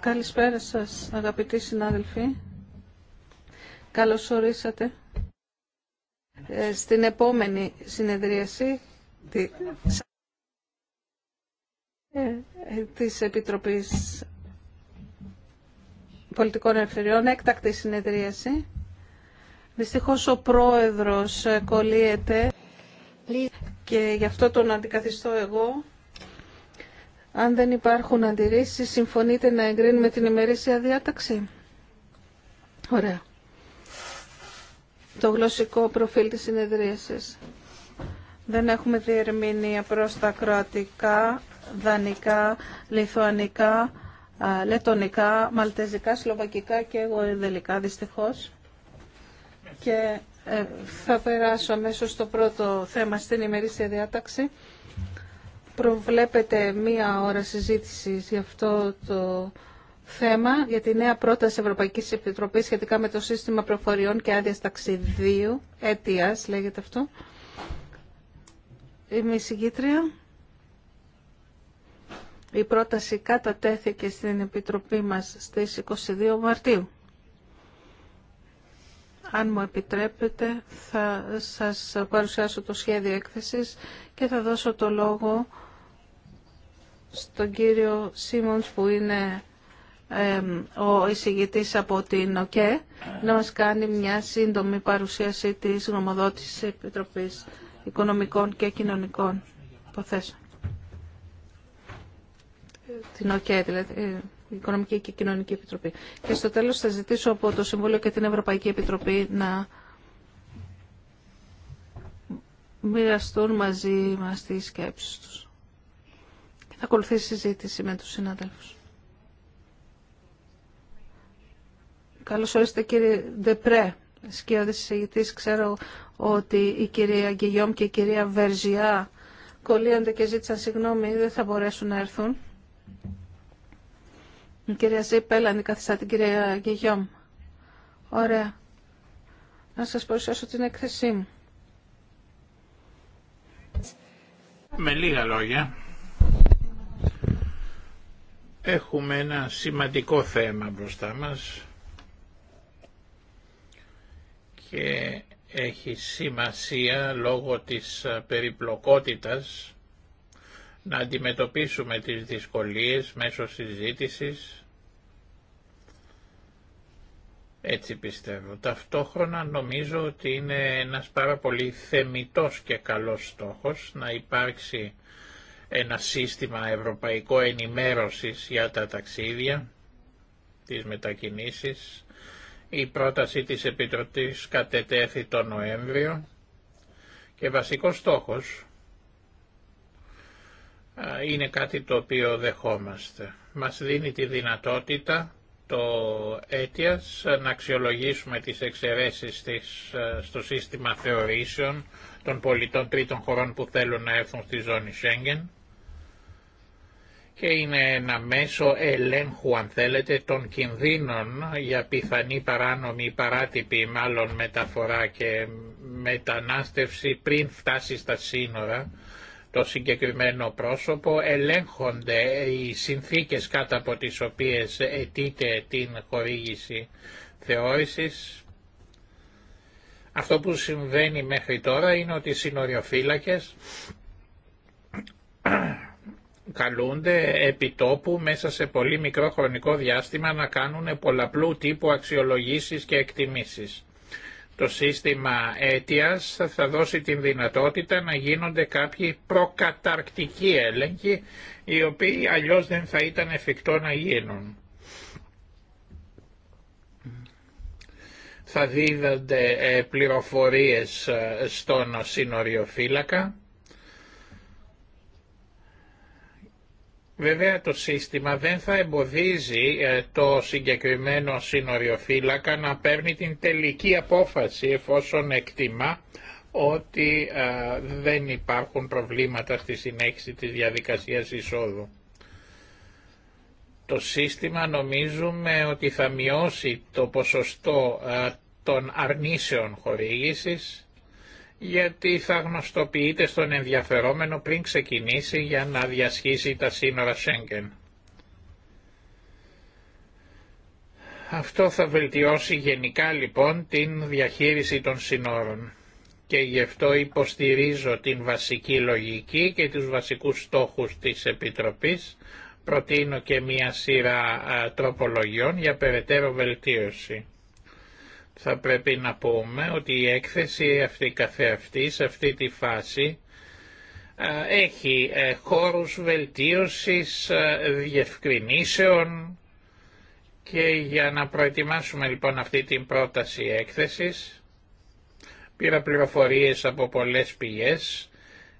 Καλησπέρα σας αγαπητοί συνάδελφοι. Καλώς ορίσατε ε, στην επόμενη συνεδρίαση ε, ε, της Επιτροπής Πολιτικών Ελευθεριών, έκτακτη συνεδρίαση. Δυστυχώς ο πρόεδρος κολλείεται και γι' αυτό τον αντικαθιστώ εγώ. Αν δεν υπάρχουν αντιρρήσεις, συμφωνείτε να εγκρίνουμε την ημερήσια διάταξη. Ωραία. Το γλωσσικό προφίλ της συνεδρίασης. Δεν έχουμε διερμηνία προς τα κροατικά, δανικά, λιθουανικά, λετονικά, μαλτεζικά, σλοβακικά και εγωιδελικά δυστυχώς. Και ε, θα περάσω αμέσως στο πρώτο θέμα στην ημερήσια διάταξη προβλέπεται μία ώρα συζήτησης για αυτό το θέμα, για τη νέα πρόταση Ευρωπαϊκής Επιτροπής σχετικά με το σύστημα προφοριών και άδεια ταξιδίου, αιτίας λέγεται αυτό. Είμαι η συγκήτρια. Η πρόταση κατατέθηκε στην Επιτροπή μας στις 22 Μαρτίου. Αν μου επιτρέπετε θα σας παρουσιάσω το σχέδιο έκθεσης και θα δώσω το λόγο στον κύριο Σίμονς που είναι ο εισηγητής από την ΟΚΕ να μας κάνει μια σύντομη παρουσίαση της γνωμοδότησης Επιτροπής Οικονομικών και Κοινωνικών Υποθέσεων. Την ΟΚΕ δηλαδή, ε, Οικονομική και Κοινωνική Επιτροπή. Και στο τέλος θα ζητήσω από το Συμβούλιο και την Ευρωπαϊκή Επιτροπή να μοιραστούν μαζί μας τις σκέψεις τους η συζήτηση με τους συνάδελφους. Καλώς ορίστε κύριε Ντεπρέ, σκιώδης συζητής. Ξέρω ότι η κυρία Γκυγιόμ και η κυρία Βερζιά κολλίονται και ζήτησαν συγγνώμη, δεν θα μπορέσουν να έρθουν. Η κυρία Ζήπελ αντικαθιστά την κυρία Γκυγιόμ. Ωραία. Να σας παρουσιάσω την έκθεσή μου. Με λίγα λόγια, Έχουμε ένα σημαντικό θέμα μπροστά μας και έχει σημασία λόγω της περιπλοκότητας να αντιμετωπίσουμε τις δυσκολίες μέσω συζήτησης. Έτσι πιστεύω. Ταυτόχρονα νομίζω ότι είναι ένας πάρα πολύ θεμητός και καλός στόχος να υπάρξει ένα σύστημα ευρωπαϊκό ενημέρωσης για τα ταξίδια, τις μετακινήσεις. Η πρόταση της Επιτροπής κατετέθη το Νοέμβριο και βασικός στόχος είναι κάτι το οποίο δεχόμαστε. Μας δίνει τη δυνατότητα το έτιας να αξιολογήσουμε τις εξαιρέσεις της στο σύστημα θεωρήσεων των πολιτών τρίτων χωρών που θέλουν να έρθουν στη ζώνη Σέγγεν και είναι ένα μέσο ελέγχου αν θέλετε των κινδύνων για πιθανή παράνομη ή παράτυπη μάλλον μεταφορά και μετανάστευση πριν φτάσει στα σύνορα το συγκεκριμένο πρόσωπο, ελέγχονται οι συνθήκες κάτω από τις οποίες αιτείται την χορήγηση θεώρησης. Αυτό που συμβαίνει μέχρι τώρα είναι ότι οι συνοριοφύλακες καλούνται επιτόπου μέσα σε πολύ μικρό χρονικό διάστημα να κάνουν πολλαπλού τύπου αξιολογήσεις και εκτιμήσεις. Το σύστημα αίτιας θα δώσει την δυνατότητα να γίνονται κάποιοι προκαταρκτικοί έλεγχοι, οι οποίοι αλλιώς δεν θα ήταν εφικτό να γίνουν. Θα δίδονται ε, πληροφορίες ε, στον συνοριοφύλακα Βέβαια το σύστημα δεν θα εμποδίζει ε, το συγκεκριμένο σύνοριοφύλακα να παίρνει την τελική απόφαση εφόσον εκτιμά ότι ε, δεν υπάρχουν προβλήματα στη συνέχιση της διαδικασίας εισόδου. Το σύστημα νομίζουμε ότι θα μειώσει το ποσοστό ε, των αρνήσεων χορήγησης γιατί θα γνωστοποιείται στον ενδιαφερόμενο πριν ξεκινήσει για να διασχίσει τα σύνορα Σέγγεν. Αυτό θα βελτιώσει γενικά λοιπόν την διαχείριση των σύνορων και γι' αυτό υποστηρίζω την βασική λογική και τους βασικούς στόχους της Επιτροπής. Προτείνω και μία σειρά τροπολογιών για περαιτέρω βελτίωση θα πρέπει να πούμε ότι η έκθεση αυτή καθεαυτή σε αυτή τη φάση έχει ε, χώρους βελτίωσης, διευκρινήσεων και για να προετοιμάσουμε λοιπόν αυτή την πρόταση έκθεσης πήρα πληροφορίες από πολλές πηγές,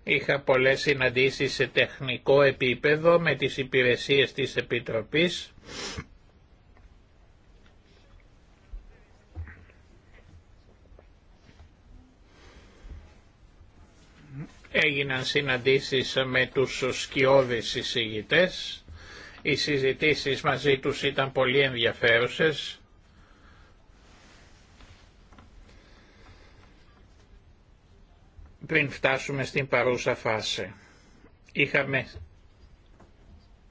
είχα πολλές συναντήσεις σε τεχνικό επίπεδο με τις υπηρεσίες της Επιτροπής έγιναν συναντήσεις με τους σκιώδεις εισηγητές. Οι συζητήσεις μαζί τους ήταν πολύ ενδιαφέρουσες. Πριν φτάσουμε στην παρούσα φάση. Είχαμε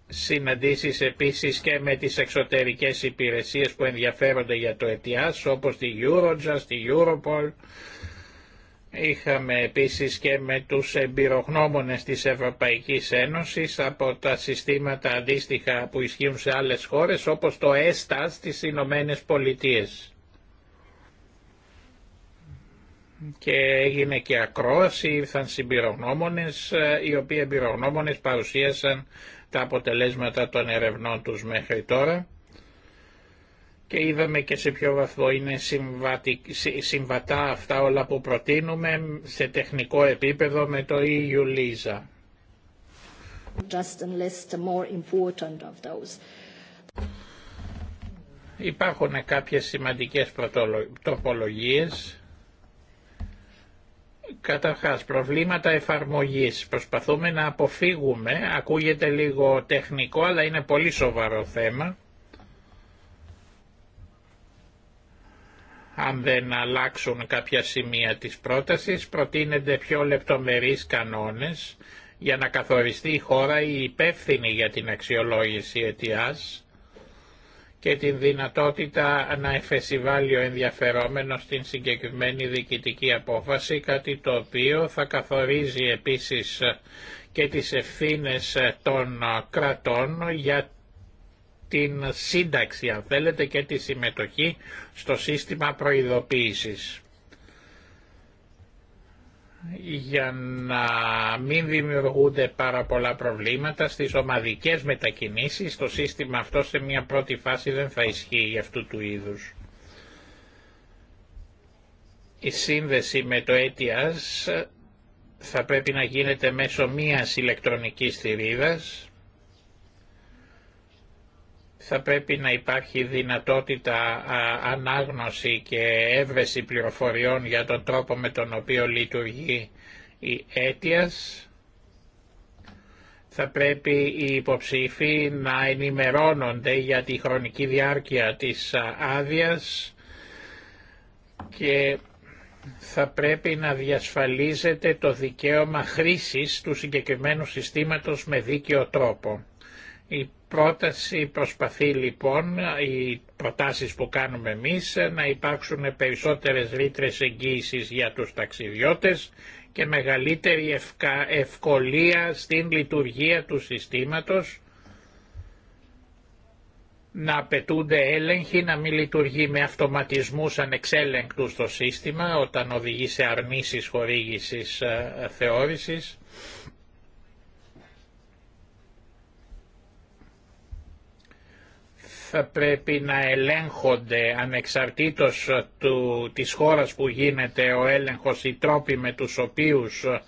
συναντήσεις επίσης και με τις εξωτερικές υπηρεσίες που ενδιαφέρονται για το ΕΤΙΑΣ, όπως τη Eurojust, τη Europol, Είχαμε επίσης και με τους εμπειρογνώμονες της Ευρωπαϊκής Ένωσης από τα συστήματα αντίστοιχα που ισχύουν σε άλλες χώρες όπως το Έστας στις Ηνωμένε Πολιτείες. Και έγινε και ακρόαση, ήρθαν συμπειρογνώμονες οι οποίοι εμπειρογνώμονες παρουσίασαν τα αποτελέσματα των ερευνών τους μέχρι τώρα και είδαμε και σε ποιο βαθμό είναι συμβατά αυτά όλα που προτείνουμε σε τεχνικό επίπεδο με το EU LISA. Υπάρχουν κάποιες σημαντικές τοπολογίες. Καταρχάς, προβλήματα εφαρμογής. Προσπαθούμε να αποφύγουμε, ακούγεται λίγο τεχνικό, αλλά είναι πολύ σοβαρό θέμα αν δεν αλλάξουν κάποια σημεία της πρότασης, προτείνεται πιο λεπτομερείς κανόνες για να καθοριστεί η χώρα η υπεύθυνη για την αξιολόγηση αιτιάς και την δυνατότητα να εφεσιβάλει ο ενδιαφερόμενος στην συγκεκριμένη διοικητική απόφαση, κάτι το οποίο θα καθορίζει επίσης και τις ευθύνες των κρατών για την σύνταξη αν θέλετε και τη συμμετοχή στο σύστημα προειδοποίησης για να μην δημιουργούνται πάρα πολλά προβλήματα στις ομαδικές μετακινήσεις. Το σύστημα αυτό σε μια πρώτη φάση δεν θα ισχύει αυτού του είδους. Η σύνδεση με το αίτιας θα πρέπει να γίνεται μέσω μίας ηλεκτρονικής θηρίδας θα πρέπει να υπάρχει δυνατότητα ανάγνωση και έβρεση πληροφοριών για τον τρόπο με τον οποίο λειτουργεί η αίτιας. Θα πρέπει οι υποψήφοι να ενημερώνονται για τη χρονική διάρκεια της άδειας και θα πρέπει να διασφαλίζεται το δικαίωμα χρήσης του συγκεκριμένου συστήματος με δίκαιο τρόπο πρόταση προσπαθεί λοιπόν, οι προτάσεις που κάνουμε εμείς, να υπάρξουν περισσότερες ρήτρες εγγύησης για τους ταξιδιώτες και μεγαλύτερη ευκολία στην λειτουργία του συστήματος, να απαιτούνται έλεγχοι, να μην λειτουργεί με αυτοματισμούς ανεξέλεγκτους το σύστημα όταν οδηγεί σε αρνήσεις χορήγησης ε, θεώρησης θα πρέπει να ελέγχονται ανεξαρτήτως ε, του, της χώρας που γίνεται ο έλεγχος, οι τρόποι με τους οποίους ε,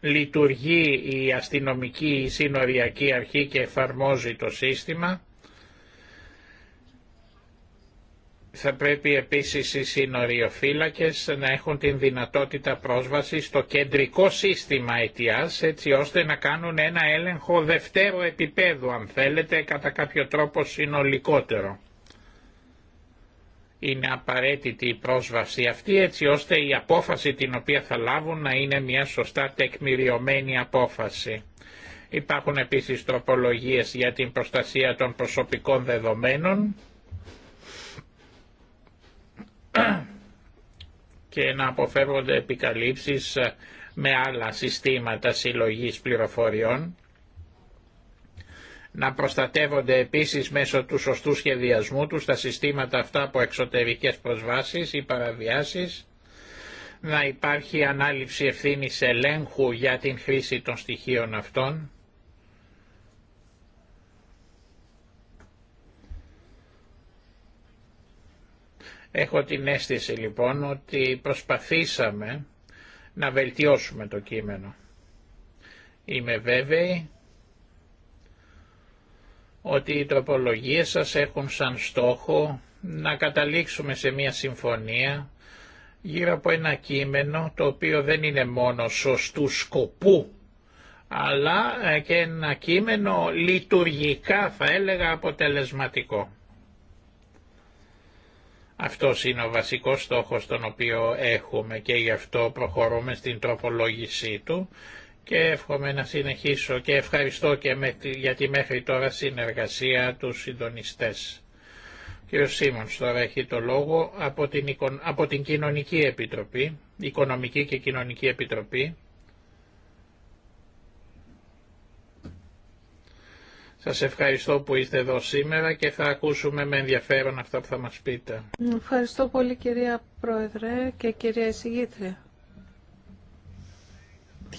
λειτουργεί η αστυνομική η συνοριακή αρχή και εφαρμόζει το σύστημα Θα πρέπει επίσης οι συνοριοφύλακες να έχουν την δυνατότητα πρόσβαση στο κεντρικό σύστημα αιτιάς έτσι ώστε να κάνουν ένα έλεγχο δευτέρου επίπεδου αν θέλετε κατά κάποιο τρόπο συνολικότερο. Είναι απαραίτητη η πρόσβαση αυτή έτσι ώστε η απόφαση την οποία θα λάβουν να είναι μια σωστά τεκμηριωμένη απόφαση. Υπάρχουν επίσης τροπολογίες για την προστασία των προσωπικών δεδομένων και να αποφεύγονται επικαλύψεις με άλλα συστήματα συλλογής πληροφοριών, να προστατεύονται επίσης μέσω του σωστού σχεδιασμού τους τα συστήματα αυτά από εξωτερικές προσβάσεις ή παραβιάσεις, να υπάρχει ανάληψη ευθύνης ελέγχου για την χρήση των στοιχείων αυτών, Έχω την αίσθηση λοιπόν ότι προσπαθήσαμε να βελτιώσουμε το κείμενο. Είμαι βέβαιη ότι οι τροπολογίες σας έχουν σαν στόχο να καταλήξουμε σε μια συμφωνία γύρω από ένα κείμενο το οποίο δεν είναι μόνο σωστού σκοπού αλλά και ένα κείμενο λειτουργικά θα έλεγα αποτελεσματικό. Αυτός είναι ο βασικός στόχος τον οποίο έχουμε και γι' αυτό προχωρούμε στην τροπολόγησή του και εύχομαι να συνεχίσω και ευχαριστώ και με, για τη μέχρι τώρα συνεργασία του συντονιστές. Κύριο Σίμονς τώρα έχει το λόγο από την, από την Κοινωνική Επιτροπή, Οικονομική και Κοινωνική Επιτροπή. Σας ευχαριστώ που είστε εδώ σήμερα και θα ακούσουμε με ενδιαφέρον αυτά που θα μας πείτε. Ευχαριστώ πολύ κυρία Πρόεδρε και κυρία Εισηγήτρια.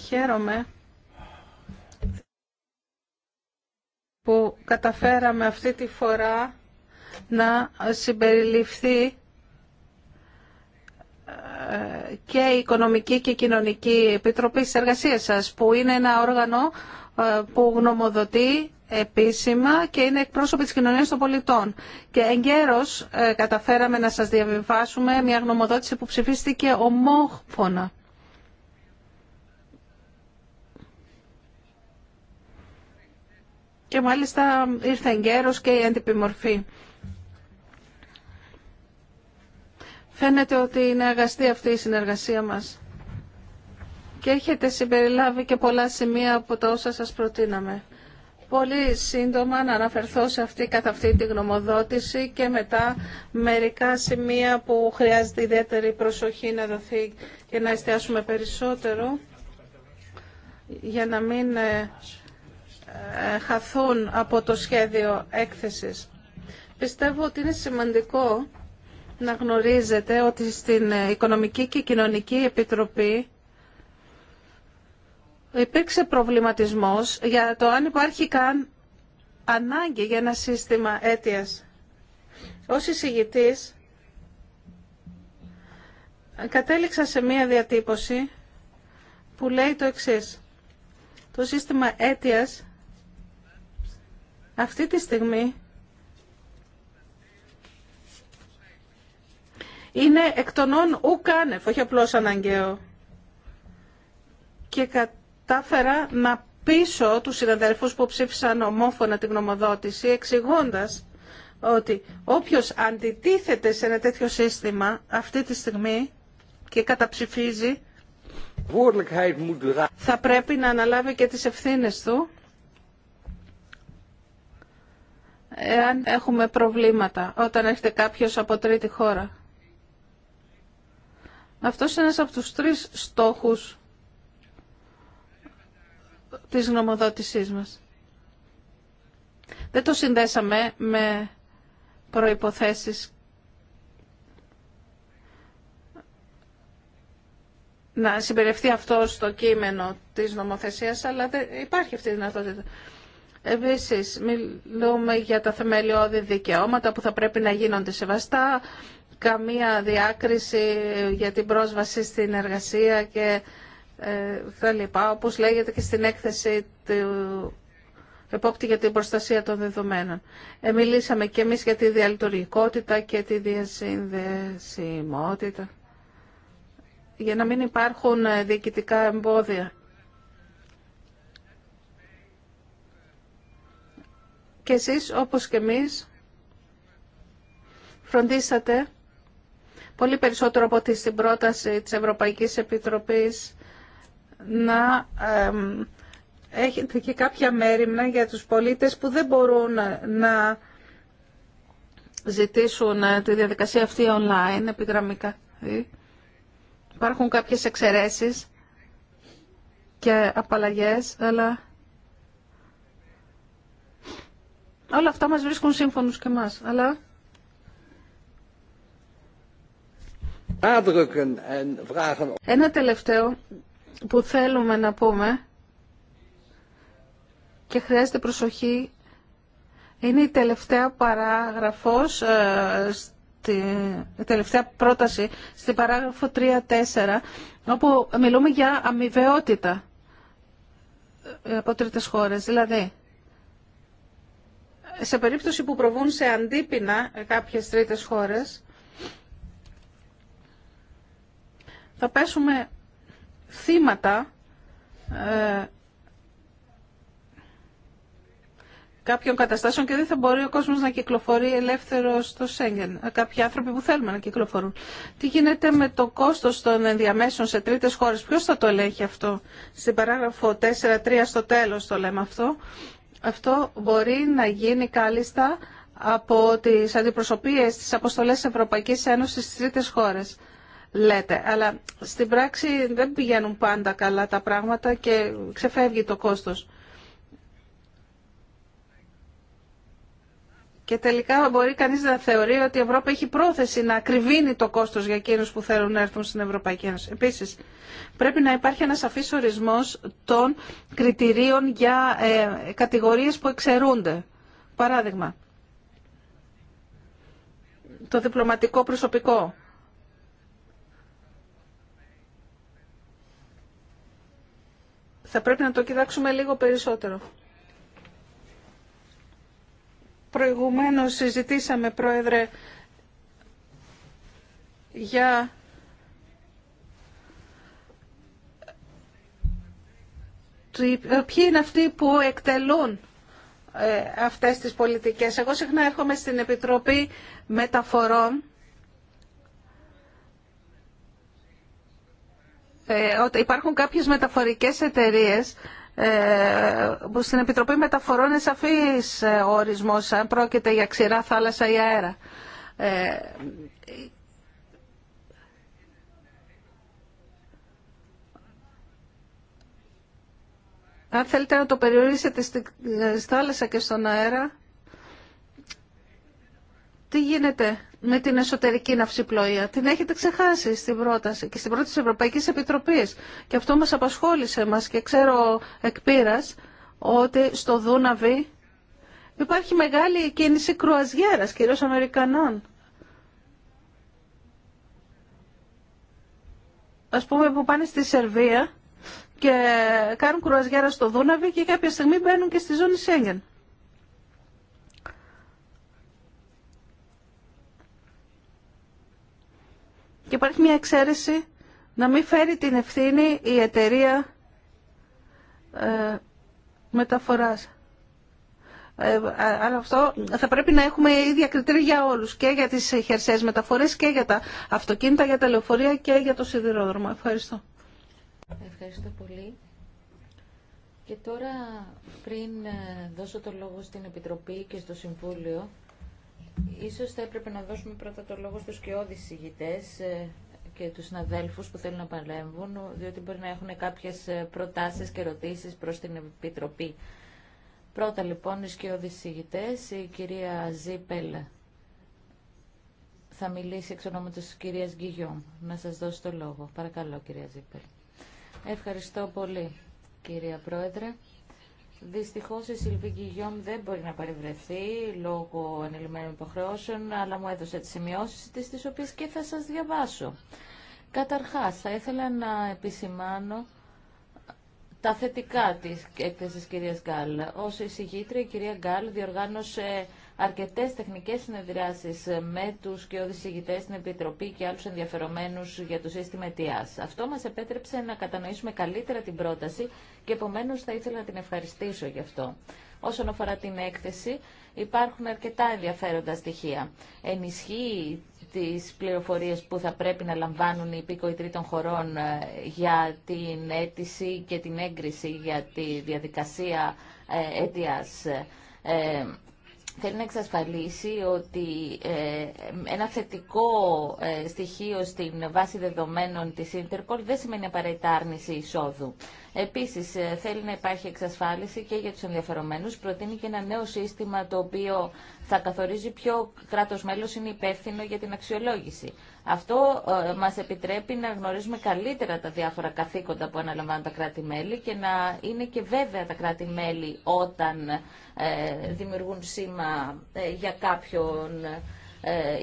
Χαίρομαι που καταφέραμε αυτή τη φορά να συμπεριληφθεί ε, και η Οικονομική και Κοινωνική Επιτροπή της Εργασίας σας, που είναι ένα όργανο ε, που γνωμοδοτεί επίσημα και είναι εκπρόσωποι της κοινωνίας των πολιτών. Και εγκαίρως ε, καταφέραμε να σας διαβιβάσουμε μια γνωμοδότηση που ψηφίστηκε ομόφωνα. Και μάλιστα ήρθε εγκαίρως και η μορφή. Φαίνεται ότι είναι αγαστή αυτή η συνεργασία μας. Και έχετε συμπεριλάβει και πολλά σημεία από τα όσα σας προτείναμε. Πολύ σύντομα να αναφερθώ σε αυτή καθ' αυτή τη γνωμοδότηση και μετά μερικά σημεία που χρειάζεται ιδιαίτερη προσοχή να δοθεί και να εστιάσουμε περισσότερο για να μην ε, ε, χαθούν από το σχέδιο έκθεσης. Πιστεύω ότι είναι σημαντικό να γνωρίζετε ότι στην Οικονομική και Κοινωνική Επιτροπή υπήρξε προβληματισμός για το αν υπάρχει καν ανάγκη για ένα σύστημα αίτιας. Ως εισηγητής κατέληξα σε μία διατύπωση που λέει το εξής. Το σύστημα αίτιας αυτή τη στιγμή είναι εκ των όν ουκάνευ, όχι απλώς αναγκαίο. Και κατά κατάφερα να πείσω τους συναδέλφους που ψήφισαν ομόφωνα την γνωμοδότηση εξηγώντας ότι όποιος αντιτίθεται σε ένα τέτοιο σύστημα αυτή τη στιγμή και καταψηφίζει θα πρέπει να αναλάβει και τις ευθύνες του εάν έχουμε προβλήματα όταν έρχεται κάποιος από τρίτη χώρα. Αυτός είναι ένας από τους τρεις στόχους της γνωμοδότησής μας. Δεν το συνδέσαμε με προϋποθέσεις να συμπεριφθεί αυτό στο κείμενο της νομοθεσίας, αλλά υπάρχει αυτή η δυνατότητα. Επίσης, μιλούμε για τα θεμελιώδη δικαιώματα που θα πρέπει να γίνονται σεβαστά, καμία διάκριση για την πρόσβαση στην εργασία και τα ε, λοιπά, όπως λέγεται και στην έκθεση του επόπτη για την προστασία των δεδομένων. Ε, μιλήσαμε και εμείς για τη διαλειτουργικότητα και τη διασυνδεσιμότητα για να μην υπάρχουν ε, διοικητικά εμπόδια. Και εσείς, όπως και εμείς, φροντίσατε πολύ περισσότερο από ότι στην πρόταση της Ευρωπαϊκής Επιτροπής να έχετε και κάποια μέρημνα για τους πολίτες που δεν μπορούν να ζητήσουν ε, τη διαδικασία αυτή online επιγραμμικά. Ε, υπάρχουν κάποιες εξαιρέσεις και απαλλαγές, αλλά όλα αυτά μας βρίσκουν σύμφωνους και μας. Αλλά ένα τελευταίο που θέλουμε να πούμε και χρειάζεται προσοχή είναι η τελευταία παράγραφος, ε, η τελευταία πρόταση στην παράγραφο 3-4 όπου μιλούμε για αμοιβαιότητα ε, από τρίτες χώρες. Δηλαδή, σε περίπτωση που προβούν σε αντίπεινα κάποιες τρίτες χώρες, θα πέσουμε θύματα ε, κάποιων καταστάσεων και δεν θα μπορεί ο κόσμος να κυκλοφορεί ελεύθερο στο Σέγγεν. Ε, κάποιοι άνθρωποι που θέλουμε να κυκλοφορούν. Τι γίνεται με το κόστος των ενδιαμέσων σε τρίτες χώρες. Ποιος θα το ελέγχει αυτό. Στην παραγραφο 4.3 στο τέλος το λέμε αυτό. Αυτό μπορεί να γίνει κάλλιστα από τις αντιπροσωπείες, τις αποστολές Ευρωπαϊκής Ένωσης στις τρίτες χώρες λέτε. Αλλά στην πράξη δεν πηγαίνουν πάντα καλά τα πράγματα και ξεφεύγει το κόστος. Και τελικά μπορεί κανείς να θεωρεί ότι η Ευρώπη έχει πρόθεση να ακριβίνει το κόστος για εκείνους που θέλουν να έρθουν στην Ευρωπαϊκή Ένωση. Επίσης, πρέπει να υπάρχει ένα σαφής ορισμός των κριτηρίων για ε, κατηγορίες που εξαιρούνται. Παράδειγμα, το διπλωματικό προσωπικό Θα πρέπει να το κοιτάξουμε λίγο περισσότερο. Προηγουμένως συζητήσαμε, Πρόεδρε, για ε, ποιοι είναι αυτοί που εκτελούν ε, αυτές τις πολιτικές. Εγώ συχνά έρχομαι στην Επιτροπή Μεταφορών Ε, υπάρχουν κάποιες μεταφορικές εταιρείες ε, που στην Επιτροπή Μεταφορών είναι σαφής ε, ο ορισμός αν πρόκειται για ξηρά θάλασσα ή αέρα. Αν θέλετε να το περιορίσετε στη θάλασσα και στον αέρα, τι γίνεται με την εσωτερική ναυσιπλοεία. Την έχετε ξεχάσει στην πρόταση και στην πρόταση της Ευρωπαϊκής Επιτροπής. Και αυτό μας απασχόλησε μας και ξέρω εκ πείρας ότι στο Δούναβι υπάρχει μεγάλη κίνηση κρουαζιέρας, κυρίως Αμερικανών. Ας πούμε που πάνε στη Σερβία και κάνουν κρουαζιέρα στο Δούναβι και κάποια στιγμή μπαίνουν και στη ζώνη Σέγγεν. Και υπάρχει μια εξαίρεση να μην φέρει την ευθύνη η εταιρεία ε, μεταφοράς. Ε, αλλά αυτό θα πρέπει να έχουμε ίδια κριτήρια για όλους και για τις χερσαίες μεταφορές και για τα αυτοκίνητα, για τα λεωφορεία και για το σιδηρόδρομο. Ευχαριστώ. Ευχαριστώ πολύ. Και τώρα πριν ε, δώσω το λόγο στην Επιτροπή και στο Συμβούλιο Ίσως θα έπρεπε να δώσουμε πρώτα το λόγο στους και ηγητές ε, και τους συναδέλφους που θέλουν να παρέμβουν, διότι μπορεί να έχουν κάποιες ε, προτάσεις και ερωτήσεις προς την Επιτροπή. Πρώτα λοιπόν οι σκιώδεις συγητές, η κυρία Ζίπελ θα μιλήσει εξ ονόματος της κυρίας Γκυγιόμ. Να σας δώσει το λόγο. Παρακαλώ κυρία Ζίπελ. Ευχαριστώ πολύ κυρία Πρόεδρε. Δυστυχώς η Σιλβίκη Γιόμ δεν μπορεί να παρευρεθεί λόγω ανελημμένων υποχρεώσεων, αλλά μου έδωσε τις σημειώσεις της, τις οποίες και θα σας διαβάσω. Καταρχάς, θα ήθελα να επισημάνω τα θετικά της έκθεσης κυρίας Γκάλ. Ως εισηγήτρια, η κυρία Γκάλ διοργάνωσε Αρκετέ τεχνικέ συνεδριάσει με του και ηγητές στην Επιτροπή και άλλου ενδιαφερομένους για το σύστημα αιτία. Αυτό μα επέτρεψε να κατανοήσουμε καλύτερα την πρόταση και επομένω θα ήθελα να την ευχαριστήσω γι' αυτό. Όσον αφορά την έκθεση, υπάρχουν αρκετά ενδιαφέροντα στοιχεία. Ενισχύει τι πληροφορίε που θα πρέπει να λαμβάνουν οι υπήκοοι τρίτων χωρών ε, για την αίτηση και την έγκριση για τη διαδικασία ε, αιτίας. Ε, θέλει να εξασφαλίσει ότι ε, ένα θετικό ε, στοιχείο στην βάση δεδομένων της Interpol δεν σημαίνει απαραίτητα άρνηση εισόδου. Επίσης, ε, θέλει να υπάρχει εξασφάλιση και για τους ενδιαφερομένους. Προτείνει και ένα νέο σύστημα το οποίο θα καθορίζει ποιο κράτος μέλος είναι υπεύθυνο για την αξιολόγηση. Αυτό ε, μας επιτρέπει να γνωρίζουμε καλύτερα τα διάφορα καθήκοντα που αναλαμβάνουν τα κράτη-μέλη και να είναι και βέβαια τα κράτη-μέλη όταν ε, δημιουργούν σήμα ε, για κάποιον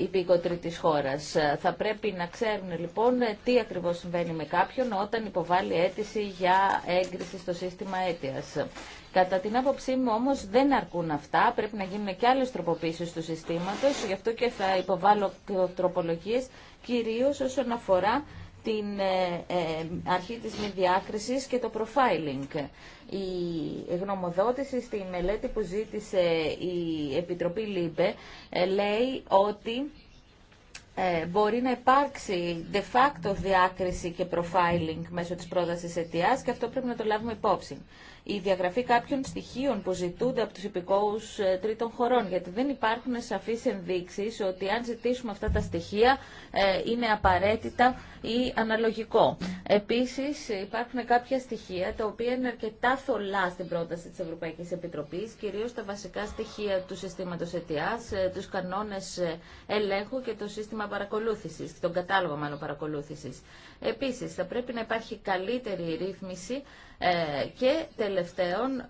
υπήκο της χώρας. Θα πρέπει να ξέρουν λοιπόν τι ακριβώς συμβαίνει με κάποιον όταν υποβάλλει αίτηση για έγκριση στο σύστημα αίτιας. Κατά την άποψή μου όμως δεν αρκούν αυτά, πρέπει να γίνουν και άλλες τροποποίησεις του συστήματος, γι' αυτό και θα υποβάλω τροπολογίες κυρίως όσον αφορά την ε, ε, αρχή της μη διάκρισης και το profiling. Η γνωμοδότηση στη μελέτη που ζήτησε η Επιτροπή ΛΥΜΠΕ ε, λέει ότι μπορεί να υπάρξει de facto διάκριση και profiling μέσω της πρότασης αιτίας και αυτό πρέπει να το λάβουμε υπόψη η διαγραφή κάποιων στοιχείων που ζητούνται από τους υπηκόους ε, τρίτων χωρών, γιατί δεν υπάρχουν σαφείς ενδείξεις ότι αν ζητήσουμε αυτά τα στοιχεία ε, είναι απαραίτητα ή αναλογικό. Επίσης υπάρχουν κάποια στοιχεία τα οποία είναι αρκετά θολά στην πρόταση της Ευρωπαϊκής Επιτροπής, κυρίως τα βασικά στοιχεία του συστήματος αιτιάς, ε, τους κανόνες ελέγχου και το σύστημα παρακολούθησης, τον κατάλογο μάλλον παρακολούθησης. Επίσης θα πρέπει να υπάρχει καλύτερη ρύθμιση ε, και τελευταίον,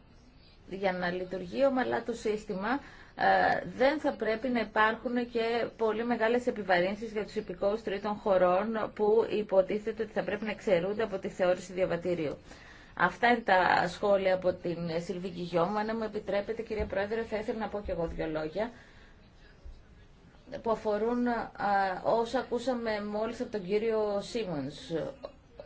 για να λειτουργεί ομαλά το σύστημα, ε, δεν θα πρέπει να υπάρχουν και πολύ μεγάλες επιβαρύνσεις για τους υπηκόους τρίτων χωρών που υποτίθεται ότι θα πρέπει να εξαιρούνται από τη θεώρηση διαβατηρίου. Αυτά είναι τα σχόλια από την Σιλβίκη Γιώμα. Αν μου επιτρέπετε, κυρία Πρόεδρε, θα ήθελα να πω και εγώ δύο λόγια που αφορούν α, ε, όσα ακούσαμε μόλις από τον κύριο Σίμονς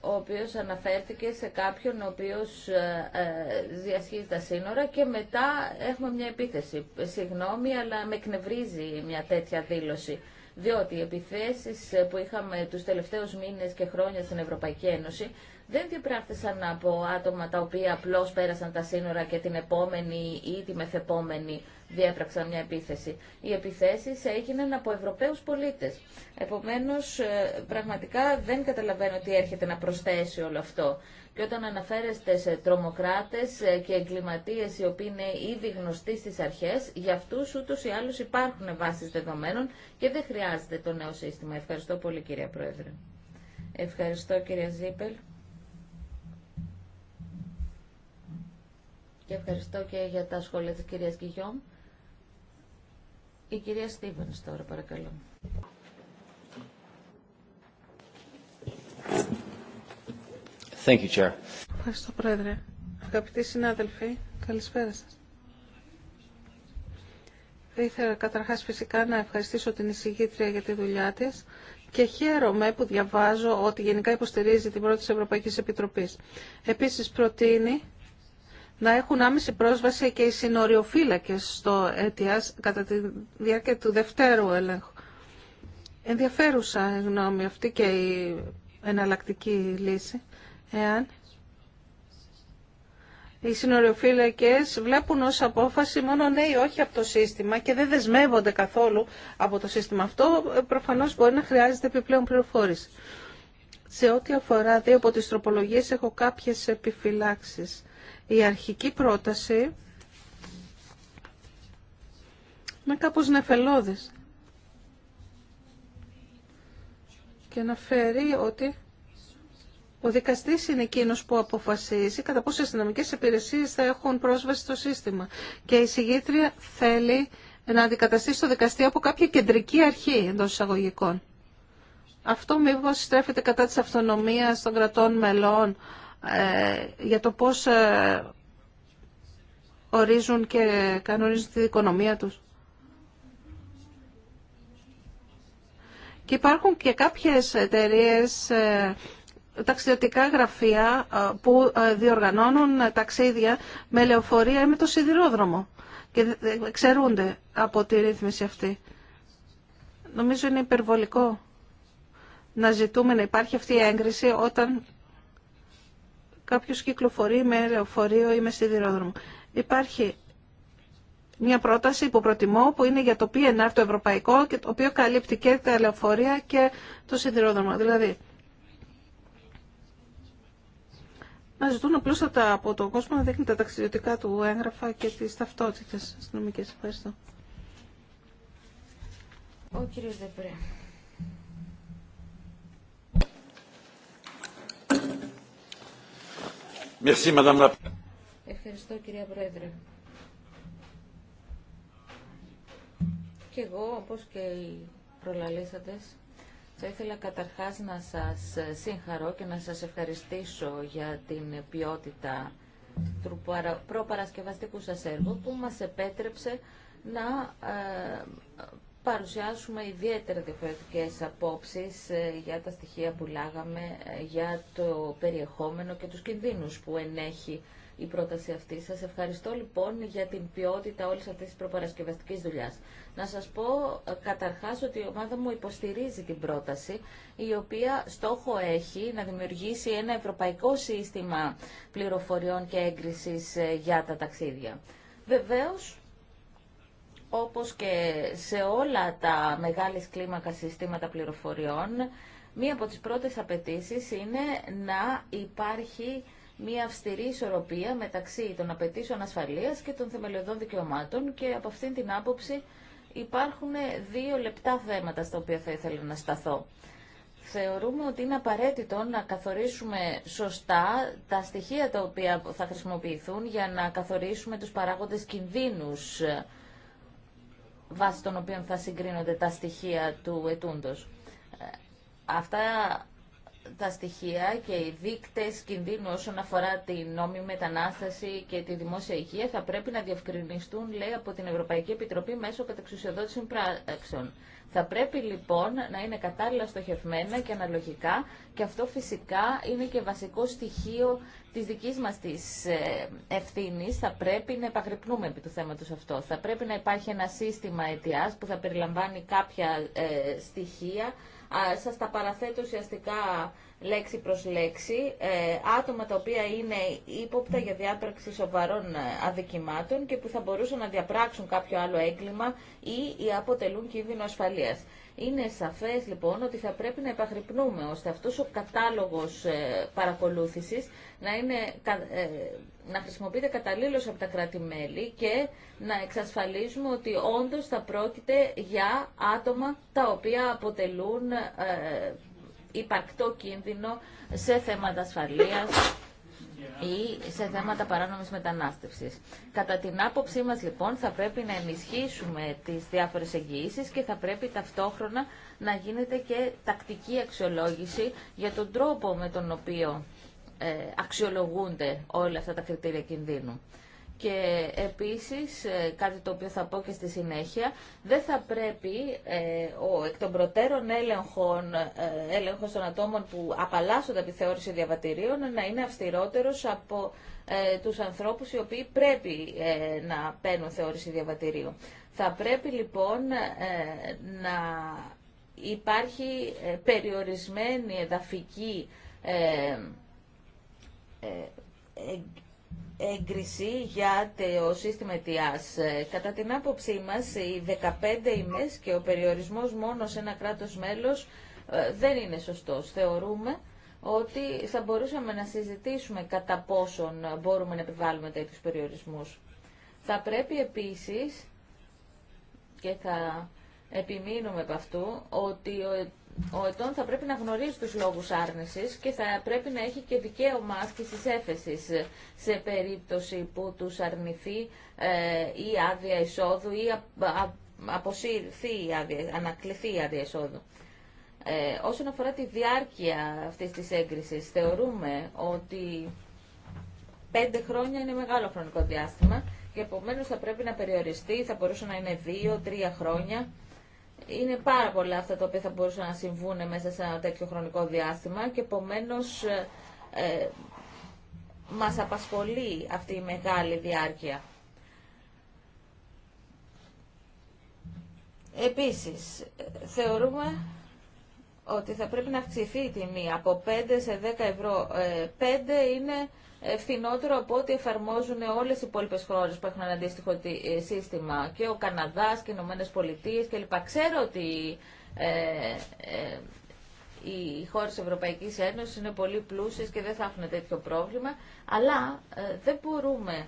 ο οποίος αναφέρθηκε σε κάποιον ο οποίος ε, ε, διασχίζει τα σύνορα και μετά έχουμε μια επίθεση. Συγγνώμη, αλλά με εκνευρίζει μια τέτοια δήλωση. Διότι οι επιθέσεις που είχαμε τους τελευταίους μήνες και χρόνια στην Ευρωπαϊκή Ένωση δεν διαπράχθησαν από άτομα τα οποία απλώς πέρασαν τα σύνορα και την επόμενη ή τη μεθεπόμενη διέπραξαν μια επίθεση. Οι επιθέσει έγιναν από ευρωπαίου πολίτε. Επομένω, ε, πραγματικά δεν καταλαβαίνω τι έρχεται να προσθέσει όλο αυτό. Και όταν αναφέρεστε σε τρομοκράτε ε, και εγκληματίε, οι οποίοι είναι ήδη γνωστοί στι αρχέ, για αυτού ούτω ή άλλω υπάρχουν βάσει δεδομένων και δεν χρειάζεται το νέο σύστημα. Ευχαριστώ πολύ κυρία Πρόεδρε. Ευχαριστώ κυρία Ζήπελ. Και ευχαριστώ και για τα σχόλια της κυρίας Κιγιόμ. Η κυρία Στίβενς τώρα, παρακαλώ. Thank you, Ευχαριστώ, Πρόεδρε. Αγαπητοί συνάδελφοι, καλησπέρα σας. Θα ήθελα καταρχάς φυσικά να ευχαριστήσω την εισηγήτρια για τη δουλειά της και χαίρομαι που διαβάζω ότι γενικά υποστηρίζει την πρώτη της Ευρωπαϊκής Επιτροπής. Επίσης προτείνει να έχουν άμεση πρόσβαση και οι συνοριοφύλακες στο ΕΤΙΑΣ κατά τη διάρκεια του δευτέρου ελέγχου. Ενδιαφέρουσα γνώμη αυτή και η εναλλακτική λύση, εάν οι συνοριοφύλακες βλέπουν ως απόφαση μόνο ναι ή όχι από το σύστημα και δεν δεσμεύονται καθόλου από το σύστημα αυτό, ε, προφανώς μπορεί να χρειάζεται επιπλέον πληροφόρηση. Σε ό,τι αφορά δύο από τις τροπολογίες έχω κάποιες επιφυλάξεις η αρχική πρόταση με κάπως νεφελώδες και φέρει ότι ο δικαστής είναι εκείνο που αποφασίζει κατά πόσες αστυνομικέ αστυνομικές θα έχουν πρόσβαση στο σύστημα και η συγγήτρια θέλει να αντικαταστήσει το δικαστή από κάποια κεντρική αρχή εντός εισαγωγικών. Αυτό μήπως στρέφεται κατά της αυτονομίας των κρατών μελών ε, για το πώς ε, ορίζουν και κανονίζουν την οικονομία τους. Και υπάρχουν και κάποιες εταιρείες ε, ταξιδιωτικά γραφεία που διοργανώνουν ταξίδια με λεωφορεία ή με το σιδηρόδρομο και ξερούνται από τη ρύθμιση αυτή. Νομίζω είναι υπερβολικό να ζητούμε να υπάρχει αυτή η έγκριση όταν κάποιος κυκλοφορεί με λεωφορείο ή με σιδηρόδρομο. Υπάρχει μια πρόταση που προτιμώ που είναι για το PNR το ευρωπαϊκό και το οποίο καλύπτει και τα λεωφορεία και το σιδηρόδρομο. Δηλαδή, να ζητούν απλούστατα από τον κόσμο να δείχνει τα ταξιδιωτικά του έγγραφα και τις ταυτότητες αστυνομικές. Ευχαριστώ. Ο κύριος Δεπρέ. Ευχαριστώ κυρία Πρόεδρε. Και εγώ, όπως και οι προλαλήσατες, θα ήθελα καταρχάς να σας συγχαρώ και να σας ευχαριστήσω για την ποιότητα του προπαρασκευαστικού σας έργου που μας επέτρεψε να ε, παρουσιάσουμε ιδιαίτερα διαφορετικές απόψεις ε, για τα στοιχεία που λάγαμε, ε, για το περιεχόμενο και τους κινδύνους που ενέχει η πρόταση αυτή. Σας ευχαριστώ λοιπόν για την ποιότητα όλης αυτής της προπαρασκευαστικής δουλειάς. Να σας πω ε, καταρχάς ότι η ομάδα μου υποστηρίζει την πρόταση, η οποία στόχο έχει να δημιουργήσει ένα ευρωπαϊκό σύστημα πληροφοριών και έγκρισης για τα ταξίδια. Βεβαίως, όπως και σε όλα τα μεγάλες κλίμακα συστήματα πληροφοριών, μία από τις πρώτες απαιτήσει είναι να υπάρχει μία αυστηρή ισορροπία μεταξύ των απαιτήσεων ασφαλείας και των θεμελιωδών δικαιωμάτων και από αυτήν την άποψη υπάρχουν δύο λεπτά θέματα στα οποία θα ήθελα να σταθώ. Θεωρούμε ότι είναι απαραίτητο να καθορίσουμε σωστά τα στοιχεία τα οποία θα χρησιμοποιηθούν για να καθορίσουμε τους παράγοντες κινδύνους βάσει των οποίων θα συγκρίνονται τα στοιχεία του ετούντος. Ε, αυτά τα στοιχεία και οι δείκτες κινδύνου όσον αφορά την νόμιμη μετανάσταση και τη δημόσια υγεία θα πρέπει να διευκρινιστούν, λέει, από την Ευρωπαϊκή Επιτροπή μέσω κατεξουσιοδότηση πράξεων. Θα πρέπει λοιπόν να είναι κατάλληλα στοχευμένα και αναλογικά και αυτό φυσικά είναι και βασικό στοιχείο της δικής μας της ε, ευθύνης. Θα πρέπει να επαγρυπνούμε επί του θέματος αυτό. Θα πρέπει να υπάρχει ένα σύστημα αιτιά που θα περιλαμβάνει κάποια ε, στοιχεία σας τα παραθέτω ουσιαστικά λέξη προς λέξη, ε, άτομα τα οποία είναι ύποπτα για διάπραξη σοβαρών ε, αδικημάτων και που θα μπορούσαν να διαπράξουν κάποιο άλλο έγκλημα ή αποτελούν κίνδυνο ασφαλείας. Είναι σαφές λοιπόν ότι θα πρέπει να επαγρυπνούμε ώστε αυτός ο κατάλογος ε, παρακολούθησης να, είναι, ε, να χρησιμοποιείται καταλήλως από τα κράτη-μέλη και να εξασφαλίζουμε ότι όντως θα πρόκειται για άτομα τα οποία αποτελούν ε, υπαρκτό κίνδυνο σε θέματα ασφαλείας ή σε θέματα παράνομης μετανάστευσης. Κατά την άποψή μας λοιπόν θα πρέπει να ενισχύσουμε τις διάφορες εγγυήσεις και θα πρέπει ταυτόχρονα να γίνεται και τακτική αξιολόγηση για τον τρόπο με τον οποίο ε, αξιολογούνται όλα αυτά τα κριτήρια κινδύνου. Και επίσης, ε, κάτι το οποίο θα πω και στη συνέχεια, δεν θα πρέπει ε, ο εκ των προτέρων έλεγχων, ε, έλεγχος των ατόμων που απαλλάσσονται από τη θεώρηση διαβατηρίων να είναι αυστηρότερος από τους ανθρώπους οι οποίοι πρέπει να παίρνουν θεώρηση διαβατηρίων. Θα πρέπει λοιπόν να υπάρχει περιορισμένη εδαφική έγκριση για το σύστημα αιτιάς. Ε, κατά την άποψή μας, οι 15 ημές και ο περιορισμός μόνο σε ένα κράτος μέλος ε, δεν είναι σωστός. Θεωρούμε ότι θα μπορούσαμε να συζητήσουμε κατά πόσον μπορούμε να επιβάλλουμε τέτοιους περιορισμούς. Θα πρέπει επίσης, και θα επιμείνουμε από αυτού, ότι ο ετών θα πρέπει να γνωρίζει τους λόγους άρνησης και θα πρέπει να έχει και δικαίωμα άσκησης έφεσης σε περίπτωση που τους αρνηθεί ή ε, άδεια εισόδου ή αποσυρθεί η άδεια, ανακληθεί η αποσυρθει η ανακληθει εισόδου. Ε, όσον αφορά τη διάρκεια αυτής της έγκρισης, θεωρούμε ότι πέντε χρόνια είναι μεγάλο χρονικό διάστημα και επομένως θα πρέπει να περιοριστεί, θα μπορούσε να είναι δύο, τρία χρόνια είναι πάρα πολλά αυτά τα οποία θα μπορούσαν να συμβούν μέσα σε ένα τέτοιο χρονικό διάστημα και επομένω ε, ε, μας απασχολεί αυτή η μεγάλη διάρκεια. Επίσης, θεωρούμε ότι θα πρέπει να αυξηθεί η τιμή από 5 σε 10 ευρώ. 5 ε, είναι φθηνότερο από ό,τι εφαρμόζουν όλες οι υπόλοιπε χώρες που έχουν ένα αντίστοιχο ε, σύστημα και ο Καναδάς και οι Ηνωμένες Πολιτείες κλπ. Ξέρω ότι ε, ε, οι χώρες Ευρωπαϊκής Ένωσης είναι πολύ πλούσιες και δεν θα έχουν τέτοιο πρόβλημα, αλλά ε, δεν μπορούμε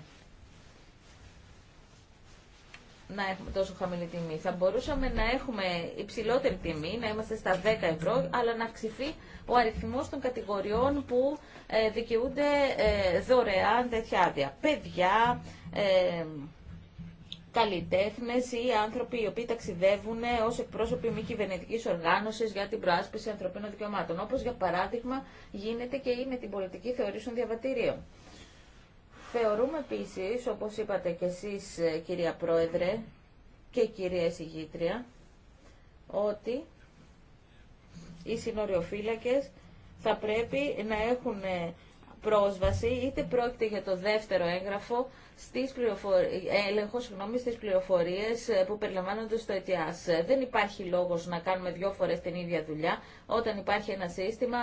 να έχουμε τόσο χαμηλή τιμή. Θα μπορούσαμε να έχουμε υψηλότερη τιμή, να είμαστε στα 10 ευρώ, αλλά να αυξηθεί ο αριθμός των κατηγοριών που ε, δικαιούνται ε, δωρεάν τέτοια Παιδιά, ε, καλλιτέχνε ή άνθρωποι οι οποίοι ταξιδεύουν ω εκπρόσωποι μη κυβερνητική οργάνωση για την προάσπιση ανθρωπίνων δικαιωμάτων. Όπω για παράδειγμα γίνεται και με την πολιτική θεωρήσεων διαβατηρίων. Θεωρούμε επίσης, όπως είπατε και εσείς ε, κυρία Πρόεδρε και κυρία συγήτρια ότι οι συνοριοφύλακες θα πρέπει να έχουν ε, πρόσβαση, είτε πρόκειται για το δεύτερο έγγραφο, στις ε, έλεγχο συγγνώμη, στις πληροφορίες ε, που περιλαμβάνονται στο ΕΤΙΑΣ. Ε, δεν υπάρχει λόγος να κάνουμε δυο φορές την ίδια δουλειά όταν υπάρχει ένα σύστημα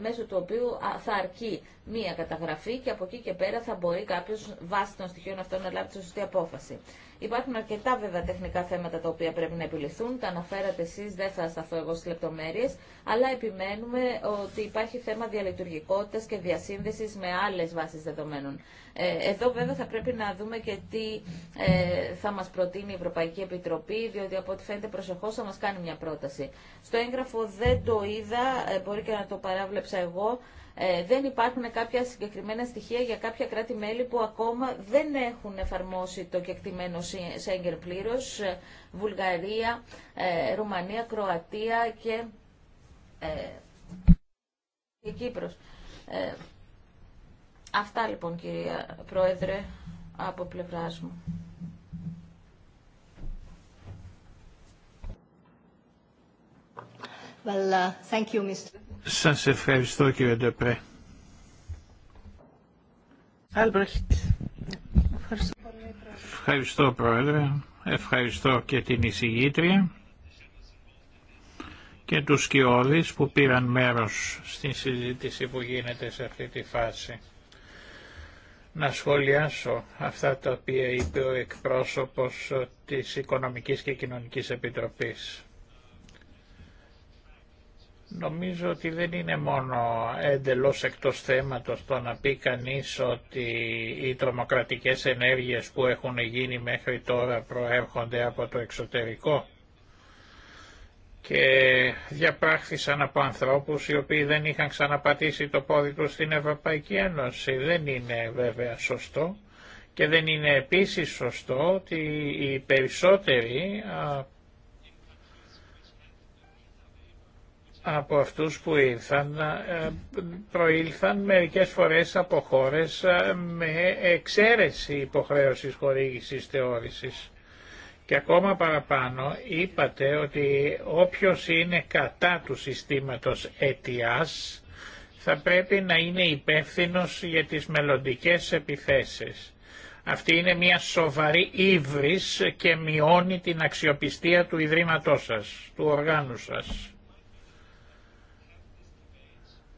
μέσω του οποίου θα αρκεί μία καταγραφή και από εκεί και πέρα θα μπορεί κάποιος βάσει των στοιχείων αυτών να λάβει τη σωστή απόφαση. Υπάρχουν αρκετά βέβαια τεχνικά θέματα τα οποία πρέπει να επιληθούν. Τα αναφέρατε εσεί, δεν θα σταθώ εγώ στι λεπτομέρειε. Αλλά επιμένουμε ότι υπάρχει θέμα διαλειτουργικότητα και διασύνδεση με άλλε βάσει δεδομένων. Εδώ βέβαια θα πρέπει να δούμε και τι ε, θα μας προτείνει η Ευρωπαϊκή Επιτροπή, διότι από ό,τι φαίνεται προσεχώς θα μας κάνει μια πρόταση. Στο έγγραφο δεν το είδα, ε, μπορεί και να το παράβλεψα εγώ, ε, δεν υπάρχουν κάποια συγκεκριμένα στοιχεία για κάποια κράτη-μέλη που ακόμα δεν έχουν εφαρμόσει το κεκτημένο Σέγγερ πλήρω, ε, Βουλγαρία, ε, Ρουμανία, Κροατία και, ε, Κύπρος. Ε, αυτά λοιπόν κυρία Πρόεδρε από πλευράς μου. Well, uh, Mr. Σας ευχαριστώ κύριε Ντεπρέ. Ευχαριστώ πρόεδρε. Ευχαριστώ και την εισηγήτρια και τους σκιώδεις που πήραν μέρος στην συζήτηση που γίνεται σε αυτή τη φάση να σχολιάσω αυτά τα οποία είπε ο εκπρόσωπος της Οικονομικής και Κοινωνικής Επιτροπής. Νομίζω ότι δεν είναι μόνο εντελώς εκτός θέματος το να πει κανείς ότι οι τρομοκρατικές ενέργειες που έχουν γίνει μέχρι τώρα προέρχονται από το εξωτερικό και διαπράχθησαν από ανθρώπους οι οποίοι δεν είχαν ξαναπατήσει το πόδι τους στην Ευρωπαϊκή Ένωση. Δεν είναι βέβαια σωστό και δεν είναι επίσης σωστό ότι οι περισσότεροι από αυτούς που ήρθαν προήλθαν μερικές φορές από χώρες με εξαίρεση υποχρέωσης χορήγησης θεώρησης. Και ακόμα παραπάνω είπατε ότι όποιος είναι κατά του συστήματος αιτιάς θα πρέπει να είναι υπεύθυνο για τις μελλοντικέ επιθέσεις. Αυτή είναι μια σοβαρή ύβρις και μειώνει την αξιοπιστία του Ιδρύματός σας, του οργάνου σας.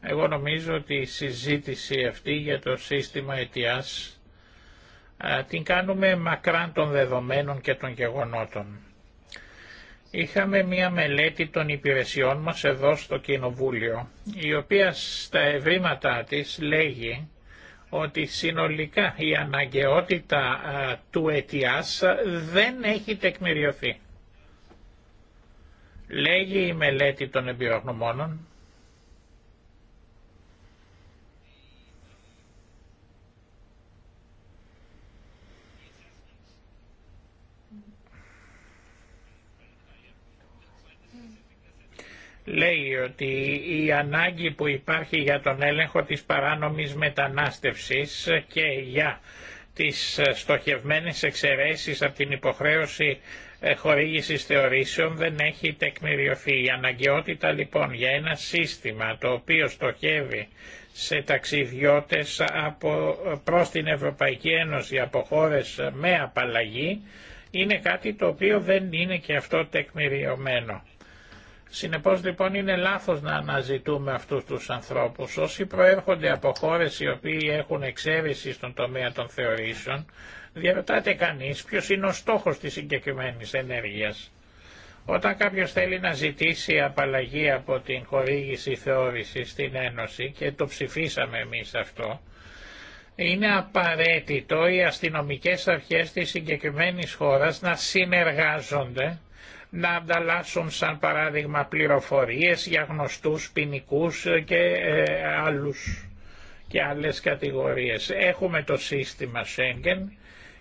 Εγώ νομίζω ότι η συζήτηση αυτή για το σύστημα αιτιάς την κάνουμε μακράν των δεδομένων και των γεγονότων. Είχαμε μία μελέτη των υπηρεσιών μας εδώ στο Κοινοβούλιο, η οποία στα ευρήματά της λέγει ότι συνολικά η αναγκαιότητα του αιτιάς δεν έχει τεκμηριωθεί. Λέγει η μελέτη των εμπειρογνωμόνων λέει ότι η ανάγκη που υπάρχει για τον έλεγχο της παράνομης μετανάστευσης και για τις στοχευμένες εξαιρέσεις από την υποχρέωση ε, χορήγησης θεωρήσεων δεν έχει τεκμηριωθεί. Η αναγκαιότητα λοιπόν για ένα σύστημα το οποίο στοχεύει σε ταξιδιώτες από, προς την Ευρωπαϊκή Ένωση από χώρες με απαλλαγή είναι κάτι το οποίο δεν είναι και αυτό τεκμηριωμένο. Συνεπώς λοιπόν είναι λάθος να αναζητούμε αυτούς τους ανθρώπους. Όσοι προέρχονται από χώρες οι οποίοι έχουν εξαίρεση στον τομέα των θεωρήσεων, διαρωτάται κανείς ποιος είναι ο στόχος της συγκεκριμένης ενέργειας. Όταν κάποιος θέλει να ζητήσει απαλλαγή από την χορήγηση θεώρησης στην Ένωση και το ψηφίσαμε εμείς αυτό, είναι απαραίτητο οι αστυνομικές αρχές της συγκεκριμένης χώρας να συνεργάζονται να ανταλλάσσουν σαν παράδειγμα πληροφορίες για γνωστούς ποινικού και ε, άλλους και άλλες κατηγορίες. Έχουμε το σύστημα Schengen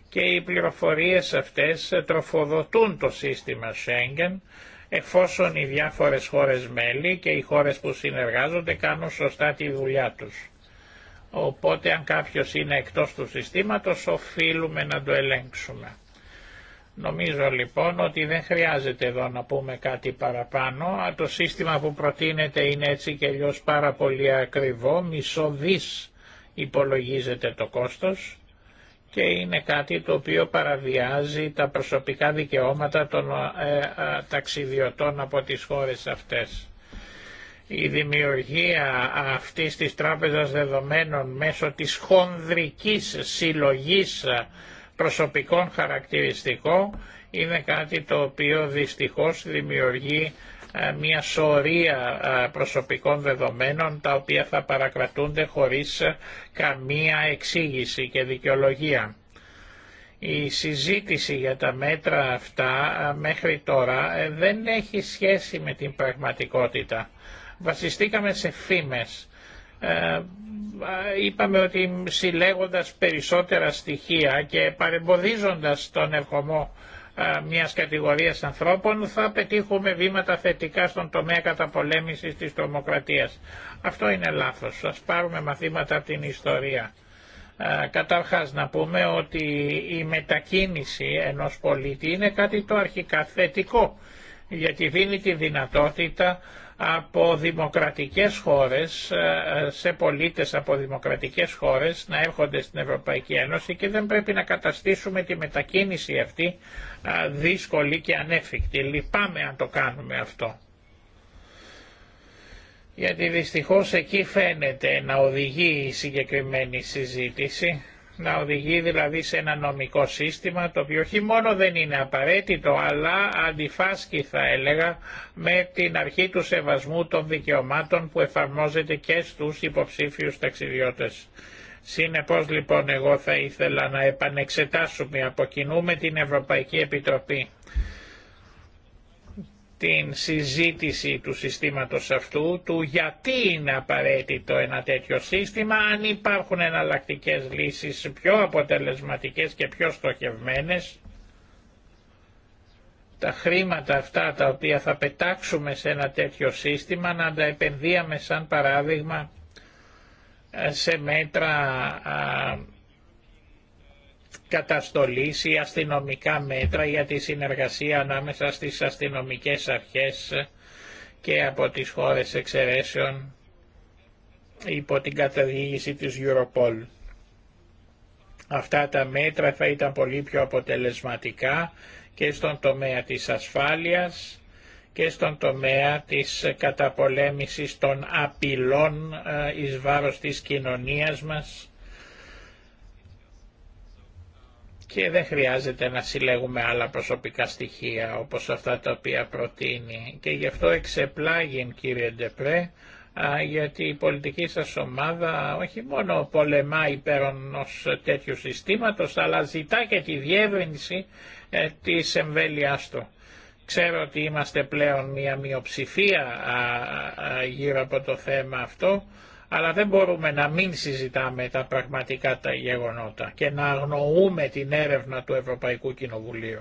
και οι πληροφορίες αυτές τροφοδοτούν το σύστημα Schengen εφόσον οι διάφορες χώρες μέλη και οι χώρες που συνεργάζονται κάνουν σωστά τη δουλειά τους. Οπότε αν κάποιος είναι εκτός του συστήματος οφείλουμε να το ελέγξουμε. Νομίζω λοιπόν ότι δεν χρειάζεται εδώ να πούμε κάτι παραπάνω. Το σύστημα που προτείνεται είναι έτσι και αλλιώ πάρα πολύ ακριβό. Μισό δις υπολογίζεται το κόστος και είναι κάτι το οποίο παραβιάζει τα προσωπικά δικαιώματα των ε, ε, ταξιδιωτών από τις χώρες αυτές. Η δημιουργία αυτής της τράπεζας δεδομένων μέσω της χονδρικής συλλογής προσωπικών χαρακτηριστικών είναι κάτι το οποίο δυστυχώς δημιουργεί ε, μια σωρία ε, προσωπικών δεδομένων τα οποία θα παρακρατούνται χωρίς ε, καμία εξήγηση και δικαιολογία. Η συζήτηση για τα μέτρα αυτά μέχρι τώρα δεν έχει σχέση με την πραγματικότητα. Βασιστήκαμε σε φήμες ε, είπαμε ότι συλλέγοντας περισσότερα στοιχεία και παρεμποδίζοντας τον ερχομό ε, μιας κατηγορίας ανθρώπων θα πετύχουμε βήματα θετικά στον τομέα καταπολέμησης της τρομοκρατίας. Αυτό είναι λάθος. Ας πάρουμε μαθήματα από την ιστορία. Ε, καταρχάς να πούμε ότι η μετακίνηση ενός πολίτη είναι κάτι το αρχικά θετικό γιατί δίνει τη δυνατότητα από δημοκρατικές χώρες, ε, ε, σε πολίτες από δημοκρατικές χώρες να έρχονται στην Ευρωπαϊκή Ένωση και δεν πρέπει να καταστήσουμε τη μετακίνηση αυτή ε, δύσκολη και ανέφικτη. Λυπάμαι αν το κάνουμε αυτό. Γιατί δυστυχώς εκεί φαίνεται να οδηγεί η συγκεκριμένη συζήτηση να οδηγεί δηλαδή σε ένα νομικό σύστημα το οποίο όχι μόνο δεν είναι απαραίτητο αλλά αντιφάσκει θα έλεγα με την αρχή του σεβασμού των δικαιωμάτων που εφαρμόζεται και στους υποψήφιους ταξιδιώτες. Συνεπώς λοιπόν εγώ θα ήθελα να επανεξετάσουμε από κοινού με την Ευρωπαϊκή Επιτροπή την συζήτηση του συστήματος αυτού, του γιατί είναι απαραίτητο ένα τέτοιο σύστημα, αν υπάρχουν εναλλακτικέ λύσεις πιο αποτελεσματικές και πιο στοχευμένες, τα χρήματα αυτά τα οποία θα πετάξουμε σε ένα τέτοιο σύστημα να τα επενδύαμε σαν παράδειγμα σε μέτρα καταστολήσει αστυνομικά μέτρα για τη συνεργασία ανάμεσα στις αστυνομικές αρχές και από τις χώρες εξαιρέσεων υπό την καταδίγηση της Europol. Αυτά τα μέτρα θα ήταν πολύ πιο αποτελεσματικά και στον τομέα της ασφάλειας και στον τομέα της καταπολέμησης των απειλών ε, εις βάρος της κοινωνίας μας και δεν χρειάζεται να συλλέγουμε άλλα προσωπικά στοιχεία όπως αυτά τα οποία προτείνει και γι' αυτό εξεπλάγει κύριε Ντεπρέ γιατί η πολιτική σας ομάδα όχι μόνο πολεμά υπέρ ενός τέτοιου συστήματος αλλά ζητά και τη διεύρυνση τη ε, της εμβέλειάς του. Ξέρω ότι είμαστε πλέον μια μειοψηφία γύρω από το θέμα αυτό αλλά δεν μπορούμε να μην συζητάμε τα πραγματικά τα γεγονότα και να αγνοούμε την έρευνα του Ευρωπαϊκού Κοινοβουλίου.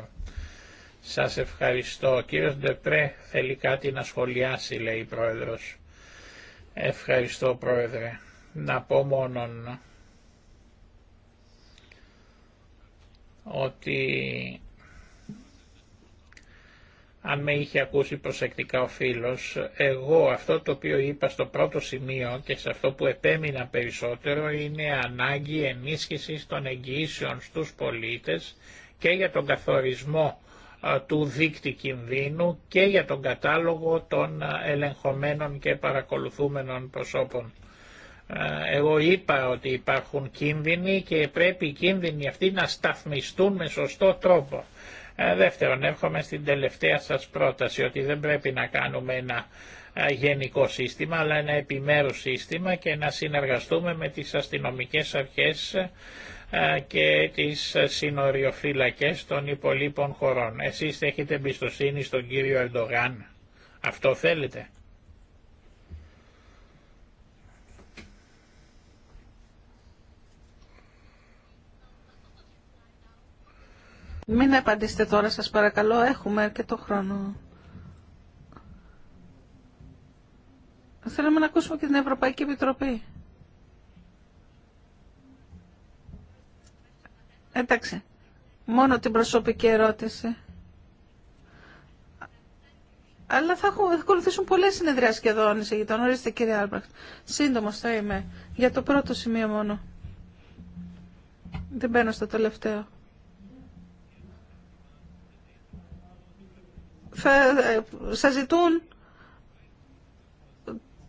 Σας ευχαριστώ. Ο κύριος Ντεπρέ θέλει κάτι να σχολιάσει, λέει η Πρόεδρος. Ευχαριστώ, Πρόεδρε. Να πω μόνον ότι αν με είχε ακούσει προσεκτικά ο φίλος, εγώ αυτό το οποίο είπα στο πρώτο σημείο και σε αυτό που επέμεινα περισσότερο είναι ανάγκη ενίσχυσης των εγγυήσεων στους πολίτες και για τον καθορισμό του δίκτυ κινδύνου και για τον κατάλογο των ελεγχομένων και παρακολουθούμενων προσώπων. Εγώ είπα ότι υπάρχουν κίνδυνοι και πρέπει οι κίνδυνοι αυτοί να σταθμιστούν με σωστό τρόπο. Ε, δεύτερον, έρχομαι στην τελευταία σας πρόταση ότι δεν πρέπει να κάνουμε ένα ε, γενικό σύστημα, αλλά ένα επιμέρους σύστημα και να συνεργαστούμε με τις αστυνομικές αρχές ε, και τις συνοριοφύλακες των υπολείπων χωρών. Εσείς έχετε εμπιστοσύνη στον κύριο Ερντογάν. Αυτό θέλετε. Μην απαντήσετε τώρα, σας παρακαλώ. Έχουμε αρκετό χρόνο. Θέλουμε να ακούσουμε και την Ευρωπαϊκή Επιτροπή. Εντάξει. Μόνο την προσωπική ερώτηση. Αλλά θα, έχουν, ακολουθήσουν πολλές συνεδριάσεις σχεδόν, εδώ τον Ορίστε κύριε Άλμπραχτ. Σύντομος θα είμαι. Για το πρώτο σημείο μόνο. Δεν μπαίνω στο τελευταίο. Ε, σας ζητούν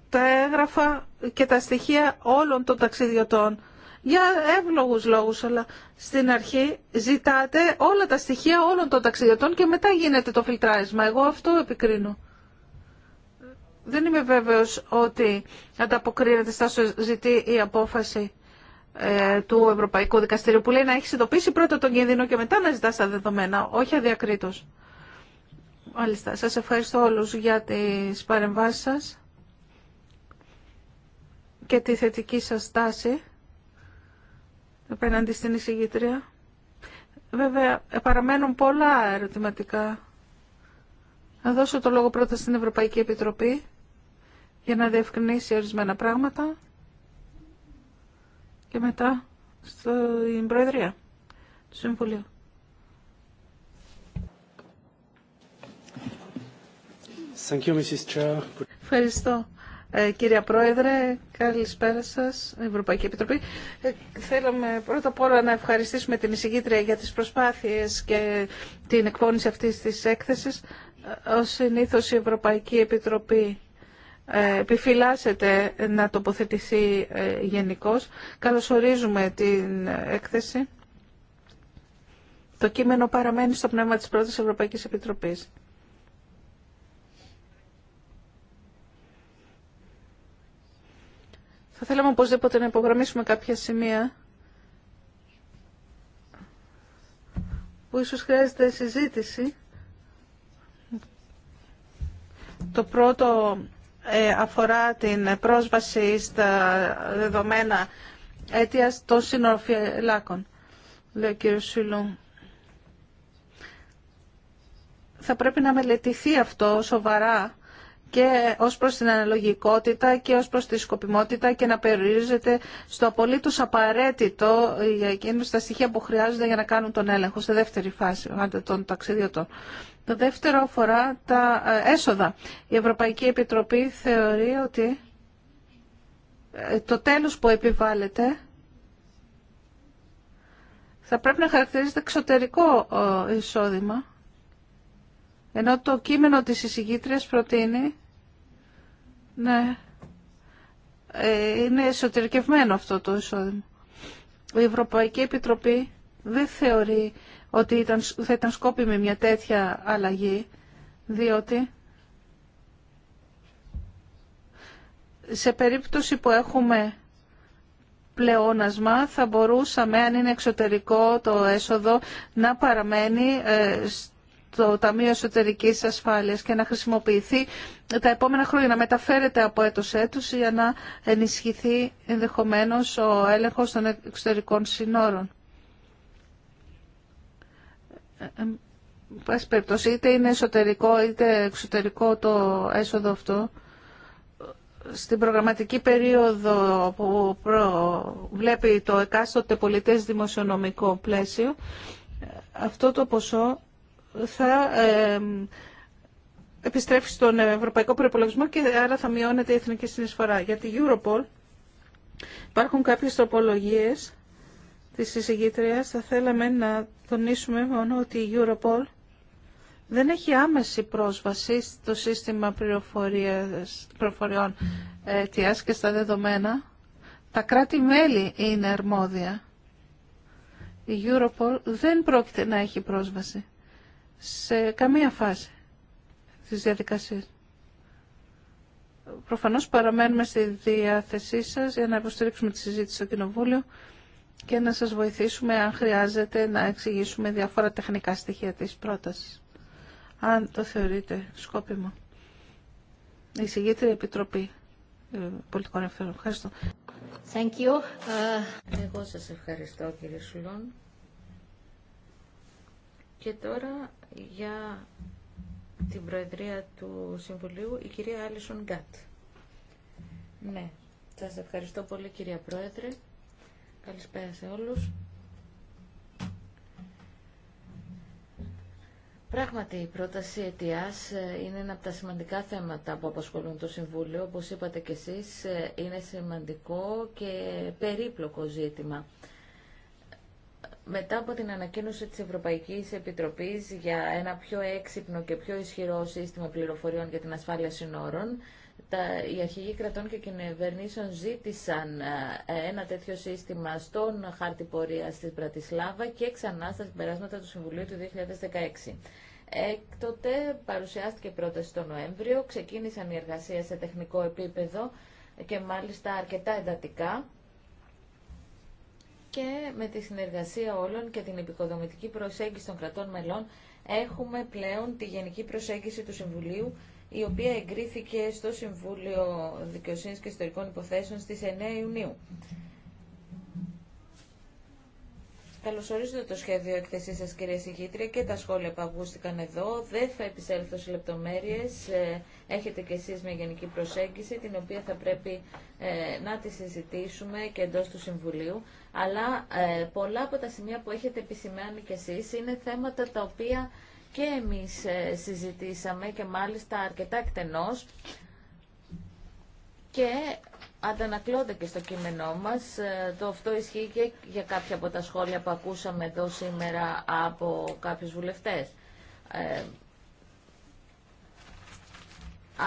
τα έγγραφα και τα στοιχεία όλων των ταξιδιωτών. Για εύλογους λόγους, αλλά στην αρχή ζητάτε όλα τα στοιχεία όλων των ταξιδιωτών και μετά γίνεται το φιλτράρισμα. Εγώ αυτό επικρίνω. Δεν είμαι βέβαιος ότι ανταποκρίνεται στα ζητή η απόφαση ε, του Ευρωπαϊκού Δικαστηρίου που λέει να έχει ειδοποιήσει πρώτα τον κίνδυνο και μετά να ζητά τα δεδομένα, όχι αδιακρίτως. Μάλιστα. Σας ευχαριστώ όλους για τις παρεμβάσεις σας και τη θετική σας στάση απέναντι στην εισηγήτρια. Βέβαια, παραμένουν πολλά ερωτηματικά. Να δώσω το λόγο πρώτα στην Ευρωπαϊκή Επιτροπή για να διευκρινίσει ορισμένα πράγματα και μετά στην Προεδρία του Συμβουλίου. Ευχαριστώ. Ε, Πρόεδρε, καλησπέρα σα, Ευρωπαϊκή Επιτροπή. Ε, Θέλουμε πρώτα απ' όλα να ευχαριστήσουμε την εισηγήτρια για τις προσπάθειες και την εκπόνηση αυτής της έκθεσης. Ε, ως συνήθως η Ευρωπαϊκή Επιτροπή ε, επιφυλάσσεται να τοποθετηθεί ε, γενικώ. Καλωσορίζουμε την έκθεση. Το κείμενο παραμένει στο πνεύμα της πρώτης Ευρωπαϊκής Επιτροπής. Θα θέλαμε οπωσδήποτε να υπογραμμίσουμε κάποια σημεία που ίσως χρειάζεται συζήτηση. Το πρώτο ε, αφορά την πρόσβαση στα δεδομένα αίτια των συνοροφυλάκων, λέει ο κύριος Θα πρέπει να μελετηθεί αυτό σοβαρά και ως προς την αναλογικότητα και ως προς τη σκοπιμότητα και να περιορίζεται στο απολύτως απαραίτητο για εκείνους τα στοιχεία που χρειάζονται για να κάνουν τον έλεγχο στη δεύτερη φάση των ταξιδιωτών. Το δεύτερο αφορά τα ε, έσοδα. Η Ευρωπαϊκή Επιτροπή θεωρεί ότι ε, το τέλος που επιβάλλεται θα πρέπει να χαρακτηρίζεται εξωτερικό ε, εισόδημα ενώ το κείμενο της εισηγήτριας προτείνει ναι, ε, είναι εσωτερικευμένο αυτό το εισόδημα. Η Ευρωπαϊκή Επιτροπή δεν θεωρεί ότι ήταν, θα ήταν σκόπιμη μια τέτοια αλλαγή, διότι σε περίπτωση που έχουμε πλεόνασμα θα μπορούσαμε, αν είναι εξωτερικό το έσοδο, να παραμένει ε, το Ταμείο εσωτερική ασφάλεια και να χρησιμοποιηθεί τα επόμενα χρόνια, να μεταφέρεται από έτο σε για να ενισχυθεί ενδεχομένως ο έλεγχος των εξωτερικών συνόρων. Ε, πάση περιπτώσει, είτε είναι εσωτερικό είτε εξωτερικό το έσοδο αυτό. Στην προγραμματική περίοδο που βλέπει το εκάστοτε πολιτές δημοσιονομικό πλαίσιο, αυτό το ποσό θα επιστρέψει στον ευρωπαϊκό προπολογισμό και άρα θα μειώνεται η εθνική συνεισφορά. Για τη Europol υπάρχουν κάποιες τροπολογίες της εισηγήτριας. Θα θέλαμε να τονίσουμε μόνο ότι η Europol δεν έχει άμεση πρόσβαση στο σύστημα πληροφοριών αιτίας και στα δεδομένα. Τα κράτη-μέλη είναι αρμόδια. Η Europol δεν πρόκειται να έχει πρόσβαση σε καμία φάση της διαδικασίας. Προφανώς παραμένουμε στη διάθεσή σας για να υποστηρίξουμε τη συζήτηση στο Κοινοβούλιο και να σας βοηθήσουμε αν χρειάζεται να εξηγήσουμε διάφορα τεχνικά στοιχεία της πρότασης. Αν το θεωρείτε σκόπιμο. Η Επιτροπή ε, Πολιτικών Ευθύνων. Ευχαριστώ. Thank you. Ε, Εγώ σας ευχαριστώ κύριε Σουλών. Και τώρα για την Προεδρία του Συμβουλίου, η κυρία Άλισον Γκάτ. Ναι, σας ευχαριστώ πολύ κυρία Πρόεδρε. Καλησπέρα σε όλους. Πράγματι, η πρόταση αιτιάς ε, είναι ένα από τα σημαντικά θέματα που απασχολούν το Συμβούλιο. Όπως είπατε και εσείς, ε, είναι σημαντικό και περίπλοκο ζήτημα μετά από την ανακοίνωση της Ευρωπαϊκής Επιτροπής για ένα πιο έξυπνο και πιο ισχυρό σύστημα πληροφοριών για την ασφάλεια συνόρων, τα, οι αρχηγοί κρατών και κυβερνήσεων ζήτησαν ε, ένα τέτοιο σύστημα στον χάρτη πορεία τη Πρατισλάβα και ξανά στα συμπεράσματα του Συμβουλίου του 2016. Έκτοτε παρουσιάστηκε πρόταση τον Νοέμβριο, ξεκίνησαν οι εργασίες σε τεχνικό επίπεδο και μάλιστα αρκετά εντατικά και με τη συνεργασία όλων και την επικοδομητική προσέγγιση των κρατών μελών έχουμε πλέον τη γενική προσέγγιση του Συμβουλίου η οποία εγκρίθηκε στο Συμβούλιο Δικαιοσύνης και Ιστορικών Υποθέσεων στις 9 Ιουνίου. Καλωσορίζω το σχέδιο εκθεσής σας κυρία Συγγήτρια και τα σχόλια που ακούστηκαν εδώ. Δεν θα επισέλθω σε λεπτομέρειες. Ε, έχετε κι εσείς μια γενική προσέγγιση, την οποία θα πρέπει ε, να τη συζητήσουμε και εντός του Συμβουλίου. Αλλά ε, πολλά από τα σημεία που έχετε επισημάνει κι εσείς είναι θέματα τα οποία και εμείς ε, συζητήσαμε και μάλιστα αρκετά εκτενώς και αντανακλώνται και στο κείμενό μας. Το αυτό ισχύει και για κάποια από τα σχόλια που ακούσαμε εδώ σήμερα από κάποιους βουλευτές.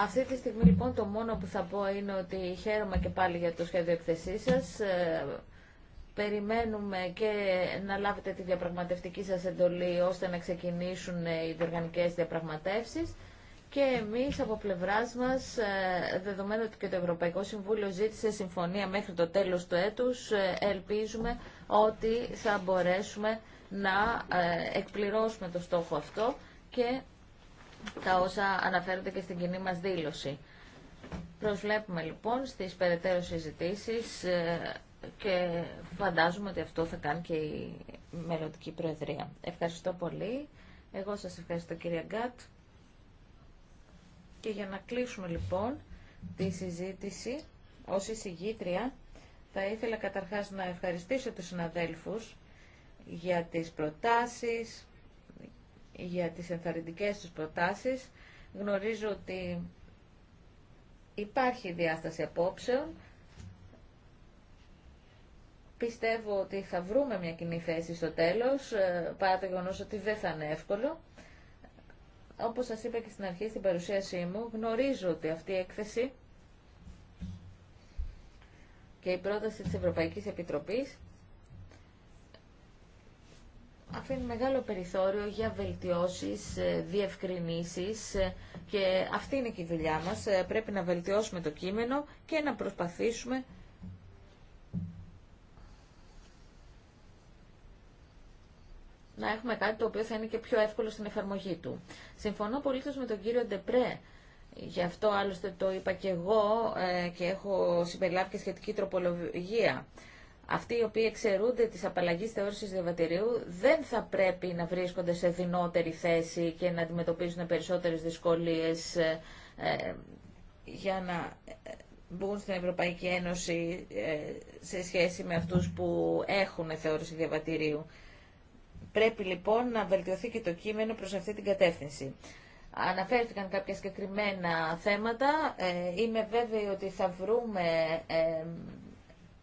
Αυτή τη στιγμή λοιπόν το μόνο που θα πω είναι ότι χαίρομαι και πάλι για το σχέδιο εκθεσή σας. Ε, περιμένουμε και να λάβετε τη διαπραγματευτική σας εντολή ώστε να ξεκινήσουν ε, οι διοργανικές διαπραγματεύσεις και εμείς από πλευράς μας, ε, δεδομένου ότι και το Ευρωπαϊκό Συμβούλιο ζήτησε συμφωνία μέχρι το τέλος του έτους, ελπίζουμε ότι θα μπορέσουμε να εκπληρώσουμε το στόχο αυτό και τα όσα αναφέρονται και στην κοινή μας δήλωση. Προσβλέπουμε λοιπόν στις περαιτέρω συζητήσεις ε, και φαντάζομαι ότι αυτό θα κάνει και η μελλοντική Προεδρία. Ευχαριστώ πολύ. Εγώ σας ευχαριστώ κυρία Γκάτ. Και για να κλείσουμε λοιπόν τη συζήτηση ως εισηγήτρια θα ήθελα καταρχάς να ευχαριστήσω τους συναδέλφους για τις προτάσεις, για τις ενθαρρυντικές τους προτάσεις. Γνωρίζω ότι υπάρχει διάσταση απόψεων. Πιστεύω ότι θα βρούμε μια κοινή θέση στο τέλος, ε, παρά το γεγονός ότι δεν θα είναι εύκολο. Όπως σας είπα και στην αρχή στην παρουσίασή μου, γνωρίζω ότι αυτή η έκθεση και η πρόταση της Ευρωπαϊκής Επιτροπής αφήνει μεγάλο περιθώριο για βελτιώσεις, ε, διευκρινήσεις ε, και αυτή είναι και η δουλειά μας. Ε, πρέπει να βελτιώσουμε το κείμενο και να προσπαθήσουμε να έχουμε κάτι το οποίο θα είναι και πιο εύκολο στην εφαρμογή του. Συμφωνώ πολύ με τον κύριο Ντεπρέ. Γι' αυτό άλλωστε το είπα και εγώ και έχω συμπεριλάβει και σχετική τροπολογία αυτοί οι οποίοι εξαιρούνται τη απαλλαγή θεώρηση διαβατηρίου δεν θα πρέπει να βρίσκονται σε δυνότερη θέση και να αντιμετωπίζουν περισσότερες δυσκολίες ε, ε, για να ε, μπουν στην Ευρωπαϊκή Ένωση σε σχέση με αυτούς που έχουν θεώρηση διαβατηρίου. Πρέπει λοιπόν να βελτιωθεί και το κείμενο προς αυτή την κατεύθυνση. Αναφέρθηκαν κάποια συγκεκριμένα θέματα. Είμαι βέβαιη ότι θα βρούμε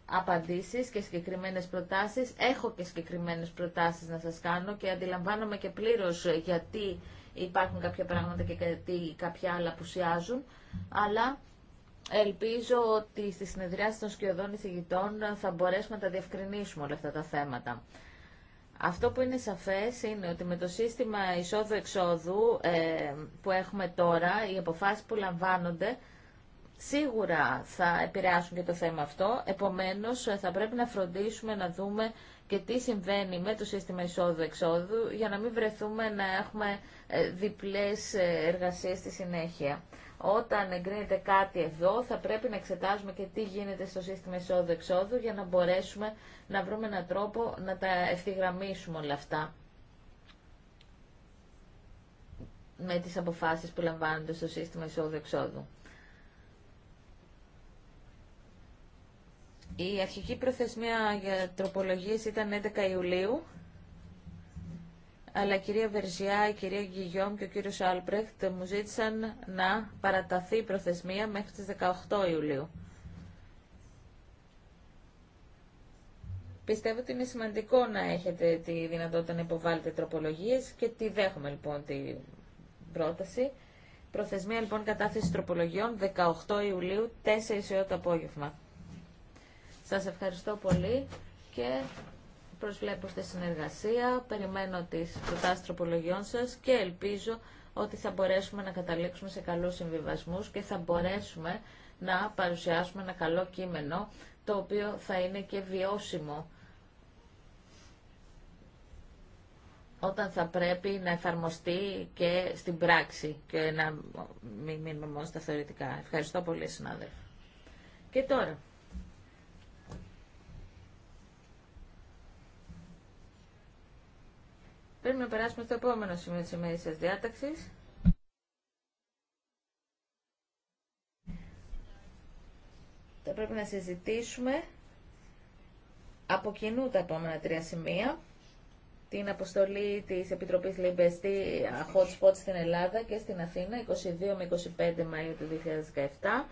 απαντήσεις και συγκεκριμένες προτάσεις. Έχω και συγκεκριμένες προτάσεις να σας κάνω και αντιλαμβάνομαι και πλήρως γιατί υπάρχουν κάποια πράγματα και γιατί κάποια άλλα απουσιάζουν, αλλά ελπίζω ότι στη συνεδριάση των σκιωδών εισηγητών θα μπορέσουμε να τα διευκρινίσουμε όλα αυτά τα θέματα. Αυτό που είναι σαφές είναι ότι με το σύστημα εισόδου-εξόδου ε, που έχουμε τώρα, οι αποφάσεις που λαμβάνονται σίγουρα θα επηρεάσουν και το θέμα αυτό. Επομένως, θα πρέπει να φροντίσουμε να δούμε και τι συμβαίνει με το σύστημα εισόδου-εξόδου για να μην βρεθούμε να έχουμε ε, διπλές ε, εργασίες στη συνέχεια. Όταν εγκρίνεται κάτι εδώ θα πρέπει να εξετάζουμε και τι γίνεται στο σύστημα εισόδου-εξόδου για να μπορέσουμε να βρούμε έναν τρόπο να τα ευθυγραμμίσουμε όλα αυτά με τις αποφάσεις που λαμβάνονται στο σύστημα εισόδου-εξόδου. Η αρχική προθεσμία για τροπολογίες ήταν 11 Ιουλίου, αλλά η κυρία Βερζιά, η κυρία Γκυγιόμ και ο κύριος Άλπρεχτ μου ζήτησαν να παραταθεί η προθεσμία μέχρι τις 18 Ιουλίου. Πιστεύω ότι είναι σημαντικό να έχετε τη δυνατότητα να υποβάλλετε τροπολογίες και τη δέχομαι λοιπόν την πρόταση. Προθεσμία λοιπόν κατάθεση τροπολογιών 18 Ιουλίου, 4 Ιουλίου το απόγευμα. Σας ευχαριστώ πολύ και προσβλέπω στη συνεργασία, περιμένω τις προτάσεις τροπολογιών σας και ελπίζω ότι θα μπορέσουμε να καταλήξουμε σε καλούς συμβιβασμούς και θα μπορέσουμε να παρουσιάσουμε ένα καλό κείμενο το οποίο θα είναι και βιώσιμο όταν θα πρέπει να εφαρμοστεί και στην πράξη και να μην μείνουμε μόνο στα θεωρητικά. Ευχαριστώ πολύ συνάδελφοι. Και τώρα. Πρέπει να περάσουμε στο επόμενο σημείο της ημέρησης διάταξης. Θα πρέπει να συζητήσουμε από κοινού τα επόμενα τρία σημεία. Την αποστολή της Επιτροπής Λιμπεστή Hot Spot στην Ελλάδα και στην Αθήνα 22 με 25 Μαΐου του 2017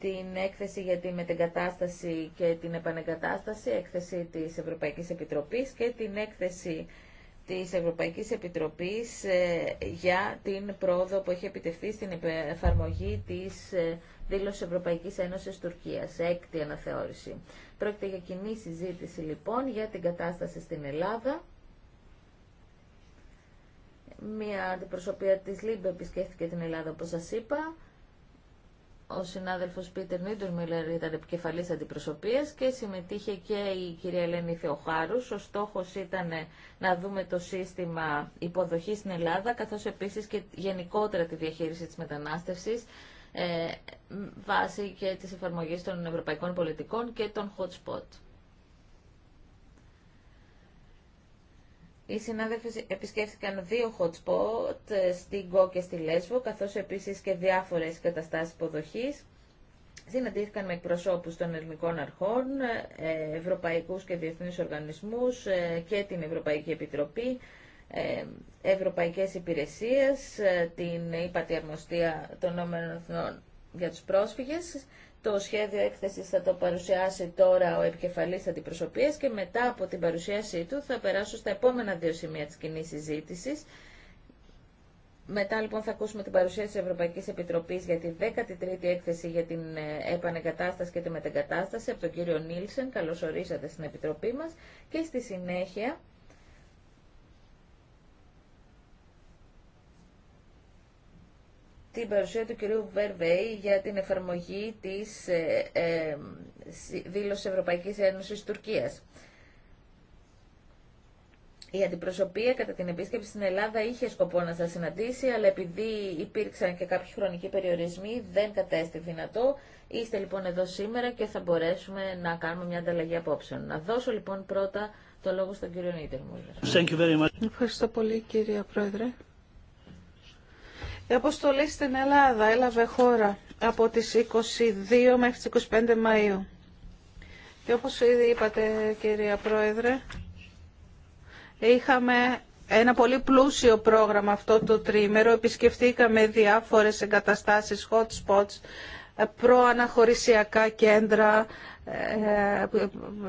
την έκθεση για τη μετεγκατάσταση και την επανεγκατάσταση, έκθεση της Ευρωπαϊκής Επιτροπής και την έκθεση της Ευρωπαϊκής Επιτροπής ε, για την πρόοδο που έχει επιτευχθεί στην εφαρμογή της ε, δήλωσης Ευρωπαϊκής Ένωσης Τουρκίας, έκτη αναθεώρηση. Πρόκειται για κοινή συζήτηση λοιπόν για την κατάσταση στην Ελλάδα. Μια αντιπροσωπεία της ΛΥΜΠΕ επισκέφθηκε την Ελλάδα όπως σας είπα. Ο συνάδελφο Πίτερ Νίντορ Μίλλερ ήταν επικεφαλή αντιπροσωπείας και συμμετείχε και η κυρία Ελένη Θεοχάρου. Ο στόχο ήταν να δούμε το σύστημα υποδοχής στην Ελλάδα, καθώς επίσης και γενικότερα τη διαχείριση της μετανάστευση ε, βάσει και τη εφαρμογή των ευρωπαϊκών πολιτικών και των hot Οι συνάδελφοι επισκέφθηκαν δύο hot spot ε, στην Κο και στη Λέσβο, καθώς επίσης και διάφορες καταστάσεις υποδοχής. Συναντήθηκαν με εκπροσώπους των ελληνικών αρχών, ε, ευρωπαϊκούς και διεθνείς οργανισμούς ε, και την Ευρωπαϊκή Επιτροπή, ευρωπαϊκές υπηρεσίες, την υπατιαρμοστία των ΟΕΕ για τους πρόσφυγες το σχέδιο έκθεσης θα το παρουσιάσει τώρα ο επικεφαλής αντιπροσωπεία και μετά από την παρουσίασή του θα περάσω στα επόμενα δύο σημεία της κοινή συζήτηση. Μετά λοιπόν θα ακούσουμε την παρουσίαση της Ευρωπαϊκής Επιτροπής για τη 13η έκθεση για την ε, επανεγκατάσταση και τη μετεγκατάσταση από τον κύριο Νίλσεν. Καλώς ορίσατε στην Επιτροπή μας. Και στη συνέχεια την παρουσία του κυρίου Βερβέη για την εφαρμογή της ε, ε, δήλωσης Ευρωπαϊκής Ένωσης Τουρκίας. Η αντιπροσωπεία κατά την επίσκεψη στην Ελλάδα είχε σκοπό να σας συναντήσει, αλλά επειδή υπήρξαν και κάποιοι χρονικοί περιορισμοί, δεν κατέστη δυνατό. Είστε λοιπόν εδώ σήμερα και θα μπορέσουμε να κάνουμε μια ανταλλαγή απόψεων. Να δώσω λοιπόν πρώτα το λόγο στον κύριο Νίτερ Ευχαριστώ πολύ κύριε Πρόεδρε. Η αποστολή στην Ελλάδα έλαβε χώρα από τις 22 μέχρι τις 25 Μαΐου. Και όπως ήδη είπατε κυρία Πρόεδρε, είχαμε ένα πολύ πλούσιο πρόγραμμα αυτό το τρίμερο. Επισκεφτήκαμε διάφορες εγκαταστάσεις, hot spots, προαναχωρησιακά κέντρα, ε,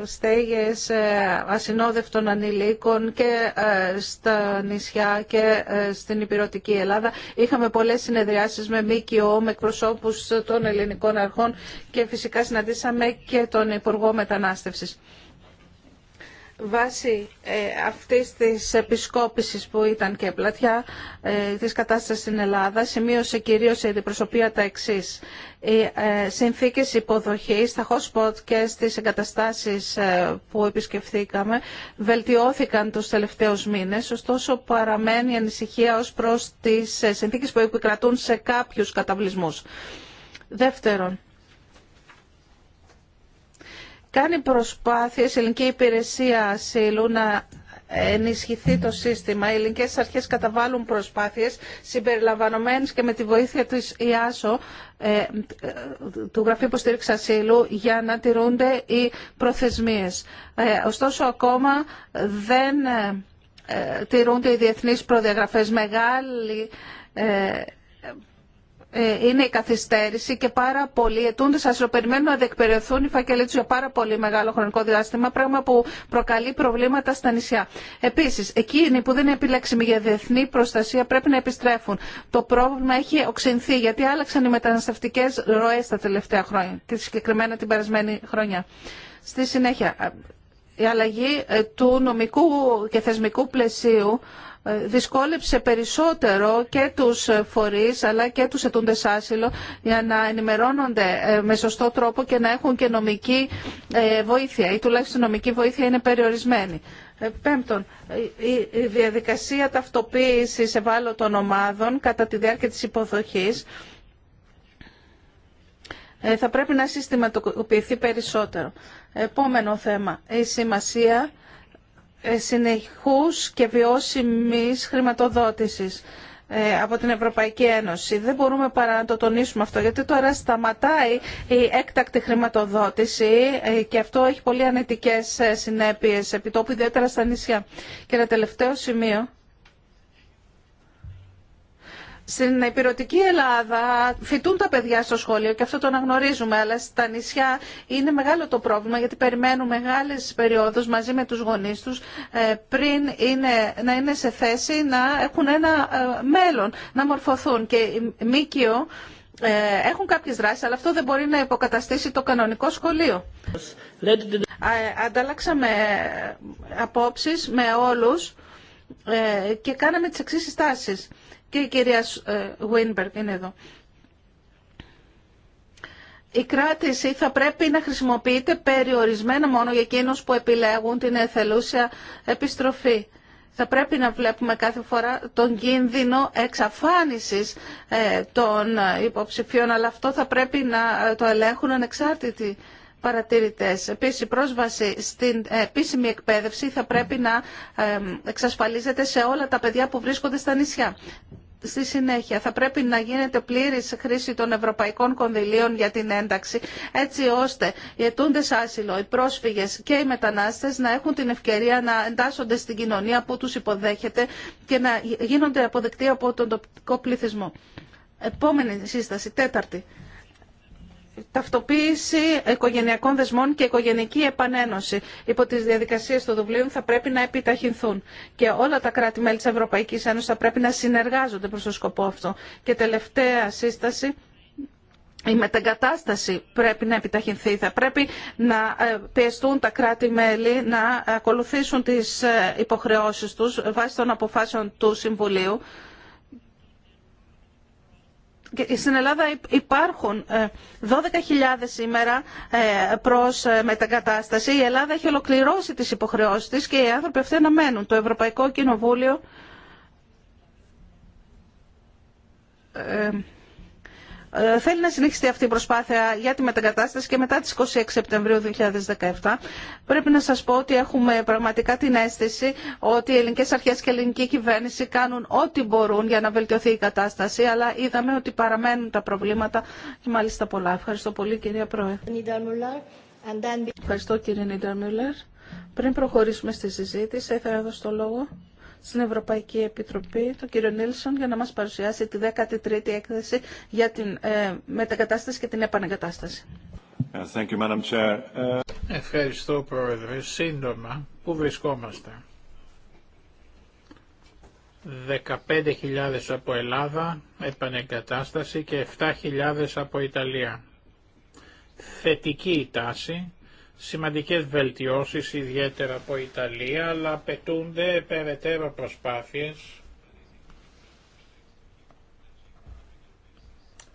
ε, στέγες ε, ασυνόδευτων ανηλίκων και στα νησιά και στην υπηρετική Ελλάδα. Είχαμε πολλές συνεδριάσεις με ΜΚΟ, με εκπροσώπους των ελληνικών αρχών και φυσικά συναντήσαμε και τον Υπουργό Μετανάστευσης βάσει ε, αυτής της επισκόπησης που ήταν και πλατιά ε, της κατάστασης στην Ελλάδα σημείωσε κυρίως η αντιπροσωπεία τα εξής. Οι ε, συνθήκες υποδοχής στα hotspot και στις εγκαταστάσεις που επισκεφθήκαμε βελτιώθηκαν τους τελευταίους μήνες, ωστόσο παραμένει η ανησυχία ως προς τις συνθήκες που επικρατούν σε κάποιους καταβλισμούς. Δεύτερον, κάνει προσπάθειες η ελληνική υπηρεσία ασύλου να ενισχυθεί το σύστημα. Οι ελληνικές αρχές καταβάλουν προσπάθειες συμπεριλαμβανομένες και με τη βοήθεια της ΙΑΣΟ ε, του Γραφείου Υποστήριξης Ασύλου για να τηρούνται οι προθεσμίες. Ε, ωστόσο ακόμα δεν ε, τηρούνται οι διεθνείς προδιαγραφές. Μεγάλη ε, είναι η καθυστέρηση και πάρα πολλοί ετούντε περιμένουν να διεκπαιρεωθούν οι φακελοί του για πάρα πολύ μεγάλο χρονικό διάστημα, πράγμα που προκαλεί προβλήματα στα νησιά. Επίση, εκείνοι που δεν είναι επιλέξιμοι για διεθνή προστασία πρέπει να επιστρέφουν. Το πρόβλημα έχει οξυνθεί γιατί άλλαξαν οι μεταναστευτικέ ροέ τα τελευταία χρόνια και συγκεκριμένα την περασμένη χρονιά. Στη συνέχεια, ε, η αλλαγή ε, του νομικού και θεσμικού πλαισίου ε, δυσκόλεψε περισσότερο και τους φορείς αλλά και τους ετούντες άσυλο για να ενημερώνονται ε, με σωστό τρόπο και να έχουν και νομική ε, βοήθεια ή τουλάχιστον νομική βοήθεια είναι περιορισμένη. Πέμπτον, η διαδικασία ταυτοποίησης ευάλωτων ομάδων κατά τη διάρκεια της υποδοχής θα πρέπει να συστηματοποιηθεί περισσότερο. Επόμενο θέμα, η σημασία ε, συνεχούς και βιώσιμης χρηματοδότησης ε, από την Ευρωπαϊκή Ένωση. Δεν μπορούμε παρά να το τονίσουμε αυτό, γιατί τώρα σταματάει η έκτακτη χρηματοδότηση ε, και αυτό έχει πολύ ανετικές συνέπειες επιτόπου, ιδιαίτερα στα νησιά. Και ένα τελευταίο σημείο στην υπηρετική Ελλάδα φοιτούν τα παιδιά στο σχολείο και αυτό το αναγνωρίζουμε, αλλά στα νησιά είναι μεγάλο το πρόβλημα γιατί περιμένουν μεγάλε περιόδου μαζί με του γονεί του, ε, πριν είναι, να είναι σε θέση να έχουν ένα ε, μέλλον, να μορφωθούν και μήκυο ε, έχουν κάποιε δράσει, αλλά αυτό δεν μπορεί να υποκαταστήσει το κανονικό σχολείο. Ανταλλάξαμε απόψει με όλου και κάναμε τι εξή συστάσει. Και η κυρία Βίνμπεργκ είναι εδώ. Η κράτηση θα πρέπει να χρησιμοποιείται περιορισμένα μόνο για εκείνους που επιλέγουν την εθελούσια επιστροφή. Θα πρέπει να βλέπουμε κάθε φορά τον κίνδυνο εξαφάνισης ε, των υποψηφίων, αλλά αυτό θα πρέπει να το ελέγχουν ανεξάρτητοι παρατηρητές. Επίσης, η πρόσβαση στην επίσημη εκπαίδευση θα πρέπει να ε, εξασφαλίζεται σε όλα τα παιδιά που βρίσκονται στα νησιά στη συνέχεια θα πρέπει να γίνεται πλήρη χρήση των ευρωπαϊκών κονδυλίων για την ένταξη έτσι ώστε οι αιτούντες άσυλο, οι πρόσφυγες και οι μετανάστες να έχουν την ευκαιρία να εντάσσονται στην κοινωνία που τους υποδέχεται και να γίνονται αποδεκτοί από τον τοπικό πληθυσμό. Επόμενη σύσταση, τέταρτη ταυτοποίηση οικογενειακών δεσμών και οικογενική επανένωση υπό τις διαδικασίες του Δουβλίου θα πρέπει να επιταχυνθούν. Και όλα τα κράτη-μέλη τη Ευρωπαϊκής Ένωση θα πρέπει να συνεργάζονται προς τον σκοπό αυτό. Και τελευταία σύσταση, η μετεγκατάσταση πρέπει να επιταχυνθεί. Θα πρέπει να ε, πιεστούν τα κράτη-μέλη να ακολουθήσουν τις ε, υποχρεώσεις τους βάσει των αποφάσεων του Συμβουλίου στην Ελλάδα υπάρχουν 12.000 ε, σήμερα ε, προς ε, μετακατάσταση. Η Ελλάδα έχει ολοκληρώσει τις υποχρεώσεις της και οι άνθρωποι αυτοί αναμένουν. Το Ευρωπαϊκό Κοινοβούλιο ε, θέλει να συνεχιστεί αυτή η προσπάθεια για τη μετακατάσταση και μετά τις 26 Σεπτεμβρίου 2017. Πρέπει να σας πω ότι έχουμε πραγματικά την αίσθηση ότι οι ελληνικές αρχές και η ελληνική κυβέρνηση κάνουν ό,τι μπορούν για να βελτιωθεί η κατάσταση, αλλά είδαμε ότι παραμένουν τα προβλήματα και μάλιστα πολλά. Ευχαριστώ πολύ κυρία Πρόεδρε. Ευχαριστώ κύριε Νίτερ Μιουλέρ. Πριν προχωρήσουμε στη συζήτηση, θα ήθελα να το λόγο στην Ευρωπαϊκή Επιτροπή, τον κύριο Νίλσον, για να μας παρουσιάσει τη 13η έκθεση για την ε, μετακατάσταση και την επανεγκατάσταση. Uh, Ευχαριστώ, Πρόεδρε. Σύντομα, πού βρισκόμαστε. 15.000 από Ελλάδα, επανεγκατάσταση και 7.000 από Ιταλία. Θετική η τάση, σημαντικές βελτιώσεις ιδιαίτερα από Ιταλία, αλλά απαιτούνται περαιτέρω προσπάθειες.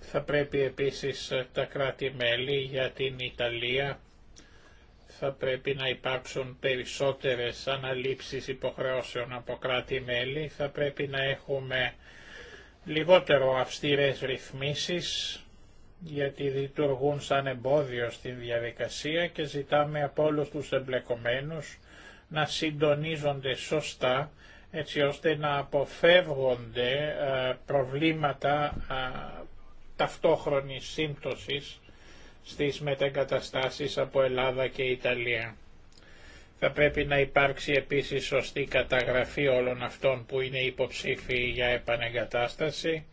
Θα πρέπει επίσης τα κράτη-μέλη για την Ιταλία θα πρέπει να υπάρξουν περισσότερες αναλήψεις υποχρεώσεων από κράτη-μέλη, θα πρέπει να έχουμε λιγότερο αυστηρές ρυθμίσεις, γιατί λειτουργούν σαν εμπόδιο στη διαδικασία και ζητάμε από όλους τους εμπλεκομένους να συντονίζονται σωστά έτσι ώστε να αποφεύγονται ε, προβλήματα ε, ταυτόχρονης σύμπτωσης στις μετεγκαταστάσεις από Ελλάδα και Ιταλία. Θα πρέπει να υπάρξει επίσης σωστή καταγραφή όλων αυτών που είναι υποψήφιοι για επανεγκατάσταση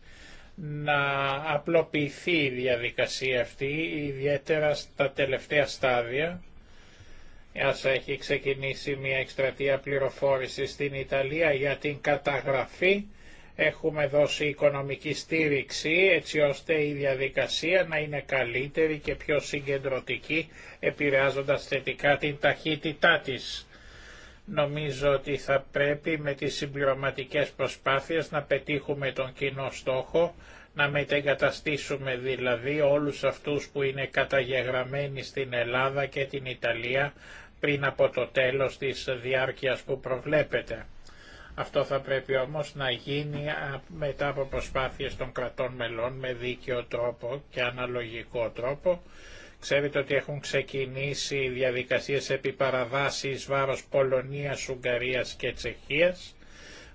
να απλοποιηθεί η διαδικασία αυτή, ιδιαίτερα στα τελευταία στάδια. Ας έχει ξεκινήσει μια εκστρατεία πληροφόρηση στην Ιταλία για την καταγραφή. Έχουμε δώσει οικονομική στήριξη έτσι ώστε η διαδικασία να είναι καλύτερη και πιο συγκεντρωτική επηρεάζοντας θετικά την ταχύτητά της. Νομίζω ότι θα πρέπει με τις συμπληρωματικές προσπάθειες να πετύχουμε τον κοινό στόχο, να μετεγκαταστήσουμε δηλαδή όλους αυτούς που είναι καταγεγραμμένοι στην Ελλάδα και την Ιταλία πριν από το τέλος της διάρκειας που προβλέπεται. Αυτό θα πρέπει όμως να γίνει μετά από προσπάθειες των κρατών μελών με δίκαιο τρόπο και αναλογικό τρόπο Ξέρετε ότι έχουν ξεκινήσει διαδικασίες επί παραβάσης βάρος Πολωνίας, Ουγγαρίας και Τσεχίας.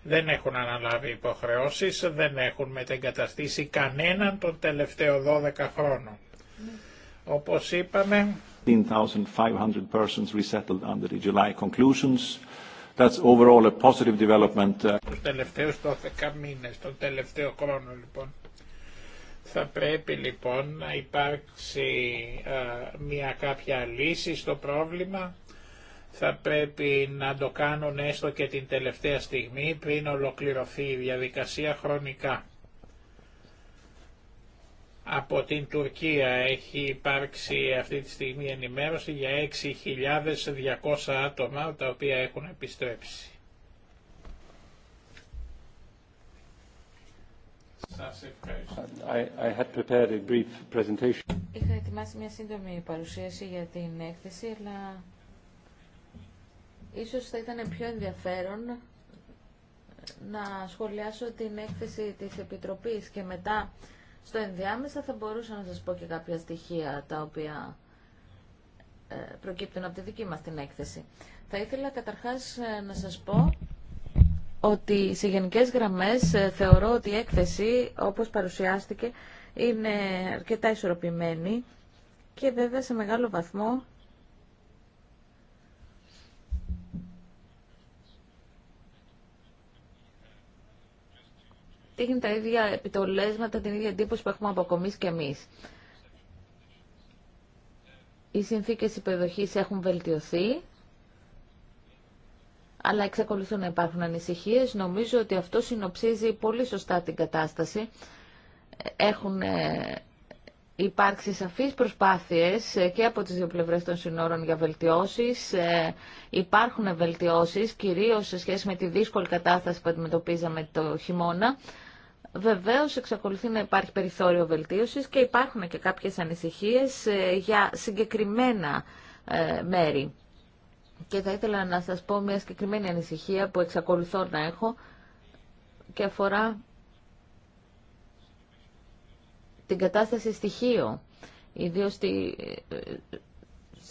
Δεν έχουν αναλάβει υποχρεώσεις, δεν έχουν μετεγκαταστήσει κανέναν τον τελευταίο 12 χρόνο. Όπως είπαμε... 15,500 persons resettled under the July conclusions. That's overall a positive development. Uh, τους τελευταίους 12 μήνες, τον τελευταίο χρόνο λοιπόν. Θα πρέπει λοιπόν να υπάρξει μια κάποια λύση στο πρόβλημα. Θα πρέπει να το κάνουν έστω και την τελευταία στιγμή πριν ολοκληρωθεί η διαδικασία χρονικά. Από την Τουρκία έχει υπάρξει αυτή τη στιγμή ενημέρωση για 6.200 άτομα τα οποία έχουν επιστρέψει. Είχα ετοιμάσει μια σύντομη παρουσίαση για την έκθεση, αλλά ίσως θα ήταν πιο ενδιαφέρον να σχολιάσω την έκθεση της Επιτροπής και μετά στο ενδιάμεσα θα μπορούσα να σας πω και κάποια στοιχεία τα οποία ε, προκύπτουν από τη δική μας την έκθεση. Θα ήθελα καταρχάς ε, να σας πω ότι σε γενικές γραμμές ε, θεωρώ ότι η έκθεση, όπως παρουσιάστηκε, είναι αρκετά ισορροπημένη και βέβαια σε μεγάλο βαθμό Τίχνουν τα ίδια επιτολέσματα, την ίδια εντύπωση που έχουμε αποκομίσει και εμείς. Οι συνθήκες υπεδοχής έχουν βελτιωθεί αλλά εξακολουθούν να υπάρχουν ανησυχίες. Νομίζω ότι αυτό συνοψίζει πολύ σωστά την κατάσταση. Έχουν ε, υπάρξει σαφείς προσπάθειες ε, και από τις δύο πλευρές των συνόρων για βελτιώσεις. Ε, υπάρχουν βελτιώσεις, κυρίως σε σχέση με τη δύσκολη κατάσταση που αντιμετωπίζαμε το χειμώνα. Βεβαίως εξακολουθεί να υπάρχει περιθώριο βελτίωση και υπάρχουν και κάποιε ανησυχίε για συγκεκριμένα μέρη και θα ήθελα να σας πω μια συγκεκριμένη ανησυχία που εξακολουθώ να έχω και αφορά την κατάσταση στοιχείο, ιδίως στη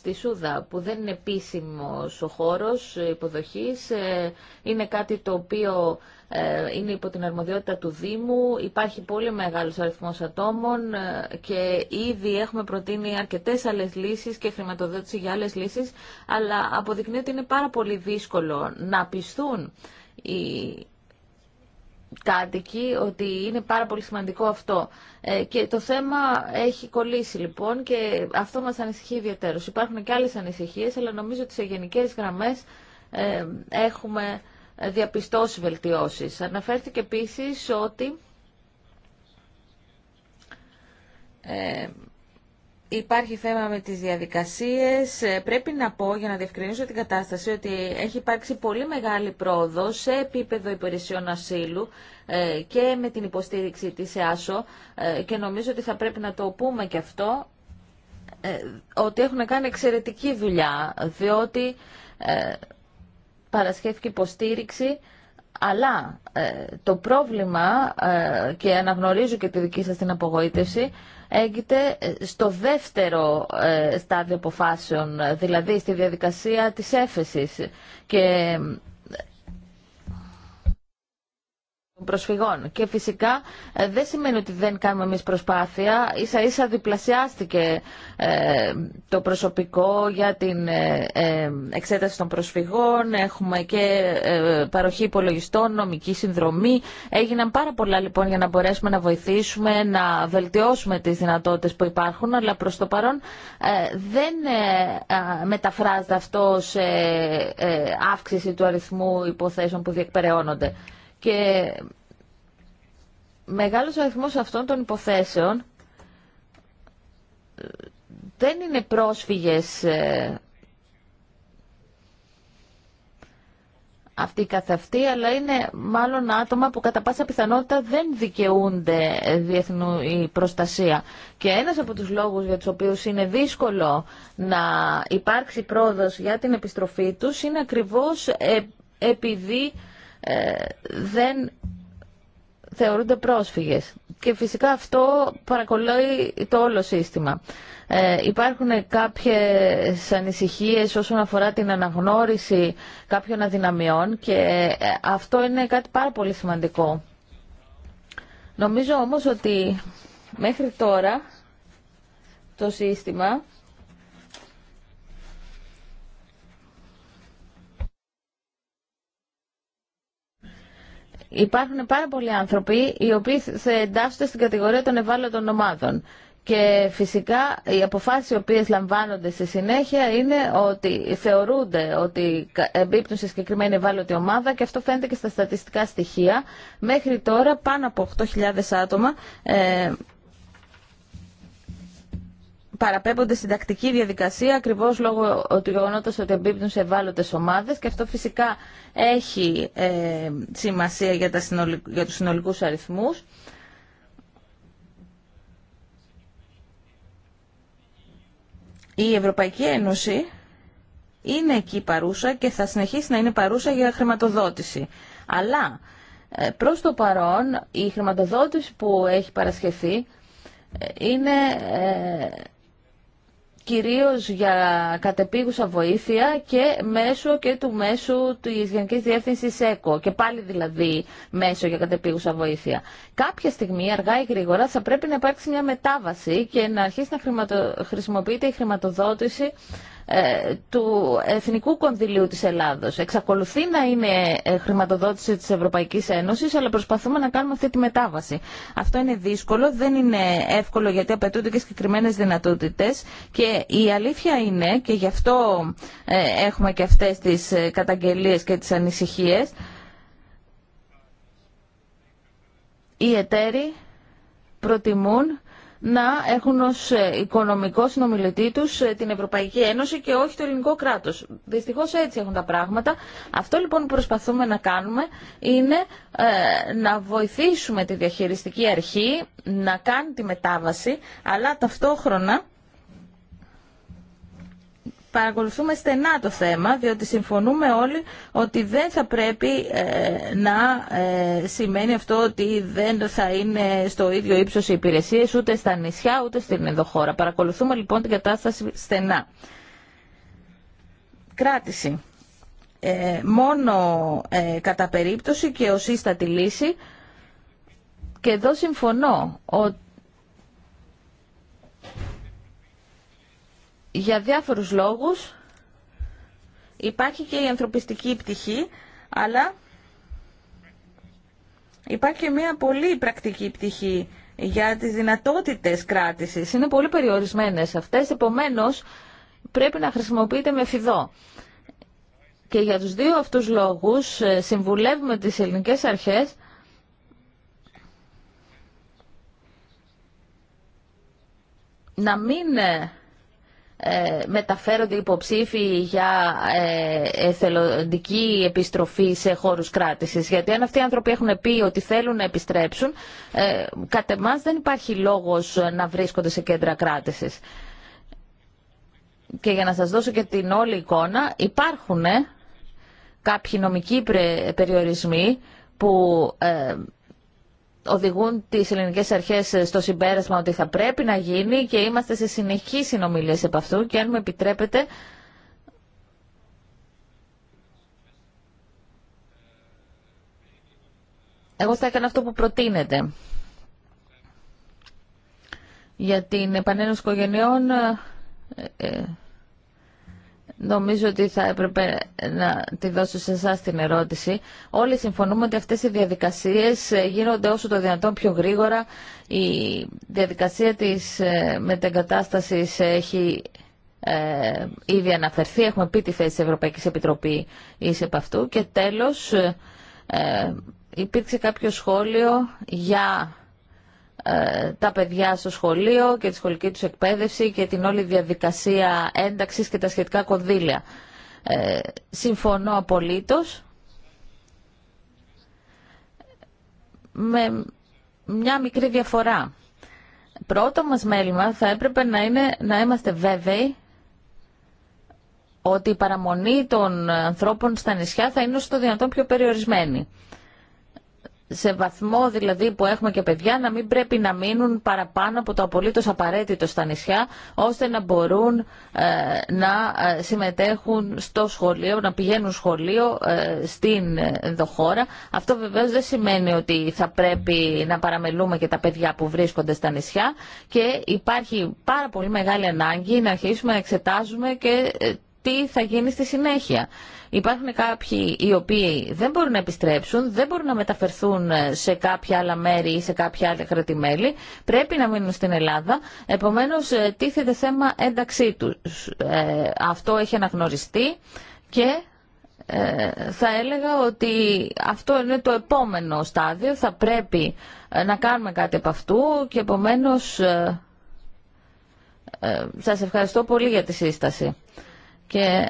στη Σούδα που δεν είναι επίσημος ο χώρος υποδοχής, ε, είναι κάτι το οποίο ε, είναι υπό την αρμοδιότητα του Δήμου, υπάρχει πολύ μεγάλος αριθμός ατόμων ε, και ήδη έχουμε προτείνει αρκετές άλλες λύσεις και χρηματοδότηση για άλλες λύσεις, αλλά αποδεικνύεται ότι είναι πάρα πολύ δύσκολο να πιστούν οι κάτοικοι ότι είναι πάρα πολύ σημαντικό αυτό. Ε, και το θέμα έχει κολλήσει λοιπόν και αυτό μας ανησυχεί ιδιαίτερως. Υπάρχουν και άλλες ανησυχίες, αλλά νομίζω ότι σε γενικές γραμμές ε, έχουμε διαπιστώσει βελτιώσεις. Αναφέρθηκε επίσης ότι... Ε, Υπάρχει θέμα με τις διαδικασίες. Ε, πρέπει να πω, για να διευκρινίσω την κατάσταση, ότι έχει υπάρξει πολύ μεγάλη πρόοδο σε επίπεδο υπηρεσιών ασύλου ε, και με την υποστήριξη της ΕΑΣΟ ε, και νομίζω ότι θα πρέπει να το πούμε και αυτό, ότι έχουν κάνει εξαιρετική δουλειά, διότι παρασχέθηκε υποστήριξη αλλά το πρόβλημα, και αναγνωρίζω και τη δική σας την απογοήτευση, έγκυται στο δεύτερο ε, στάδιο αποφάσεων, δηλαδή στη διαδικασία της έφεσης. Και προσφυγών. Και φυσικά ε, δεν σημαίνει ότι δεν κάνουμε εμείς προσπάθεια. Ίσα ίσα διπλασιάστηκε ε, το προσωπικό για την ε, εξέταση των προσφυγών. Έχουμε και παροχή υπολογιστών, νομική συνδρομή. Έγιναν πάρα πολλά λοιπόν για να μπορέσουμε να βοηθήσουμε, να βελτιώσουμε τις δυνατότητες που υπάρχουν, αλλά προς το παρόν δεν μεταφράζεται αυτό σε αύξηση του αριθμού υποθέσεων που διεκπεραιώνονται. Και μεγάλος αριθμός αυτών των υποθέσεων δεν είναι πρόσφυγες ε, αυτοί καθ' αυτή, αλλά είναι μάλλον άτομα που κατά πάσα πιθανότητα δεν δικαιούνται διεθνού η προστασία. Και ένας από τους λόγους για τους οποίους είναι δύσκολο να υπάρξει πρόοδος για την επιστροφή τους είναι ακριβώς ε, επειδή ε, δεν θεωρούνται πρόσφυγες. Και φυσικά αυτό παρακολουθεί το όλο σύστημα. Ε, υπάρχουν κάποιες ανησυχίες όσον αφορά την αναγνώριση κάποιων αδυναμιών και ε, αυτό είναι κάτι πάρα πολύ σημαντικό. Νομίζω όμως ότι μέχρι τώρα το σύστημα Υπάρχουν πάρα πολλοί άνθρωποι οι οποίοι θα εντάσσονται στην κατηγορία των ευάλωτων ομάδων. Και φυσικά οι αποφάσεις οι οποίες λαμβάνονται στη συνέχεια είναι ότι θεωρούνται ότι εμπίπτουν σε συγκεκριμένη ευάλωτη ομάδα και αυτό φαίνεται και στα στατιστικά στοιχεία. Μέχρι τώρα πάνω από 8.000 άτομα ε, παραπέμπονται στην τακτική διαδικασία ακριβώ λόγω του γεγονότο ότι εμπίπτουν σε ευάλωτε ομάδες και αυτό φυσικά έχει ε, σημασία για, συνολικ... για τους συνολικούς αριθμούς. Η Ευρωπαϊκή Ένωση είναι εκεί παρούσα και θα συνεχίσει να είναι παρούσα για χρηματοδότηση. Αλλά ε, προς το παρόν η χρηματοδότηση που έχει παρασχεθεί ε, είναι κυρίως για κατεπίγουσα βοήθεια και μέσω και του μέσου της Γενικής Διεύθυνσης ΕΚΟ και πάλι δηλαδή μέσω για κατεπίγουσα βοήθεια. Κάποια στιγμή αργά ή γρήγορα θα πρέπει να υπάρξει μια μετάβαση και να αρχίσει να χρησιμοποιείται η χρηματοδότηση ε, του Εθνικού Κονδυλίου της Ελλάδος. Εξακολουθεί να είναι ε, χρηματοδότηση της Ευρωπαϊκής Ένωσης, αλλά προσπαθούμε να κάνουμε αυτή τη μετάβαση. Αυτό είναι δύσκολο, δεν είναι εύκολο γιατί απαιτούνται και συγκεκριμένε δυνατότητες και η αλήθεια είναι, και γι' αυτό ε, έχουμε και αυτές τις καταγγελίες και τις ανησυχίες, οι εταίροι προτιμούν να έχουν ως ε, οικονομικό συνομιλητή τους ε, την Ευρωπαϊκή Ένωση και όχι το ελληνικό κράτος. Δυστυχώς έτσι έχουν τα πράγματα. Αυτό λοιπόν που προσπαθούμε να κάνουμε είναι ε, να βοηθήσουμε τη διαχειριστική αρχή να κάνει τη μετάβαση, αλλά ταυτόχρονα παρακολουθούμε στενά το θέμα, διότι συμφωνούμε όλοι ότι δεν θα πρέπει ε, να ε, σημαίνει αυτό ότι δεν θα είναι στο ίδιο ύψος οι υπηρεσίες ούτε στα νησιά ούτε στην ενδοχώρα. Παρακολουθούμε λοιπόν την κατάσταση στενά. Κράτηση. Ε, μόνο ε, κατά περίπτωση και ως ίστατη λύση και εδώ συμφωνώ ότι για διάφορους λόγους υπάρχει και η ανθρωπιστική πτυχή, αλλά υπάρχει και μια πολύ πρακτική πτυχή για τις δυνατότητες κράτησης. Είναι πολύ περιορισμένες αυτές, επομένως πρέπει να χρησιμοποιείται με φιδό. Και για τους δύο αυτούς λόγους ε, συμβουλεύουμε τις ελληνικές αρχές να μην ε, ε, μεταφέρονται υποψήφοι για ε, εθελοντική επιστροφή σε χώρους κράτησης. Γιατί αν αυτοί οι άνθρωποι έχουν πει ότι θέλουν να επιστρέψουν, ε, κατά εμάς δεν υπάρχει λόγος να βρίσκονται σε κέντρα κράτησης. Και για να σας δώσω και την όλη εικόνα, υπάρχουν κάποιοι νομικοί περιορισμοί που οδηγούν τις ελληνικέ αρχές στο συμπέρασμα ότι θα πρέπει να γίνει και είμαστε σε συνεχή συνομιλία επ' αυτού και αν μου επιτρέπετε εγώ θα έκανα αυτό που προτείνεται για την επανένωση οικογενειών ε, ε, Νομίζω ότι θα έπρεπε να τη δώσω σε εσά την ερώτηση. Όλοι συμφωνούμε ότι αυτές οι διαδικασίες ε, γίνονται όσο το δυνατόν πιο γρήγορα. Η διαδικασία της ε, μετεγκατάστασης έχει ε, ήδη αναφερθεί. Έχουμε πει τη θέση της Ευρωπαϊκής Επιτροπής εις επ' αυτού. Και τέλος, ε, υπήρξε κάποιο σχόλιο για ε, τα παιδιά στο σχολείο και τη σχολική τους εκπαίδευση και την όλη διαδικασία ένταξης και τα σχετικά κονδύλια. Ε, συμφωνώ απολύτως με μια μικρή διαφορά. Πρώτο μας μέλημα θα έπρεπε να είναι να είμαστε βέβαιοι ότι η παραμονή των ανθρώπων στα νησιά θα είναι στο δυνατόν πιο περιορισμένη σε βαθμό δηλαδή που έχουμε και παιδιά να μην πρέπει να μείνουν παραπάνω από το απολύτως απαραίτητο στα νησιά ώστε να μπορούν ε, να ε, συμμετέχουν στο σχολείο, να πηγαίνουν σχολείο ε, στην χώρα. Αυτό βεβαίω δεν σημαίνει ότι θα πρέπει να παραμελούμε και τα παιδιά που βρίσκονται στα νησιά και υπάρχει πάρα πολύ μεγάλη ανάγκη να αρχίσουμε να εξετάζουμε και τι θα γίνει στη συνέχεια. Υπάρχουν κάποιοι οι οποίοι δεν μπορούν να επιστρέψουν, δεν μπορούν να μεταφερθούν σε κάποια άλλα μέρη ή σε κάποια άλλα κρατημέλη, πρέπει να μείνουν στην Ελλάδα. Επομένως, ε, τίθεται θέμα ένταξή τους. Ε, αυτό έχει αναγνωριστεί και ε, θα έλεγα ότι αυτό είναι το επόμενο στάδιο. Θα πρέπει να κάνουμε κάτι από αυτού και επομένως σας ευχαριστώ πολύ για τη σύσταση. Και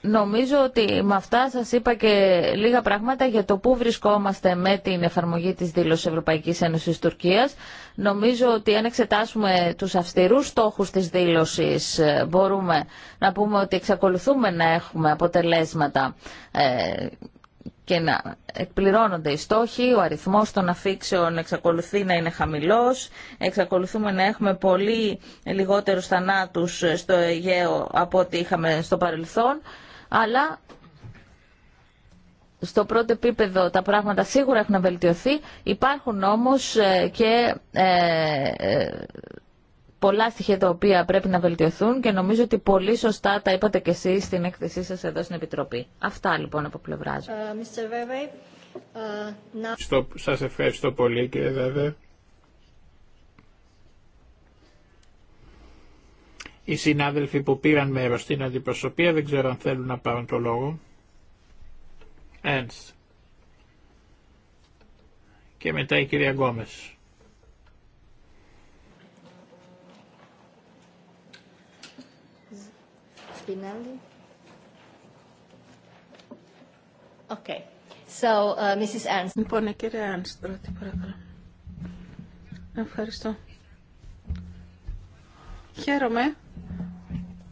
νομίζω ότι με αυτά σας είπα και λίγα πράγματα για το πού βρισκόμαστε με την εφαρμογή της δήλωσης Ευρωπαϊκής Ένωσης Τουρκίας. Νομίζω ότι αν εξετάσουμε τους αυστηρούς στόχους της δήλωσης ε, μπορούμε να πούμε ότι εξακολουθούμε να έχουμε αποτελέσματα ε, και να εκπληρώνονται οι στόχοι, ο αριθμός των αφήξεων εξακολουθεί να είναι χαμηλός, εξακολουθούμε να έχουμε πολύ λιγότερους θανάτους στο Αιγαίο από ό,τι είχαμε στο παρελθόν, αλλά στο πρώτο επίπεδο τα πράγματα σίγουρα έχουν βελτιωθεί, υπάρχουν όμως ε, και ε, ε, πολλά στοιχεία τα οποία πρέπει να βελτιωθούν και νομίζω ότι πολύ σωστά τα είπατε και εσείς στην έκθεσή σας εδώ στην Επιτροπή. Αυτά λοιπόν από πλευρά μου. Ε, ε, σας ευχαριστώ πολύ κύριε Βέβε. Οι συνάδελφοι που πήραν μέρος στην αντιπροσωπεία δεν ξέρω αν θέλουν να πάρουν το λόγο. Και μετά η κυρία Γκόμες. Spinelli? Okay. So, uh, Mrs. Ernst. Λοιπόν, ε, κύριε Ernst, πρώτη παρακαλώ. Ευχαριστώ. Χαίρομαι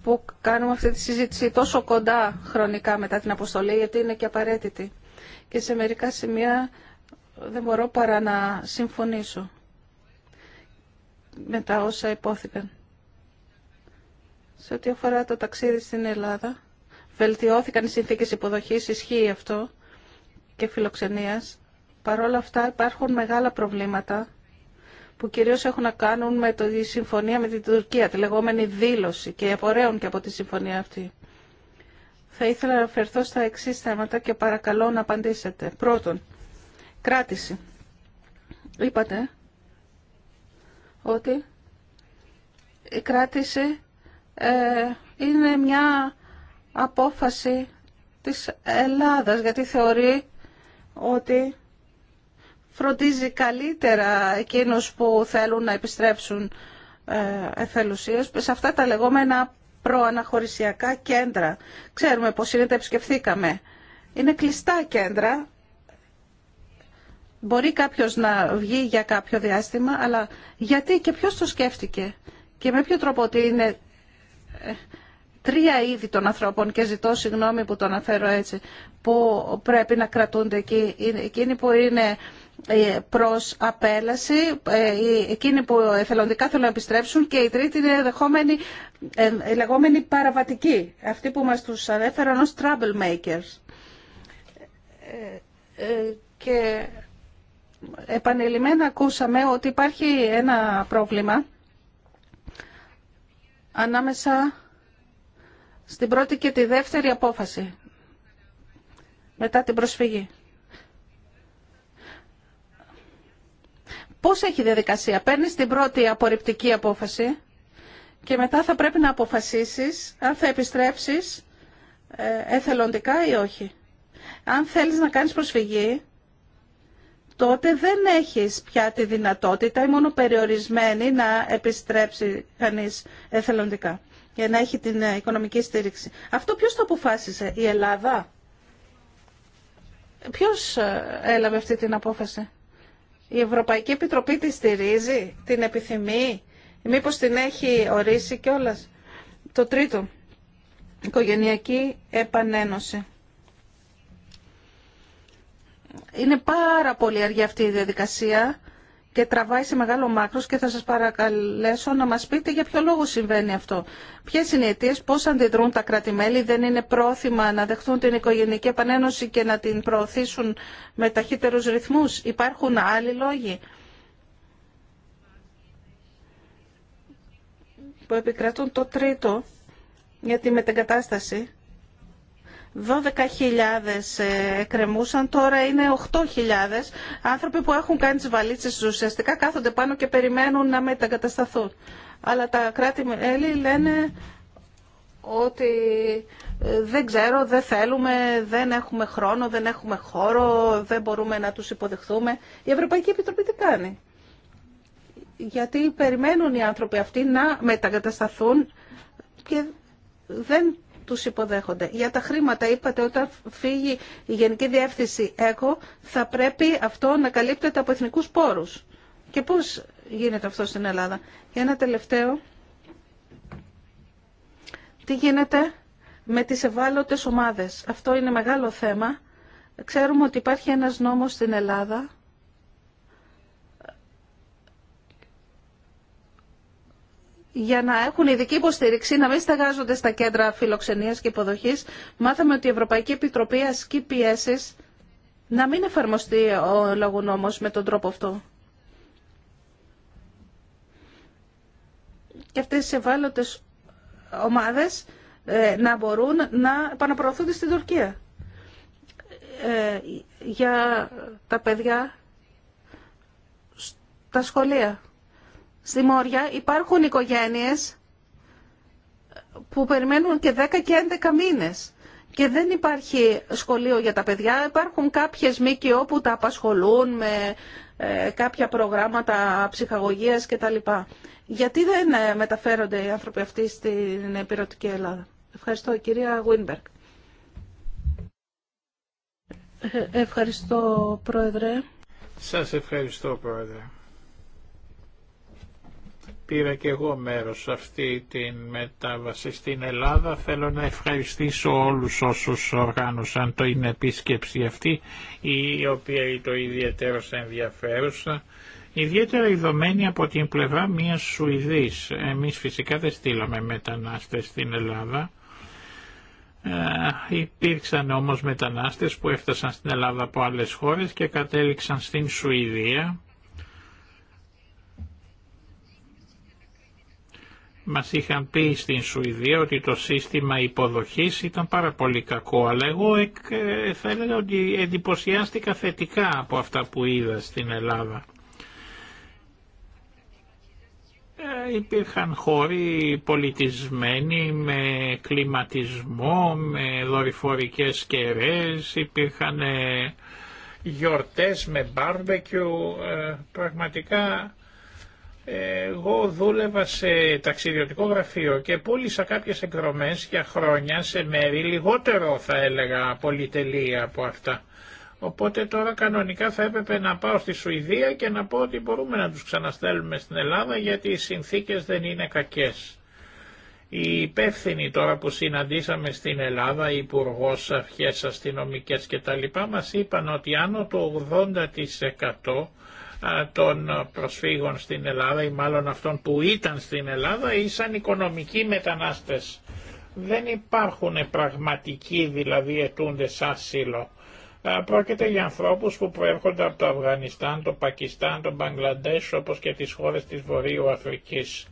που κάνουμε αυτή τη συζήτηση τόσο κοντά χρονικά μετά την αποστολή, γιατί είναι και απαραίτητη. Και σε μερικά σημεία δεν μπορώ παρά να συμφωνήσω με τα όσα υπόθηκαν. Σε ό,τι αφορά το ταξίδι στην Ελλάδα, βελτιώθηκαν οι συνθήκες υποδοχής, ισχύει αυτό και φιλοξενίας. Παρ' όλα αυτά υπάρχουν μεγάλα προβλήματα που κυρίως έχουν να κάνουν με τη συμφωνία με την Τουρκία, τη λεγόμενη δήλωση και απορρέουν και από τη συμφωνία αυτή. Θα ήθελα να αφαιρθώ στα εξή θέματα και παρακαλώ να απαντήσετε. Πρώτον, κράτηση. Είπατε ότι η κράτηση ε, είναι μια απόφαση της Ελλάδας γιατί θεωρεί ότι φροντίζει καλύτερα εκείνους που θέλουν να επιστρέψουν ε, εθελουσίες σε αυτά τα λεγόμενα προαναχωρησιακά κέντρα. Ξέρουμε πως είναι τα επισκεφθήκαμε. Είναι κλειστά κέντρα. Μπορεί κάποιος να βγει για κάποιο διάστημα, αλλά γιατί και ποιος το σκέφτηκε και με ποιο τρόπο ότι είναι τρία είδη των ανθρώπων και ζητώ συγγνώμη που το αναφέρω έτσι που πρέπει να κρατούνται εκεί. Εκείνοι που είναι ε, προς απέλαση, ε, εκείνοι που εθελοντικά θέλουν να επιστρέψουν και η τρίτη είναι δεχόμενη, ε, λεγόμενη παραβατική, αυτή που μας τους ανέφεραν ως trouble Και επανειλημμένα ακούσαμε ότι υπάρχει ένα πρόβλημα ανάμεσα στην πρώτη και τη δεύτερη απόφαση μετά την προσφυγή. Πώς έχει διαδικασία. Παίρνεις την πρώτη απορριπτική απόφαση και μετά θα πρέπει να αποφασίσεις αν θα επιστρέψεις ε, εθελοντικά ή όχι. Αν θέλεις να κάνεις προσφυγή, τότε δεν έχεις πια τη δυνατότητα ή μόνο περιορισμένη να επιστρέψει κανείς εθελοντικά για να έχει την ε, οικονομική στήριξη. Αυτό ποιος το αποφάσισε, η Ελλάδα. Ποιος ε, έλαβε αυτή την απόφαση. Η Ευρωπαϊκή Επιτροπή τη στηρίζει, την επιθυμεί, μήπως την έχει ορίσει κιόλας. Το τρίτο, οικογενειακή επανένωση είναι πάρα πολύ αργή αυτή η διαδικασία και τραβάει σε μεγάλο μάκρος και θα σας παρακαλέσω να μας πείτε για ποιο λόγο συμβαίνει αυτό. Ποιες είναι οι αιτίες, πώς αντιδρούν τα κρατη δεν είναι πρόθυμα να δεχτούν την οικογενική επανένωση και να την προωθήσουν με ταχύτερους ρυθμούς. Υπάρχουν άλλοι λόγοι που επικρατούν το τρίτο για τη μετεγκατάσταση 12.000 ε, εκκρεμούσαν, τώρα είναι 8.000 άνθρωποι που έχουν κάνει τις βαλίτσες τους. Ουσιαστικά κάθονται πάνω και περιμένουν να μετακατασταθούν. Αλλά τα κράτη-μέλη λένε ότι ε, δεν ξέρω, δεν θέλουμε, δεν έχουμε χρόνο, δεν έχουμε χώρο, δεν μπορούμε να τους υποδεχθούμε. Η Ευρωπαϊκή Επιτροπή τι κάνει. Γιατί περιμένουν οι άνθρωποι αυτοί να μετακατασταθούν και δεν τους υποδέχονται. Για τα χρήματα είπατε όταν φύγει η Γενική Διεύθυνση ΕΚΟ θα πρέπει αυτό να καλύπτεται από εθνικού πόρους. Και πώς γίνεται αυτό στην Ελλάδα. Για ένα τελευταίο. Τι γίνεται με τις ευάλωτε ομάδες. Αυτό είναι μεγάλο θέμα. Ξέρουμε ότι υπάρχει ένας νόμος στην Ελλάδα για να έχουν ειδική υποστήριξη, να μην στεγάζονται στα κέντρα φιλοξενίας και υποδοχής. Μάθαμε ότι η Ευρωπαϊκή Επιτροπή ασκεί πιέσει να μην εφαρμοστεί ο λαγονόμος με τον τρόπο αυτό. Και αυτές οι ευάλωτες ομάδες ε, να μπορούν να επαναπροωθούνται στην Τουρκία. Ε, για τα παιδιά στα σχολεία. Στη Μόρια υπάρχουν οικογένειες που περιμένουν και 10 και 11 μήνες και δεν υπάρχει σχολείο για τα παιδιά. Υπάρχουν κάποιες ΜΚΟ που τα απασχολούν με ε, κάποια προγράμματα ψυχαγωγίας κτλ. Γιατί δεν ε, μεταφέρονται οι άνθρωποι αυτοί στην επιρωτική Ελλάδα. Ευχαριστώ κυρία Γουίνμπεργκ. Ε, ευχαριστώ πρόεδρε. Σας ευχαριστώ πρόεδρε πήρα και εγώ μέρος σε αυτή την μετάβαση στην Ελλάδα. Θέλω να ευχαριστήσω όλους όσους οργάνωσαν το είναι επίσκεψη αυτή, η οποία είναι το ιδιαίτερο ενδιαφέρουσα. Ιδιαίτερα ειδωμένη από την πλευρά μιας Σουηδής. Εμείς φυσικά δεν στείλαμε μετανάστες στην Ελλάδα. Ε, υπήρξαν όμως μετανάστες που έφτασαν στην Ελλάδα από άλλες χώρες και κατέληξαν στην Σουηδία Μας είχαν πει στην Σουηδία ότι το σύστημα υποδοχής ήταν πάρα πολύ κακό, αλλά εγώ ε, θα έλεγα ότι εντυπωσιάστηκα θετικά από αυτά που είδα στην Ελλάδα. Ε, υπήρχαν χώροι πολιτισμένοι με κλιματισμό, με δορυφορικές κεραίες, υπήρχαν γιορτές με μπάρμπεκιου, ε, πραγματικά εγώ δούλευα σε ταξιδιωτικό γραφείο και πούλησα κάποιες εκδρομές για χρόνια σε μέρη λιγότερο θα έλεγα πολυτελή από αυτά. Οπότε τώρα κανονικά θα έπρεπε να πάω στη Σουηδία και να πω ότι μπορούμε να τους ξαναστέλνουμε στην Ελλάδα γιατί οι συνθήκες δεν είναι κακές. Οι υπεύθυνοι τώρα που συναντήσαμε στην Ελλάδα, υπουργό αρχές αστυνομικές κτλ. μας είπαν ότι άνω το 80% των προσφύγων στην Ελλάδα ή μάλλον αυτών που ήταν στην Ελλάδα ήσαν οικονομικοί μετανάστες. Δεν υπάρχουν πραγματικοί δηλαδή ετούντε άσυλο. Πρόκειται για ανθρώπους που προέρχονται από το Αφγανιστάν, το Πακιστάν, το Μπαγκλαντές όπως και τις χώρες της Βορείου Αφρικής.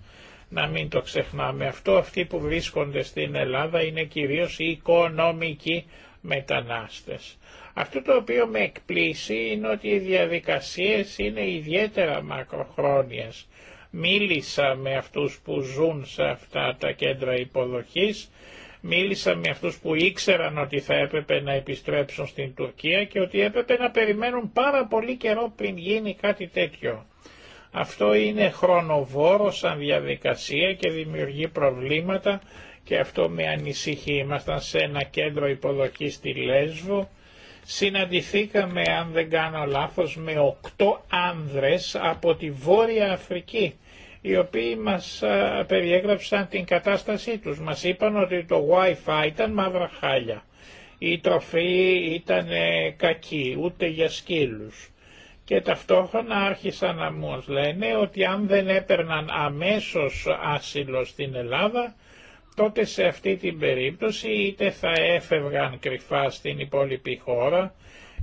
Να μην το ξεχνάμε αυτό, αυτοί που βρίσκονται στην Ελλάδα είναι κυρίως οι οικονομικοί μετανάστες. Αυτό το οποίο με εκπλήσει είναι ότι οι διαδικασίες είναι ιδιαίτερα μακροχρόνιες. Μίλησα με αυτούς που ζουν σε αυτά τα κέντρα υποδοχής, μίλησα με αυτούς που ήξεραν ότι θα έπρεπε να επιστρέψουν στην Τουρκία και ότι έπρεπε να περιμένουν πάρα πολύ καιρό πριν γίνει κάτι τέτοιο. Αυτό είναι χρονοβόρο σαν διαδικασία και δημιουργεί προβλήματα και αυτό με ανησυχεί. Ήμασταν σε ένα κέντρο υποδοχής στη Λέσβο συναντηθήκαμε αν δεν κάνω λάθος με οκτώ άνδρες από τη Βόρεια Αφρική οι οποίοι μας περιέγραψαν την κατάστασή τους. Μας είπαν ότι το Wi-Fi ήταν μαύρα χάλια. Η τροφή ήταν ε, κακή, ούτε για σκύλους. Και ταυτόχρονα άρχισαν να μου λένε ότι αν δεν έπαιρναν αμέσως άσυλο στην Ελλάδα, τότε σε αυτή την περίπτωση είτε θα έφευγαν κρυφά στην υπόλοιπη χώρα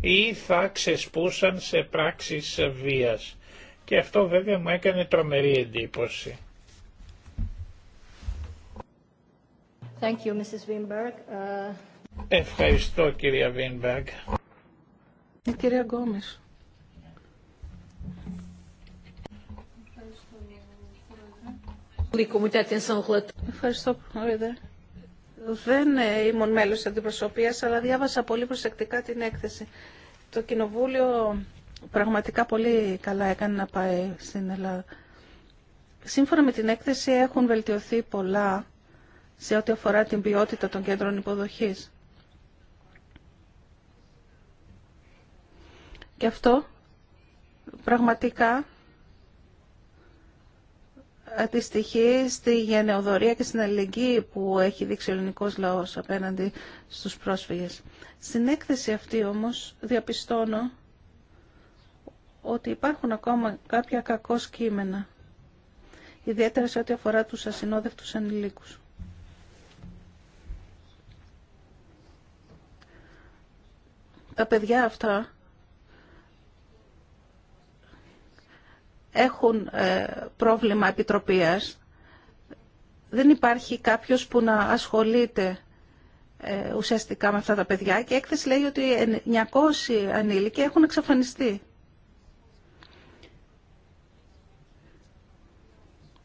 ή θα ξεσπούσαν σε πράξεις βίας. Και αυτό βέβαια μου έκανε τρομερή εντύπωση. Uh, Ευχαριστώ κυρία Βίνμπεργκ. κυρία Γκόμες. Ευχαριστώ, Πρόεδρε. Δεν ε, ήμουν μέλος της αντιπροσωπείας, αλλά διάβασα πολύ προσεκτικά την έκθεση. Το Κοινοβούλιο πραγματικά πολύ καλά έκανε να πάει στην Ελλάδα. Σύμφωνα με την έκθεση έχουν βελτιωθεί πολλά σε ό,τι αφορά την ποιότητα των κέντρων υποδοχής. Και αυτό πραγματικά αντιστοιχεί στη γενεοδορία και στην αλληλεγγύη που έχει δείξει ο ελληνικός λαός απέναντι στους πρόσφυγες. Στην έκθεση αυτή όμως διαπιστώνω ότι υπάρχουν ακόμα κάποια κακό κείμενα, ιδιαίτερα σε ό,τι αφορά τους ασυνόδευτους ανηλίκους. Τα παιδιά αυτά έχουν ε, πρόβλημα επιτροπίας. Δεν υπάρχει κάποιος που να ασχολείται ε, ουσιαστικά με αυτά τα παιδιά και η έκθεση λέει ότι 900 ανήλικοι έχουν εξαφανιστεί.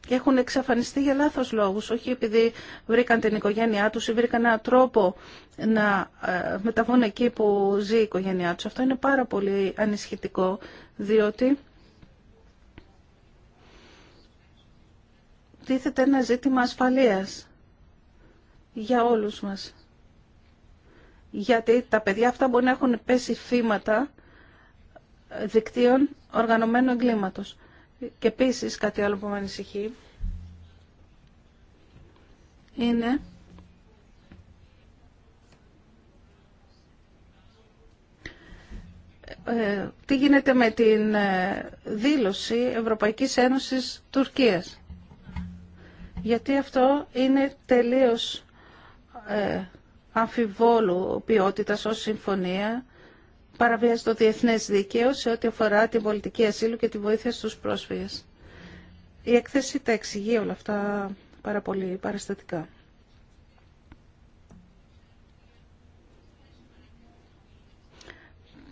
Και έχουν εξαφανιστεί για λάθος λόγους, όχι επειδή βρήκαν την οικογένειά τους ή βρήκαν έναν τρόπο να ε, μεταβούν εκεί που ζει η οικογένειά τους. Αυτό είναι πάρα πολύ ανησυχητικό, διότι τίθεται ένα ζήτημα ασφαλείας για όλους μας. Γιατί τα παιδιά αυτά μπορεί να έχουν πέσει θύματα δικτύων οργανωμένου εγκλήματος. Και επίση κάτι άλλο που με ανησυχεί είναι ε, τι γίνεται με την ε, δήλωση Ευρωπαϊκής Ένωσης Τουρκίας γιατί αυτό είναι τελείως ε, αμφιβόλου ποιότητας ως συμφωνία, παραβιάζει το διεθνές δίκαιο σε ό,τι αφορά την πολιτική ασύλου και τη βοήθεια στους πρόσφυγες. Η έκθεση τα εξηγεί όλα αυτά πάρα πολύ παραστατικά.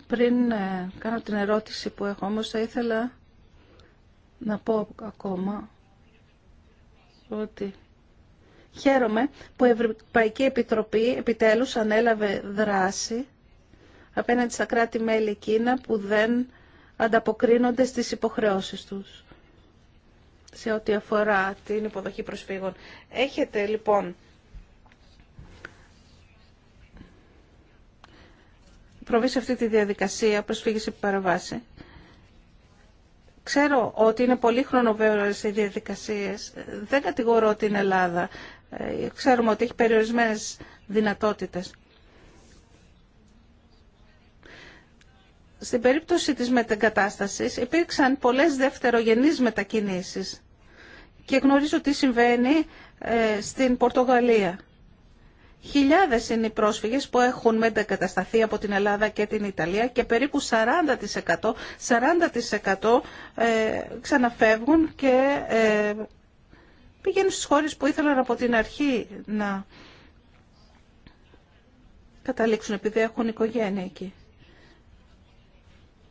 Πριν ε, κάνω την ερώτηση που έχω όμως θα ήθελα να πω ακόμα ότι χαίρομαι που η Ευρωπαϊκή Επιτροπή επιτέλους ανέλαβε δράση απέναντι στα κράτη-μέλη εκείνα που δεν ανταποκρίνονται στις υποχρεώσεις τους σε ό,τι αφορά την υποδοχή προσφύγων. Έχετε λοιπόν προβεί σε αυτή τη διαδικασία προσφύγηση παραβάση Ξέρω ότι είναι πολύ χρονοβέρες οι διαδικασίες. Δεν κατηγορώ την Ελλάδα. Ε, ξέρουμε ότι έχει περιορισμένες δυνατότητες. Στην περίπτωση της μετεγκατάστασης υπήρξαν πολλές δευτερογενείς μετακινήσεις και γνωρίζω τι συμβαίνει ε, στην Πορτογαλία. Χιλιάδες είναι οι πρόσφυγες που έχουν μετακατασταθεί από την Ελλάδα και την Ιταλία και περίπου 40%, 40 ε, ξαναφεύγουν και ε, πηγαίνουν στις χώρες που ήθελαν από την αρχή να καταλήξουν επειδή έχουν οικογένεια εκεί.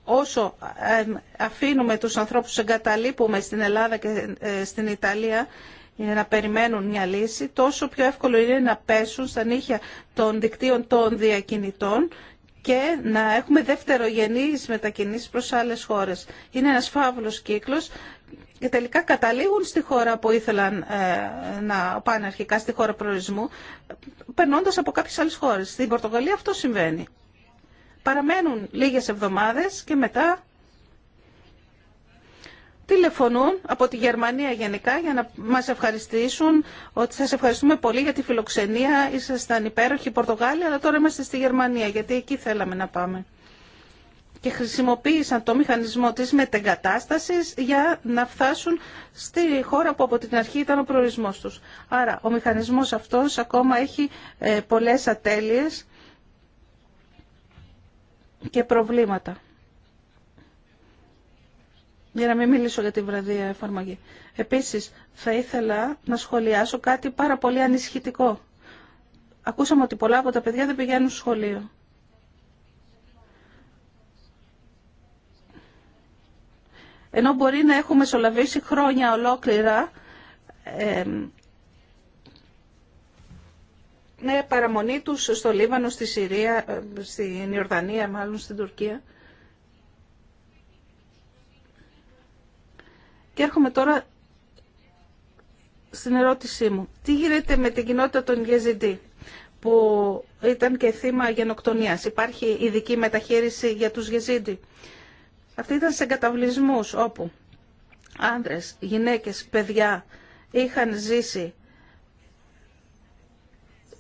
Όσο ε, αφήνουμε τους ανθρώπους εγκαταλείπουμε στην Ελλάδα και στην Ιταλία για να περιμένουν μια λύση, τόσο πιο εύκολο είναι να πέσουν στα νύχια των δικτύων των διακινητών και να έχουμε δευτερογενείς μετακινήσεις προς άλλες χώρες. Είναι ένας φαύλος κύκλος και τελικά καταλήγουν στη χώρα που ήθελαν ε, να πάνε αρχικά, στη χώρα προορισμού, περνώντας από κάποιες άλλες χώρες. Στην Πορτογαλία αυτό συμβαίνει. Παραμένουν λίγες εβδομάδες και μετά τηλεφωνούν από τη Γερμανία γενικά για να μας ευχαριστήσουν ότι σας ευχαριστούμε πολύ για τη φιλοξενία, ήσασταν υπέροχοι Πορτογάλοι, αλλά τώρα είμαστε στη Γερμανία γιατί εκεί θέλαμε να πάμε. Και χρησιμοποίησαν το μηχανισμό της μετεγκατάστασης για να φτάσουν στη χώρα που από την αρχή ήταν ο προορισμός τους. Άρα ο μηχανισμός αυτός ακόμα έχει ε, πολλές ατέλειες και προβλήματα για να μην μιλήσω για τη βραδία εφαρμογή. Επίσης, θα ήθελα να σχολιάσω κάτι πάρα πολύ ανησυχητικό. Ακούσαμε ότι πολλά από τα παιδιά δεν πηγαίνουν στο σχολείο. Ενώ μπορεί να έχουμε μεσολαβήσει χρόνια ολόκληρα ε, με παραμονή τους στο Λίβανο, στη Συρία, ε, στην Ιορδανία μάλλον, στην Τουρκία. Και έρχομαι τώρα στην ερώτησή μου. Τι γίνεται με την κοινότητα των Γεζιντή που ήταν και θύμα γενοκτονίας. Υπάρχει ειδική μεταχείριση για τους γεζιντή. Αυτοί ήταν σε καταβλισμούς όπου άνδρες, γυναίκες, παιδιά είχαν ζήσει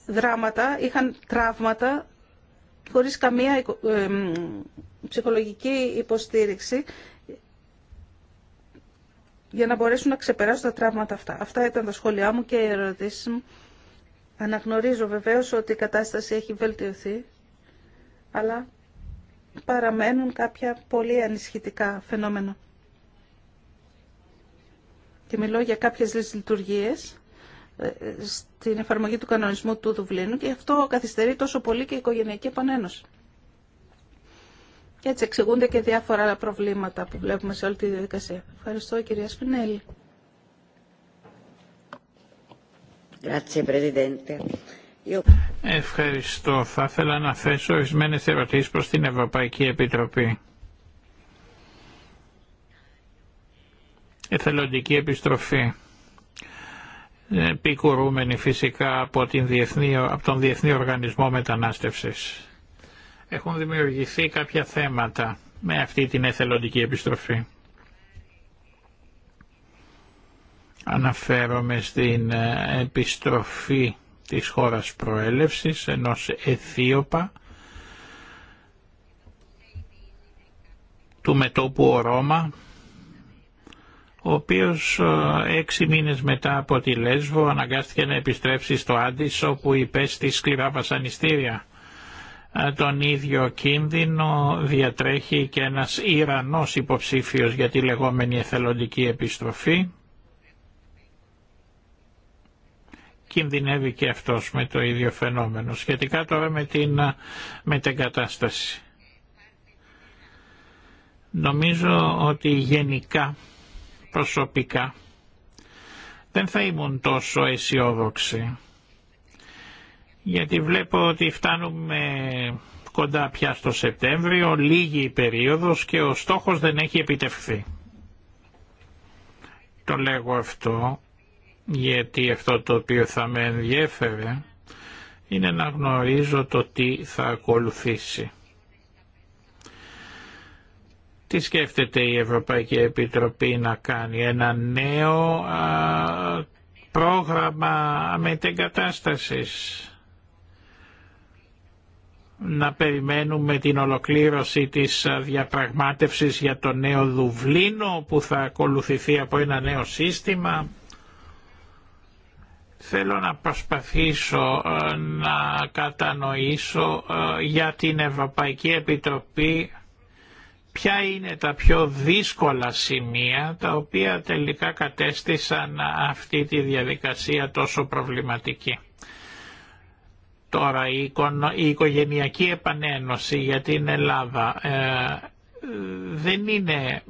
δράματα, είχαν τραύματα χωρίς καμία ε, ψυχολογική υποστήριξη για να μπορέσουν να ξεπεράσουν τα τραύματα αυτά. Αυτά ήταν τα σχόλιά μου και οι ερωτήσει μου. Αναγνωρίζω βεβαίως ότι η κατάσταση έχει βελτιωθεί, αλλά παραμένουν κάποια πολύ ανισχυτικά φαινόμενα. Και μιλώ για κάποιες λειτουργίες ε, ε, στην εφαρμογή του κανονισμού του Δουβλίνου και αυτό καθυστερεί τόσο πολύ και η οικογενειακή επανένωση. Και έτσι εξηγούνται και διάφορα άλλα προβλήματα που βλέπουμε σε όλη τη διαδικασία. Ευχαριστώ κυρία Σπινέλη. Ευχαριστώ. Θα ήθελα να θέσω ορισμένε ερωτήσει προ την Ευρωπαϊκή Επιτροπή. Εθελοντική επιστροφή. Ε, Επικουρούμενη φυσικά από, από τον Διεθνή Οργανισμό Μετανάστευσης έχουν δημιουργηθεί κάποια θέματα με αυτή την εθελοντική επιστροφή. Αναφέρομαι στην ε, επιστροφή της χώρας προέλευσης ενός Αιθίωπα του μετόπου Ρώμα ο οποίος ε, έξι μήνες μετά από τη Λέσβο αναγκάστηκε να επιστρέψει στο Άντις όπου υπέστη σκληρά βασανιστήρια ε, τον ίδιο κίνδυνο διατρέχει και ένας Ιρανός υποψήφιος για τη λεγόμενη εθελοντική επιστροφή. Κινδυνεύει και αυτός με το ίδιο φαινόμενο. Σχετικά τώρα με την μετεγκατάσταση. Νομίζω ότι γενικά, προσωπικά, δεν θα ήμουν τόσο αισιόδοξη γιατί βλέπω ότι φτάνουμε κοντά πια στο Σεπτέμβριο, λίγη η περίοδος και ο στόχος δεν έχει επιτευχθεί. Το λέγω αυτό γιατί αυτό το οποίο θα με ενδιέφερε είναι να γνωρίζω το τι θα ακολουθήσει. Τι σκέφτεται η Ευρωπαϊκή Επιτροπή να κάνει, ένα νέο πρόγραμμα μετεγκατάστασης να περιμένουμε την ολοκλήρωση της διαπραγμάτευσης για το νέο Δουβλίνο που θα ακολουθηθεί από ένα νέο σύστημα. Θέλω να προσπαθήσω ε, να κατανοήσω ε, για την Ευρωπαϊκή Επιτροπή ποια είναι τα πιο δύσκολα σημεία τα οποία τελικά κατέστησαν αυτή τη διαδικασία τόσο προβληματική. Τώρα η οικογενειακή επανένωση για την Ελλάδα ε, δεν είναι...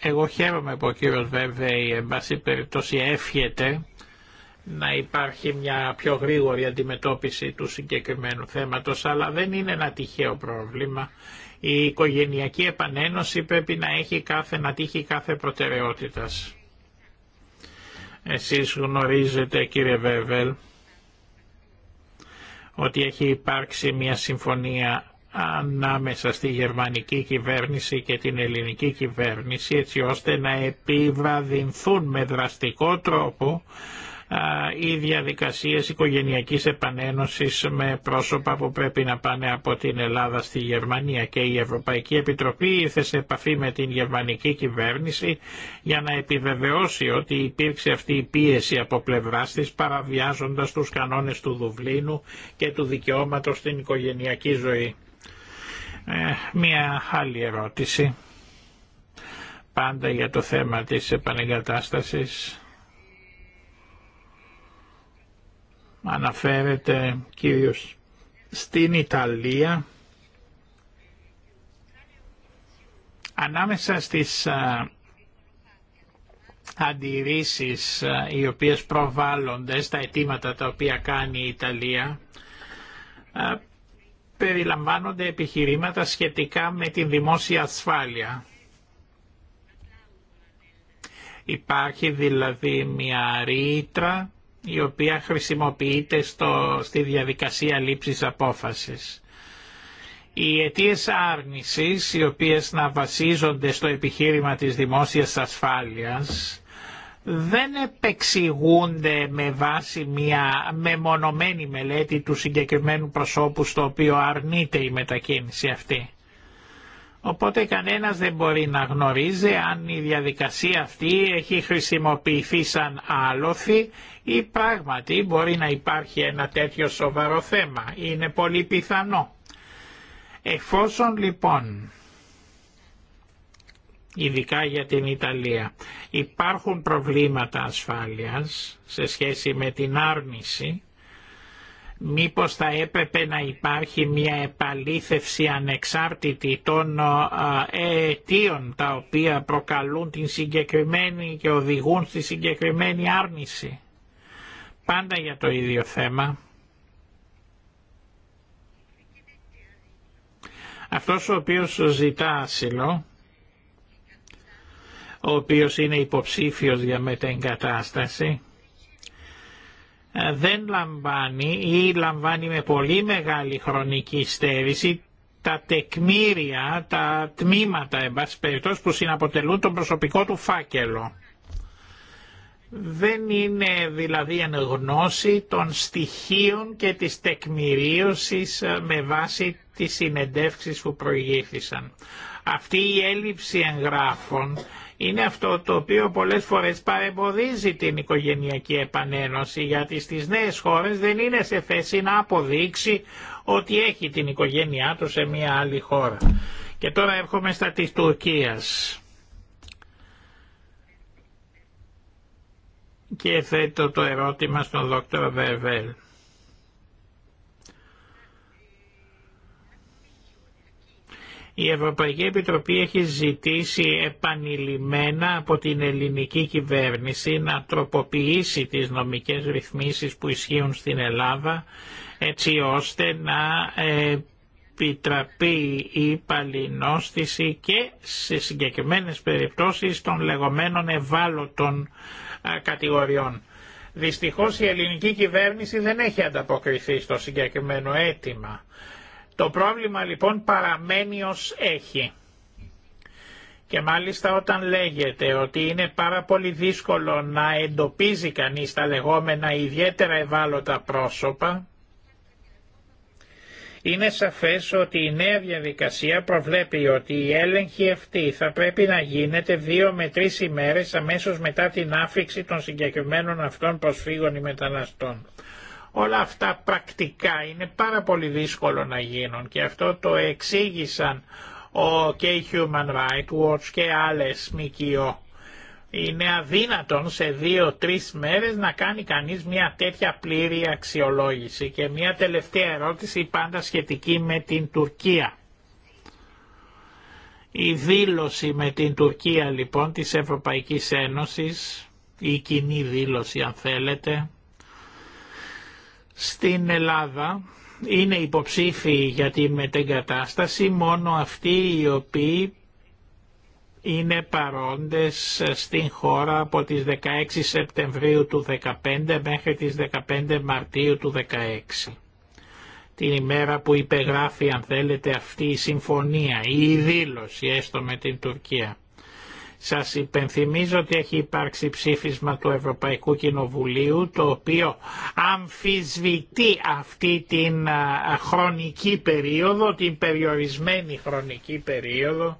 Εγώ χαίρομαι που ο κύριος Βεβέη, εν περιπτώσει εύχεται να υπάρχει μια πιο γρήγορη αντιμετώπιση του συγκεκριμένου θέματος, αλλά δεν είναι ένα τυχαίο πρόβλημα. Η οικογενειακή επανένωση πρέπει να, έχει κάθε, να τύχει κάθε προτεραιότητας. Εσείς γνωρίζετε κύριε Βέβελ ότι έχει υπάρξει μια συμφωνία ανάμεσα στη γερμανική κυβέρνηση και την ελληνική κυβέρνηση έτσι ώστε να επιβραδυνθούν με δραστικό τρόπο οι διαδικασίες οικογενειακής επανένωσης με πρόσωπα που πρέπει να πάνε από την Ελλάδα στη Γερμανία και η Ευρωπαϊκή Επιτροπή ήρθε σε επαφή με την γερμανική κυβέρνηση για να επιβεβαιώσει ότι υπήρξε αυτή η πίεση από πλευρά της παραβιάζοντας τους κανόνες του Δουβλίνου και του δικαιώματος στην οικογενειακή ζωή. Ε, μία άλλη ερώτηση, πάντα για το θέμα της επανεγκατάστασης. αναφέρεται κυρίως στην Ιταλία ανάμεσα στις αντιρρήσεις οι οποίες προβάλλονται στα αιτήματα τα οποία κάνει η Ιταλία περιλαμβάνονται επιχειρήματα σχετικά με την δημόσια ασφάλεια. Υπάρχει δηλαδή μια ρήτρα η οποία χρησιμοποιείται στο, στη διαδικασία λήψης απόφασης. Οι αιτίε άρνησης, οι οποίες να βασίζονται στο επιχείρημα της δημόσιας ασφάλειας, δεν επεξηγούνται με βάση μια μεμονωμένη μελέτη του συγκεκριμένου προσώπου στο οποίο αρνείται η μετακίνηση αυτή. Οπότε κανένας δεν μπορεί να γνωρίζει αν η διαδικασία αυτή έχει χρησιμοποιηθεί σαν άλοθη ή πράγματι μπορεί να υπάρχει ένα τέτοιο σοβαρό θέμα. Είναι πολύ πιθανό. Εφόσον λοιπόν, ειδικά για την Ιταλία, υπάρχουν προβλήματα ασφάλειας σε σχέση με την άρνηση, Μήπως θα έπρεπε να υπάρχει μια επαλήθευση ανεξάρτητη των αιτίων τα οποία προκαλούν την συγκεκριμένη και οδηγούν στη συγκεκριμένη άρνηση. Πάντα για το ίδιο θέμα. Αυτός ο οποίος ζητά άσυλο, ο οποίος είναι υποψήφιος για μετεγκατάσταση, ε, δεν λαμβάνει ή λαμβάνει με πολύ μεγάλη χρονική στέρηση τα τεκμήρια, τα τμήματα εν πάση που συναποτελούν τον προσωπικό του φάκελο. Δεν είναι δηλαδή εν γνώση των στοιχείων και της τεκμηρίωσης ε, με βάση τις συνεντεύξεις που προηγήθησαν. Αυτή η έλλειψη εγγράφων είναι αυτό το οποίο πολλές φορές παρεμποδίζει την οικογενειακή επανένωση γιατί στις νέες χώρες δεν είναι σε θέση να αποδείξει ότι έχει την οικογένειά του σε μια άλλη χώρα. Και τώρα έρχομαι στα της Τουρκίας. Και θέτω το ερώτημα στον Δ. Βερβέλ. Η Ευρωπαϊκή Επιτροπή έχει ζητήσει επανειλημμένα από την ελληνική κυβέρνηση να τροποποιήσει τις νομικές ρυθμίσεις που ισχύουν στην Ελλάδα έτσι ώστε να επιτραπεί η παλινόστηση και σε συγκεκριμένες περιπτώσεις των λεγόμενων ευάλωτων κατηγοριών. Δυστυχώς η ελληνική κυβέρνηση δεν έχει ανταποκριθεί στο συγκεκριμένο αίτημα. Το πρόβλημα λοιπόν παραμένει ως έχει. Και μάλιστα όταν λέγεται ότι είναι πάρα πολύ δύσκολο να εντοπίζει κανείς τα λεγόμενα ιδιαίτερα ευάλωτα πρόσωπα, είναι σαφές ότι η νέα διαδικασία προβλέπει ότι η έλεγχη αυτή θα πρέπει να γίνεται δύο με τρεις ημέρες αμέσως μετά την άφηξη των συγκεκριμένων αυτών προσφύγων ή μεταναστών. Όλα αυτά πρακτικά είναι πάρα πολύ δύσκολο να γίνουν και αυτό το εξήγησαν ο και η Human Rights Watch και άλλες ΜΚΟ. Είναι αδύνατον σε δύο-τρεις μέρες να κάνει κανείς μια τέτοια πλήρη αξιολόγηση. Και μια τελευταία ερώτηση πάντα σχετική με την Τουρκία. Η δήλωση με την Τουρκία λοιπόν της Ευρωπαϊκής Ένωσης, η κοινή δήλωση αν θέλετε, στην Ελλάδα είναι υποψήφιοι για τη μετεγκατάσταση μόνο αυτοί οι οποίοι είναι παρόντες στην χώρα από τις 16 Σεπτεμβρίου του 2015 μέχρι τις 15 Μαρτίου του 2016. Την ημέρα που υπεγράφει αν θέλετε αυτή η συμφωνία ή η δήλωση έστω με την Τουρκία. Σας υπενθυμίζω ότι έχει υπάρξει ψήφισμα του Ευρωπαϊκού Κοινοβουλίου το οποίο αμφισβητεί αυτή την χρονική περίοδο, την περιορισμένη χρονική περίοδο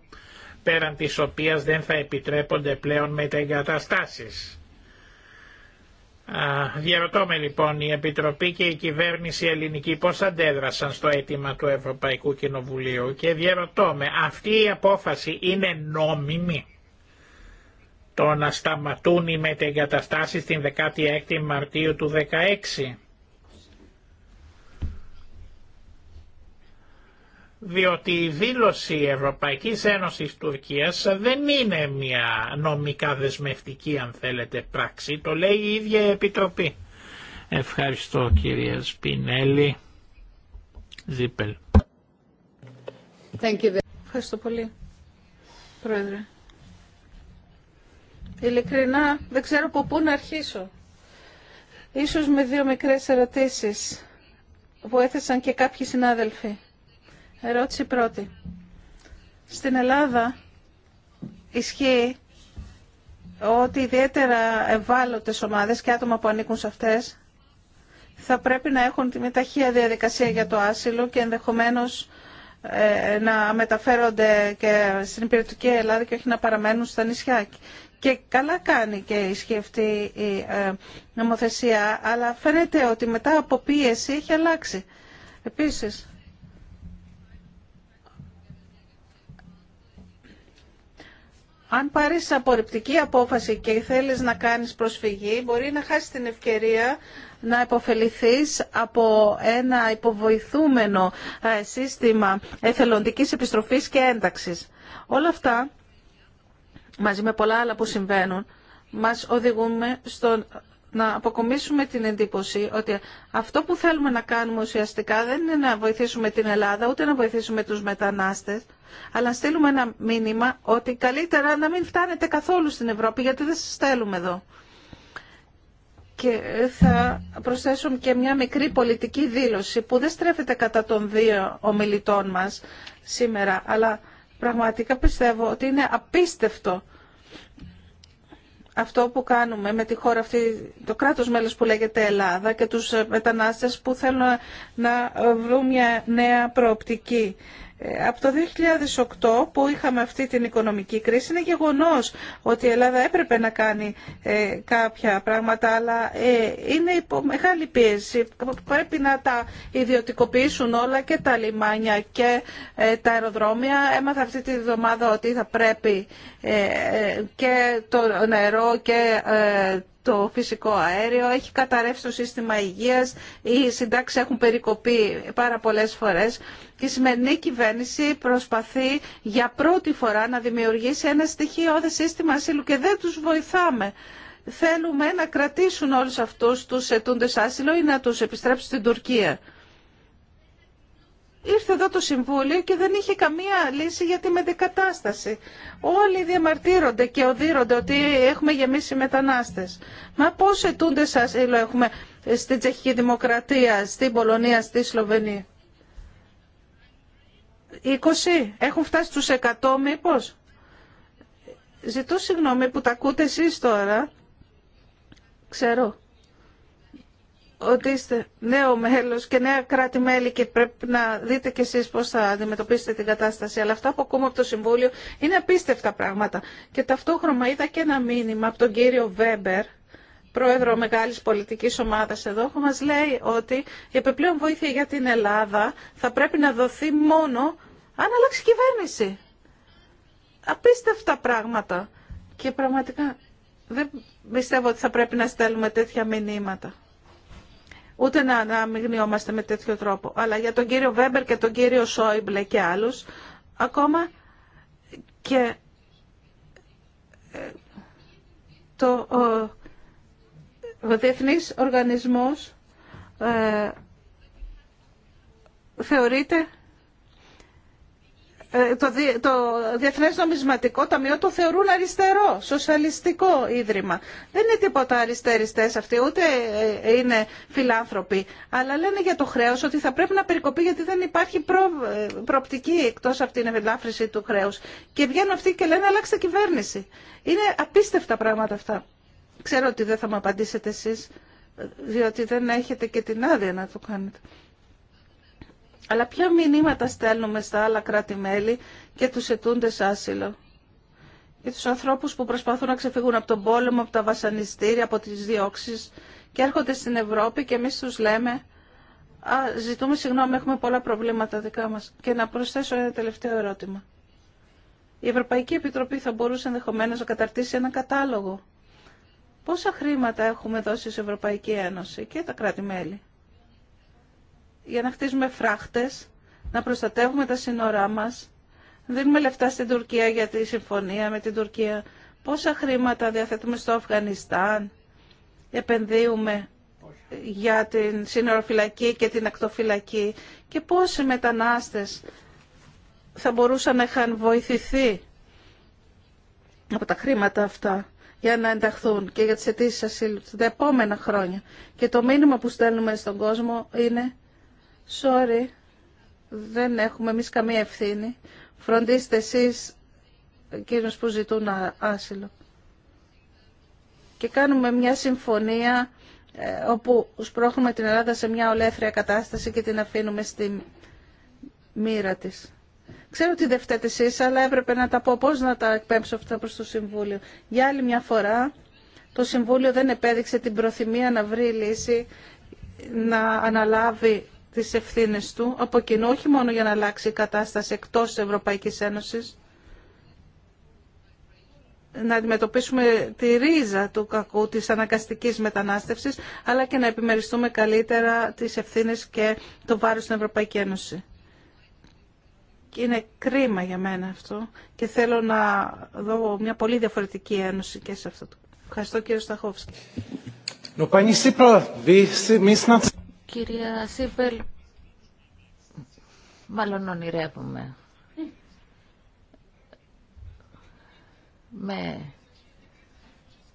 πέραν της οποίας δεν θα επιτρέπονται πλέον μετεγκαταστάσεις. Διαρωτώ με λοιπόν η Επιτροπή και η κυβέρνηση ελληνική πώς αντέδρασαν στο αίτημα του Ευρωπαϊκού Κοινοβουλίου και διαρωτώ αυτή η απόφαση είναι νόμιμη το να σταματούν οι μετεγκαταστάσεις την 16η Μαρτίου του 2016. διότι η δήλωση Ευρωπαϊκής Ένωσης Τουρκίας δεν είναι μια νομικά δεσμευτική αν θέλετε πράξη, το λέει η ίδια η Επιτροπή. Ευχαριστώ κυρία Σπινέλη. Ζήπελ. Ευχαριστώ πολύ, Πρόεδρε. Ειλικρινά δεν ξέρω από πού να αρχίσω. Ίσως με δύο μικρές ερωτήσεις που έθεσαν και κάποιοι συνάδελφοι. Ερώτηση πρώτη. Στην Ελλάδα ισχύει ότι ιδιαίτερα ευάλωτες ομάδες και άτομα που ανήκουν σε αυτές θα πρέπει να έχουν τη μεταχεία διαδικασία για το άσυλο και ενδεχομένως ε, να μεταφέρονται και στην υπηρετική Ελλάδα και όχι να παραμένουν στα νησιά. Και καλά κάνει και ισχύει αυτή η ε, νομοθεσία, αλλά φαίνεται ότι μετά από πίεση έχει αλλάξει. Επίσης, αν πάρεις απορριπτική απόφαση και θέλεις να κάνεις προσφυγή, μπορεί να χάσεις την ευκαιρία να υποφεληθείς από ένα υποβοηθούμενο ε, σύστημα εθελοντικής επιστροφής και ένταξης. Όλα αυτά μαζί με πολλά άλλα που συμβαίνουν, μας οδηγούμε στο να αποκομίσουμε την εντύπωση ότι αυτό που θέλουμε να κάνουμε ουσιαστικά δεν είναι να βοηθήσουμε την Ελλάδα, ούτε να βοηθήσουμε τους μετανάστες, αλλά να στείλουμε ένα μήνυμα ότι καλύτερα να μην φτάνετε καθόλου στην Ευρώπη, γιατί δεν σας στέλνουμε εδώ. Και θα προσθέσω και μια μικρή πολιτική δήλωση που δεν στρέφεται κατά των δύο ομιλητών μας σήμερα, αλλά Πραγματικά πιστεύω ότι είναι απίστευτο αυτό που κάνουμε με τη χώρα αυτή, το κράτος μέλος που λέγεται Ελλάδα και τους μετανάστες που θέλουν να βρουν μια νέα προοπτική. Ε, από το 2008 που είχαμε αυτή την οικονομική κρίση είναι γεγονός ότι η Ελλάδα έπρεπε να κάνει ε, κάποια πράγματα αλλά ε, είναι υπό μεγάλη πίεση. Πρέπει να τα ιδιωτικοποιήσουν όλα και τα λιμάνια και τα αεροδρόμια. Έμαθα αυτή τη βδομάδα ότι θα πρέπει και το νερό και το φυσικό αέριο, έχει καταρρεύσει το σύστημα υγείας, οι συντάξει έχουν περικοπεί πάρα πολλές φορές και η σημερινή κυβέρνηση προσπαθεί για πρώτη φορά να δημιουργήσει ένα στοιχειώδη σύστημα ασύλου και δεν τους βοηθάμε. Θέλουμε να κρατήσουν όλους αυτούς τους ετούντες άσυλο ή να τους επιστρέψουν στην Τουρκία. Ήρθε εδώ το Συμβούλιο και δεν είχε καμία λύση για τη μετεκατάσταση. Όλοι διαμαρτύρονται και οδύρονται ότι έχουμε γεμίσει μετανάστες. Μα πώς σας ήλο έχουμε στην Τσεχική Δημοκρατία, στην Πολωνία, στη Σλοβενία. 20. Έχουν φτάσει στους 100 μήπως. Ζητώ συγγνώμη που τα ακούτε εσείς τώρα. Ξέρω ότι είστε νέο μέλο και νέα κράτη-μέλη και πρέπει να δείτε κι εσεί πώ θα αντιμετωπίσετε την κατάσταση. Αλλά αυτά που ακούμε από το Συμβούλιο είναι απίστευτα πράγματα. Και ταυτόχρονα είδα και ένα μήνυμα από τον κύριο Βέμπερ, πρόεδρο μεγάλη πολιτική ομάδα εδώ, που μα λέει ότι η επιπλέον βοήθεια για την Ελλάδα θα πρέπει να δοθεί μόνο αν αλλάξει κυβέρνηση. Απίστευτα πράγματα. Και πραγματικά δεν πιστεύω ότι θα πρέπει να στέλνουμε τέτοια μηνύματα ούτε να, να με τέτοιο τρόπο. Αλλά για τον κύριο Βέμπερ και τον κύριο Σόιμπλε και άλλους, ακόμα και ε, το ο, ο Διεθνής Οργανισμός ε, θεωρείται ε, το, το Διεθνές Νομισματικό Ταμείο το θεωρούν αριστερό, σοσιαλιστικό ίδρυμα. Δεν είναι τίποτα αριστεριστές αυτοί, ούτε ε, είναι φιλάνθρωποι. Αλλά λένε για το χρέος ότι θα πρέπει να περικοπεί γιατί δεν υπάρχει προ, ε, προοπτική εκτός από την ευελάφρυνση του χρέους. Και βγαίνουν αυτοί και λένε αλλάξτε κυβέρνηση. Είναι απίστευτα πράγματα αυτά. Ξέρω ότι δεν θα μου απαντήσετε εσείς, διότι δεν έχετε και την άδεια να το κάνετε. Αλλά ποια μηνύματα στέλνουμε στα άλλα κράτη-μέλη και τους ετούντες άσυλο. Για τους ανθρώπους που προσπαθούν να ξεφύγουν από τον πόλεμο, από τα βασανιστήρια, από τις διώξεις και έρχονται στην Ευρώπη και εμείς τους λέμε «Α, ζητούμε συγγνώμη, έχουμε πολλά προβλήματα δικά μας». Και να προσθέσω ένα τελευταίο ερώτημα. Η Ευρωπαϊκή Επιτροπή θα μπορούσε ενδεχομένως να καταρτήσει ένα κατάλογο. Πόσα χρήματα έχουμε δώσει στην Ευρωπαϊκή Ένωση και τα κράτη-μέλη για να χτίζουμε φράχτες, να προστατεύουμε τα σύνορά μας, δίνουμε λεφτά στην Τουρκία για τη συμφωνία με την Τουρκία, πόσα χρήματα διαθέτουμε στο Αφγανιστάν, επενδύουμε για την σύνοροφυλακή και την ακτοφυλακή και πόσοι μετανάστες θα μπορούσαν να είχαν βοηθηθεί από τα χρήματα αυτά για να ενταχθούν και για τις αιτήσει ασύλου τα επόμενα χρόνια. Και το μήνυμα που στέλνουμε στον κόσμο είναι Sorry, δεν έχουμε εμεί καμία ευθύνη. Φροντίστε εσείς εκείνους που ζητούν άσυλο. Και κάνουμε μια συμφωνία ε, όπου σπρώχνουμε την Ελλάδα σε μια ολέθρια κατάσταση και την αφήνουμε στη μοίρα της. Ξέρω ότι δεν φταίτε αλλά έπρεπε να τα πω πώς να τα εκπέμψω αυτά προς το Συμβούλιο. Για άλλη μια φορά, το Συμβούλιο δεν επέδειξε την προθυμία να βρει λύση, να αναλάβει τις ευθύνες του από κοινού, όχι μόνο για να αλλάξει η κατάσταση εκτός της Ευρωπαϊκής Ένωσης, να αντιμετωπίσουμε τη ρίζα του κακού της αναγκαστικής μετανάστευσης, αλλά και να επιμεριστούμε καλύτερα τις ευθύνες και το βάρος στην Ευρωπαϊκή Ένωση. Και είναι κρίμα για μένα αυτό και θέλω να δω μια πολύ διαφορετική ένωση και σε αυτό. Ευχαριστώ κύριο Σταχόφσκι. Κυρία Σίπελ, μάλλον ονειρεύομαι. Με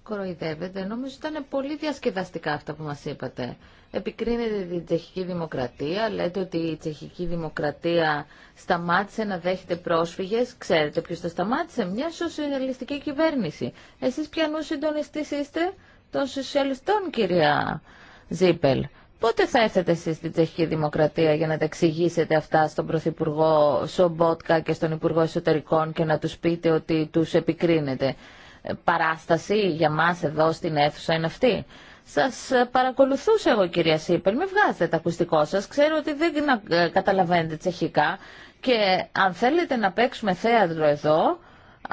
κοροϊδεύετε. Νομίζω ήταν πολύ διασκεδαστικά αυτά που μας είπατε. Επικρίνετε την τσεχική δημοκρατία, λέτε ότι η τσεχική δημοκρατία σταμάτησε να δέχεται πρόσφυγες. Ξέρετε ποιος το σταμάτησε, μια σοσιαλιστική κυβέρνηση. Εσείς ποιανού συντονιστής είστε των σοσιαλιστών, κυρία Ζήπελ. Πότε θα έρθετε εσείς στην Τσεχική Δημοκρατία για να τα εξηγήσετε αυτά στον Πρωθυπουργό Σομπότκα και στον Υπουργό Εσωτερικών και να τους πείτε ότι τους επικρίνετε. Ε, παράσταση για μας εδώ στην αίθουσα είναι αυτή. Σας ε, παρακολουθούσα εγώ κυρία Σίπελ, μην βγάζετε τα ακουστικό σας. Ξέρω ότι δεν ε, καταλαβαίνετε τσεχικά και αν θέλετε να παίξουμε θέατρο εδώ,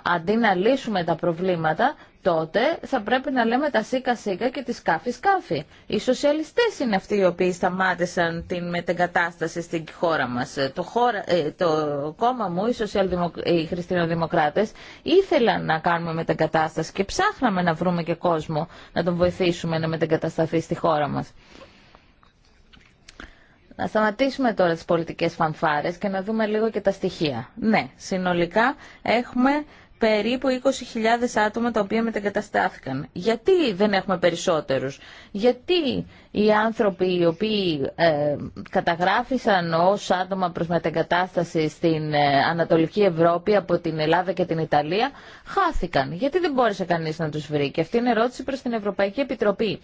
αντί να λύσουμε τα προβλήματα, τότε θα πρέπει να λέμε τα σίκα σίκα και τη σκάφη σκάφη. Οι σοσιαλιστές είναι αυτοί οι οποίοι σταμάτησαν την μετεγκατάσταση στην χώρα μας. Το, ε, το κόμμα μου, οι, σοσιαλδημοκ... οι ήθελαν να κάνουμε μετεγκατάσταση και ψάχναμε να βρούμε και κόσμο να τον βοηθήσουμε να μετεγκατασταθεί στη χώρα μας. Να σταματήσουμε τώρα τις πολιτικές φανφάρες και να δούμε λίγο και τα στοιχεία. Ναι, συνολικά έχουμε περίπου 20.000 άτομα τα οποία μετεγκαταστάθηκαν. Γιατί δεν έχουμε περισσότερους. Γιατί οι άνθρωποι οι οποίοι ε, καταγράφησαν ως άτομα προς μετεγκατάσταση στην ε, Ανατολική Ευρώπη από την Ελλάδα και την Ιταλία χάθηκαν. Γιατί δεν μπόρεσε κανείς να τους βρει. Και αυτή είναι ερώτηση προς την Ευρωπαϊκή Επιτροπή.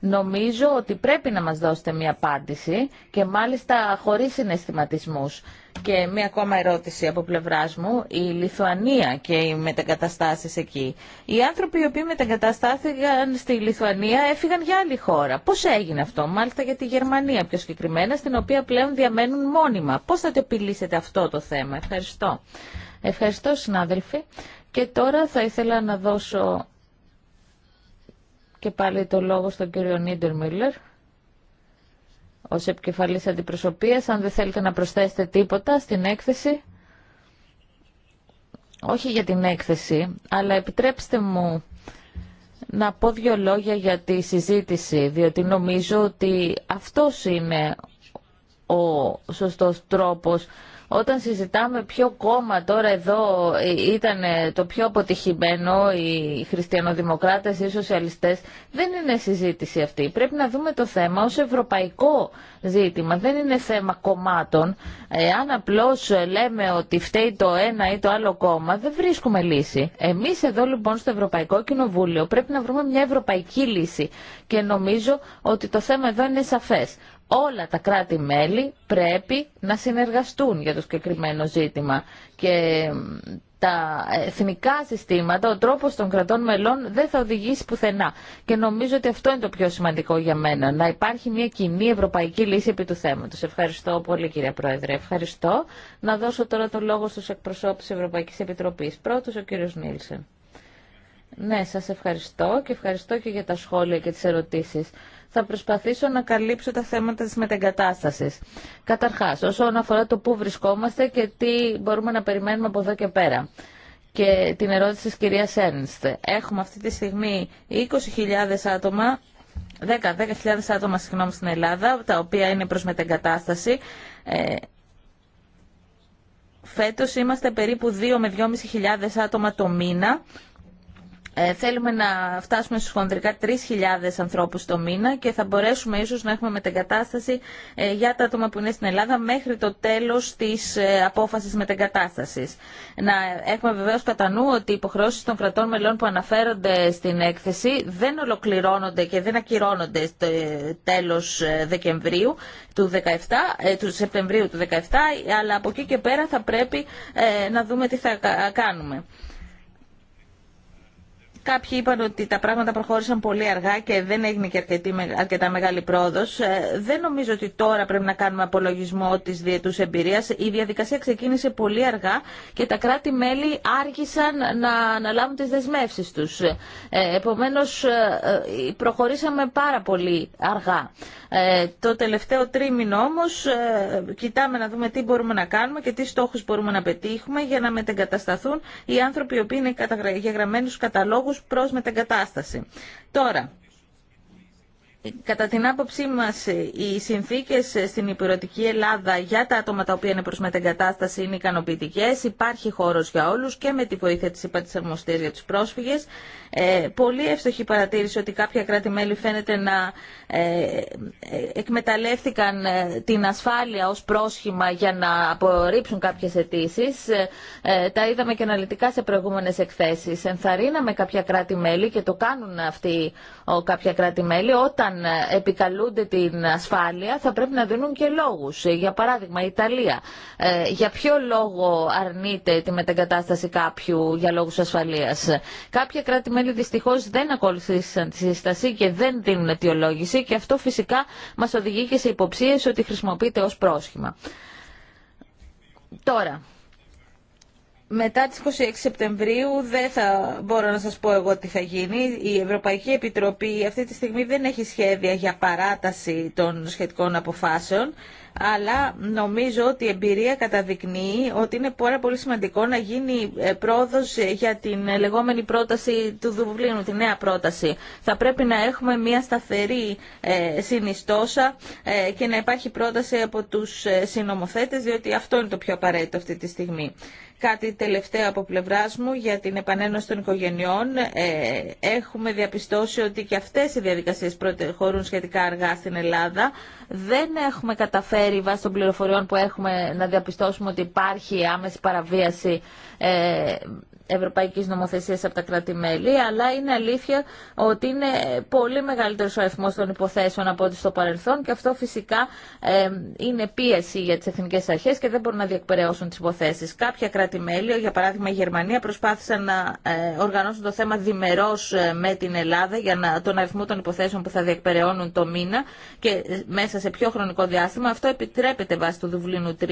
Νομίζω ότι πρέπει να μας δώσετε μια απάντηση και μάλιστα χωρίς συναισθηματισμούς. Και μία ακόμα ερώτηση από πλευρά μου. Η Λιθουανία και οι μετεγκαταστάσει εκεί. Οι άνθρωποι οι οποίοι μετεγκαταστάθηκαν στη Λιθουανία έφυγαν για άλλη χώρα. Πώ έγινε αυτό, μάλιστα για τη Γερμανία πιο συγκεκριμένα, στην οποία πλέον διαμένουν μόνιμα. Πώ θα το επιλύσετε αυτό το θέμα. Ευχαριστώ. Ευχαριστώ συνάδελφοι. Και τώρα θα ήθελα να δώσω και πάλι το λόγο στον κύριο Μίλλερ ως επικεφαλής αντιπροσωπείας. Αν δεν θέλετε να προσθέσετε τίποτα στην έκθεση, όχι για την έκθεση, αλλά επιτρέψτε μου να πω δύο λόγια για τη συζήτηση, διότι νομίζω ότι αυτός είναι ο σωστός τρόπος όταν συζητάμε ποιο κόμμα τώρα εδώ ε, ήταν το πιο αποτυχημένο, οι χριστιανοδημοκράτες ή οι σοσιαλιστές, δεν είναι συζήτηση αυτή. Πρέπει να δούμε το θέμα ως ευρωπαϊκό ζήτημα. Δεν είναι θέμα κομμάτων. Ε, αν απλώς λέμε ότι φταίει το ένα ή το άλλο κόμμα, δεν βρίσκουμε λύση. Εμείς εδώ λοιπόν στο Ευρωπαϊκό Κοινοβούλιο πρέπει να βρούμε μια ευρωπαϊκή λύση. Και νομίζω ότι το θέμα εδώ είναι σαφές όλα τα κράτη-μέλη πρέπει να συνεργαστούν για το συγκεκριμένο ζήτημα. Και τα εθνικά συστήματα, ο τρόπος των κρατών μελών δεν θα οδηγήσει πουθενά. Και νομίζω ότι αυτό είναι το πιο σημαντικό για μένα, να υπάρχει μια κοινή ευρωπαϊκή λύση επί του θέματος. Ευχαριστώ πολύ κύριε Πρόεδρε. Ευχαριστώ. Να δώσω τώρα το λόγο στους εκπροσώπους της Ευρωπαϊκής Επιτροπής. Πρώτος ο κύριος Νίλσεν. Ναι, σας ευχαριστώ και ευχαριστώ και για τα σχόλια και τις ερωτήσεις θα προσπαθήσω να καλύψω τα θέματα της μετεγκατάστασης. Καταρχάς, όσον αφορά το πού βρισκόμαστε και τι μπορούμε να περιμένουμε από εδώ και πέρα. Και την ερώτηση της κυρίας Ένστ. Έχουμε αυτή τη στιγμή 20.000 άτομα 10.000 άτομα συγγνώμη, στην Ελλάδα, τα οποία είναι προς μετεγκατάσταση. Ε, φέτος είμαστε περίπου 2 με 2.500 άτομα το μήνα ε, θέλουμε να φτάσουμε στους χονδρικά 3.000 ανθρώπους το μήνα και θα μπορέσουμε ίσως να έχουμε μετεγκατάσταση ε, για τα άτομα που είναι στην Ελλάδα μέχρι το τέλος της ε, απόφασης μετεγκατάστασης. Να έχουμε βεβαίως κατά νου ότι οι υποχρεώσεις των κρατών μελών που αναφέρονται στην έκθεση δεν ολοκληρώνονται και δεν ακυρώνονται στο ε, τέλος Δεκεμβρίου του, 17, του Σεπτεμβρίου του 2017, αλλά από εκεί και πέρα θα πρέπει να δούμε τι θα κάνουμε. Κάποιοι είπαν ότι τα πράγματα προχώρησαν πολύ αργά και δεν έγινε και αρκετά μεγάλη πρόοδο. Ε, δεν νομίζω ότι τώρα πρέπει να κάνουμε απολογισμό τη διετού εμπειρία. Η διαδικασία ξεκίνησε πολύ αργά και τα κράτη-μέλη άρχισαν να αναλάβουν τι δεσμεύσει του. Ε, Επομένω, ε, προχωρήσαμε πάρα πολύ αργά. Το τελευταίο τρίμηνο όμω κοιτάμε να δούμε τι μπορούμε να κάνουμε και τι στόχου μπορούμε να πετύχουμε για να μετεγκατασταθούν οι άνθρωποι οι οποίοι είναι καταγραμμένου καταλόγου προς μετεγκατάσταση. Τώρα, Κατά την άποψή μας, οι συνθήκες στην υπηρετική Ελλάδα για τα άτομα τα οποία είναι προς μετεγκατάσταση είναι ικανοποιητικέ, Υπάρχει χώρος για όλους και με τη βοήθεια της ΥΠΑ για τους πρόσφυγες. Ε, πολύ εύστοχη παρατήρηση ότι κάποια κράτη-μέλη φαίνεται να ε, εκμεταλλεύτηκαν ε, την ασφάλεια ως πρόσχημα για να απορρίψουν κάποιες αιτήσει. Ε, ε, τα είδαμε και αναλυτικά σε προηγούμενες εκθέσεις. Ενθαρρύναμε κάποια κράτη-μέλη και το κάνουν αυτοί κάποια κράτη-μέλη όταν ε, επικαλούνται την ασφάλεια θα πρέπει να δίνουν και λόγους. Για παράδειγμα η Ιταλία. Ε, για ποιο λόγο αρνείται τη μετεγκατάσταση κάποιου για λόγους ασφαλείας. Κάποια κράτη-μέλη δυστυχώς δεν ακολουθήσαν τη συστασία και δεν δίνουν αιτιολόγηση και αυτό φυσικά μας οδηγεί και σε υποψίες ότι χρησιμοποιείται ω πρόσχημα. Τώρα, μετά τις 26 Σεπτεμβρίου δεν θα μπορώ να σας πω εγώ τι θα γίνει. Η Ευρωπαϊκή Επιτροπή αυτή τη στιγμή δεν έχει σχέδια για παράταση των σχετικών αποφάσεων, αλλά νομίζω ότι η εμπειρία καταδεικνύει ότι είναι πάρα πολύ σημαντικό να γίνει ε, πρόοδος για την λεγόμενη πρόταση του Δουβλίνου, τη νέα πρόταση. Θα πρέπει να έχουμε μια σταθερή ε, συνιστόσα ε, και να υπάρχει πρόταση από τους συνομοθέτες, διότι αυτό είναι το πιο απαραίτητο αυτή τη στιγμή. Κάτι τελευταίο από πλευρά μου για την επανένωση των οικογενειών. Ε, έχουμε διαπιστώσει ότι και αυτέ οι διαδικασίε προχωρούν σχετικά αργά στην Ελλάδα. Δεν έχουμε καταφέρει βάσει των πληροφοριών που έχουμε να διαπιστώσουμε ότι υπάρχει άμεση παραβίαση ε, Ευρωπαϊκή Νομοθεσία από τα κράτη-μέλη, αλλά είναι αλήθεια ότι είναι πολύ μεγαλύτερο ο αριθμό των υποθέσεων από ό,τι στο παρελθόν και αυτό φυσικά είναι πίεση για τι εθνικέ αρχέ και δεν μπορούν να διεκπαιρεώσουν τι υποθέσει. καποια Κάποια κράτη-μέλη, για παράδειγμα η Γερμανία, προσπάθησαν να ε, οργανώσουν το θέμα διμερώς ε, με την Ελλάδα για να, τον αριθμό των υποθέσεων που θα διεκπαιρεώνουν το μήνα και ε, μέσα σε πιο χρονικό διάστημα. Αυτό επιτρέπεται βάσει του Δουβλίνου 3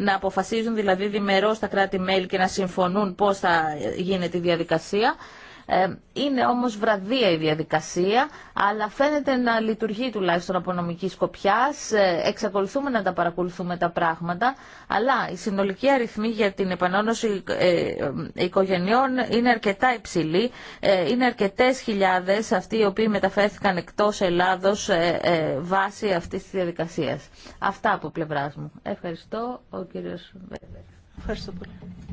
να αποφασίζουν δηλαδή διμερώς τα κράτη-μέλη και να συμφωνούν πώ θα γίνεται η διαδικασία. Ε, είναι όμως βραδία η διαδικασία, αλλά φαίνεται να λειτουργεί τουλάχιστον από νομική σκοπιά. Ε, εξακολουθούμε να τα παρακολουθούμε τα πράγματα, αλλά η συνολική αριθμή για την επανόνωση ε, οικογενειών είναι αρκετά υψηλή. Είναι αρκετές χιλιάδες αυτοί οι οποίοι μεταφέρθηκαν εκτός Ελλάδος βάσει αυτής της διαδικασίας. Αυτά από πλευρά μου. Ευχαριστώ, ο κύριος Ευχαριστώ πολύ.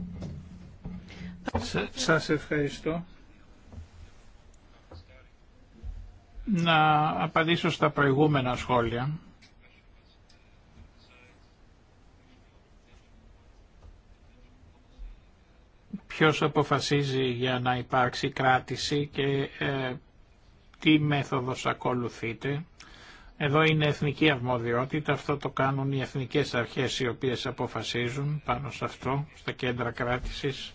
Σας ευχαριστώ. Να απαντήσω στα προηγούμενα σχόλια. Ποιος αποφασίζει για να υπάρξει κράτηση και ε, τι μέθοδος ακολουθείται. Εδώ είναι εθνική αρμοδιότητα, αυτό το κάνουν οι εθνικές αρχές οι οποίες αποφασίζουν πάνω σε αυτό, στα κέντρα κράτησης.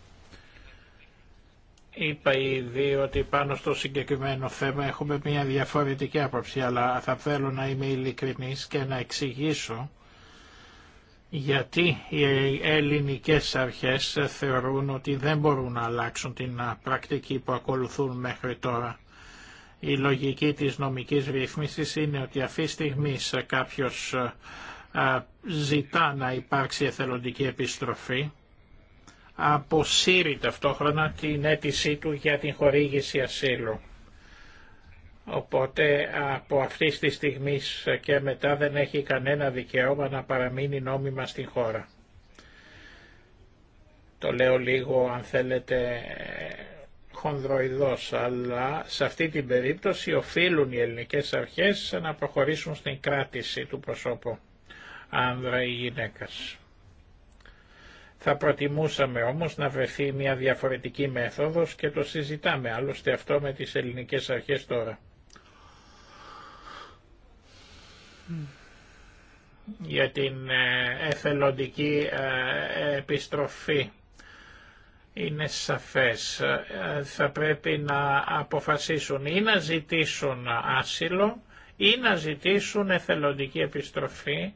Είπα ήδη ότι πάνω στο συγκεκριμένο θέμα έχουμε μια διαφορετική άποψη, αλλά θα θέλω να είμαι ειλικρινής και να εξηγήσω γιατί οι ελληνικές αρχές θεωρούν ότι δεν μπορούν να αλλάξουν την πρακτική που ακολουθούν μέχρι τώρα. Η λογική της νομικής ρύθμισης είναι ότι αυτή τη στιγμή κάποιος ζητά να υπάρξει εθελοντική επιστροφή αποσύρει ταυτόχρονα την αίτησή του για την χορήγηση ασύλου. Οπότε από αυτή τη στιγμή και μετά δεν έχει κανένα δικαίωμα να παραμείνει νόμιμα στην χώρα. Το λέω λίγο αν θέλετε χονδροειδώς, αλλά σε αυτή την περίπτωση οφείλουν οι ελληνικές αρχές να προχωρήσουν στην κράτηση του προσώπου άνδρα ή γυναίκας. Θα προτιμούσαμε όμως να βρεθεί μια διαφορετική μέθοδος και το συζητάμε άλλωστε αυτό με τις ελληνικές αρχές τώρα. Για την ε, εθελοντική ε, επιστροφή είναι σαφές. Ε, θα πρέπει να αποφασίσουν ή να ζητήσουν άσυλο ή να ζητήσουν εθελοντική επιστροφή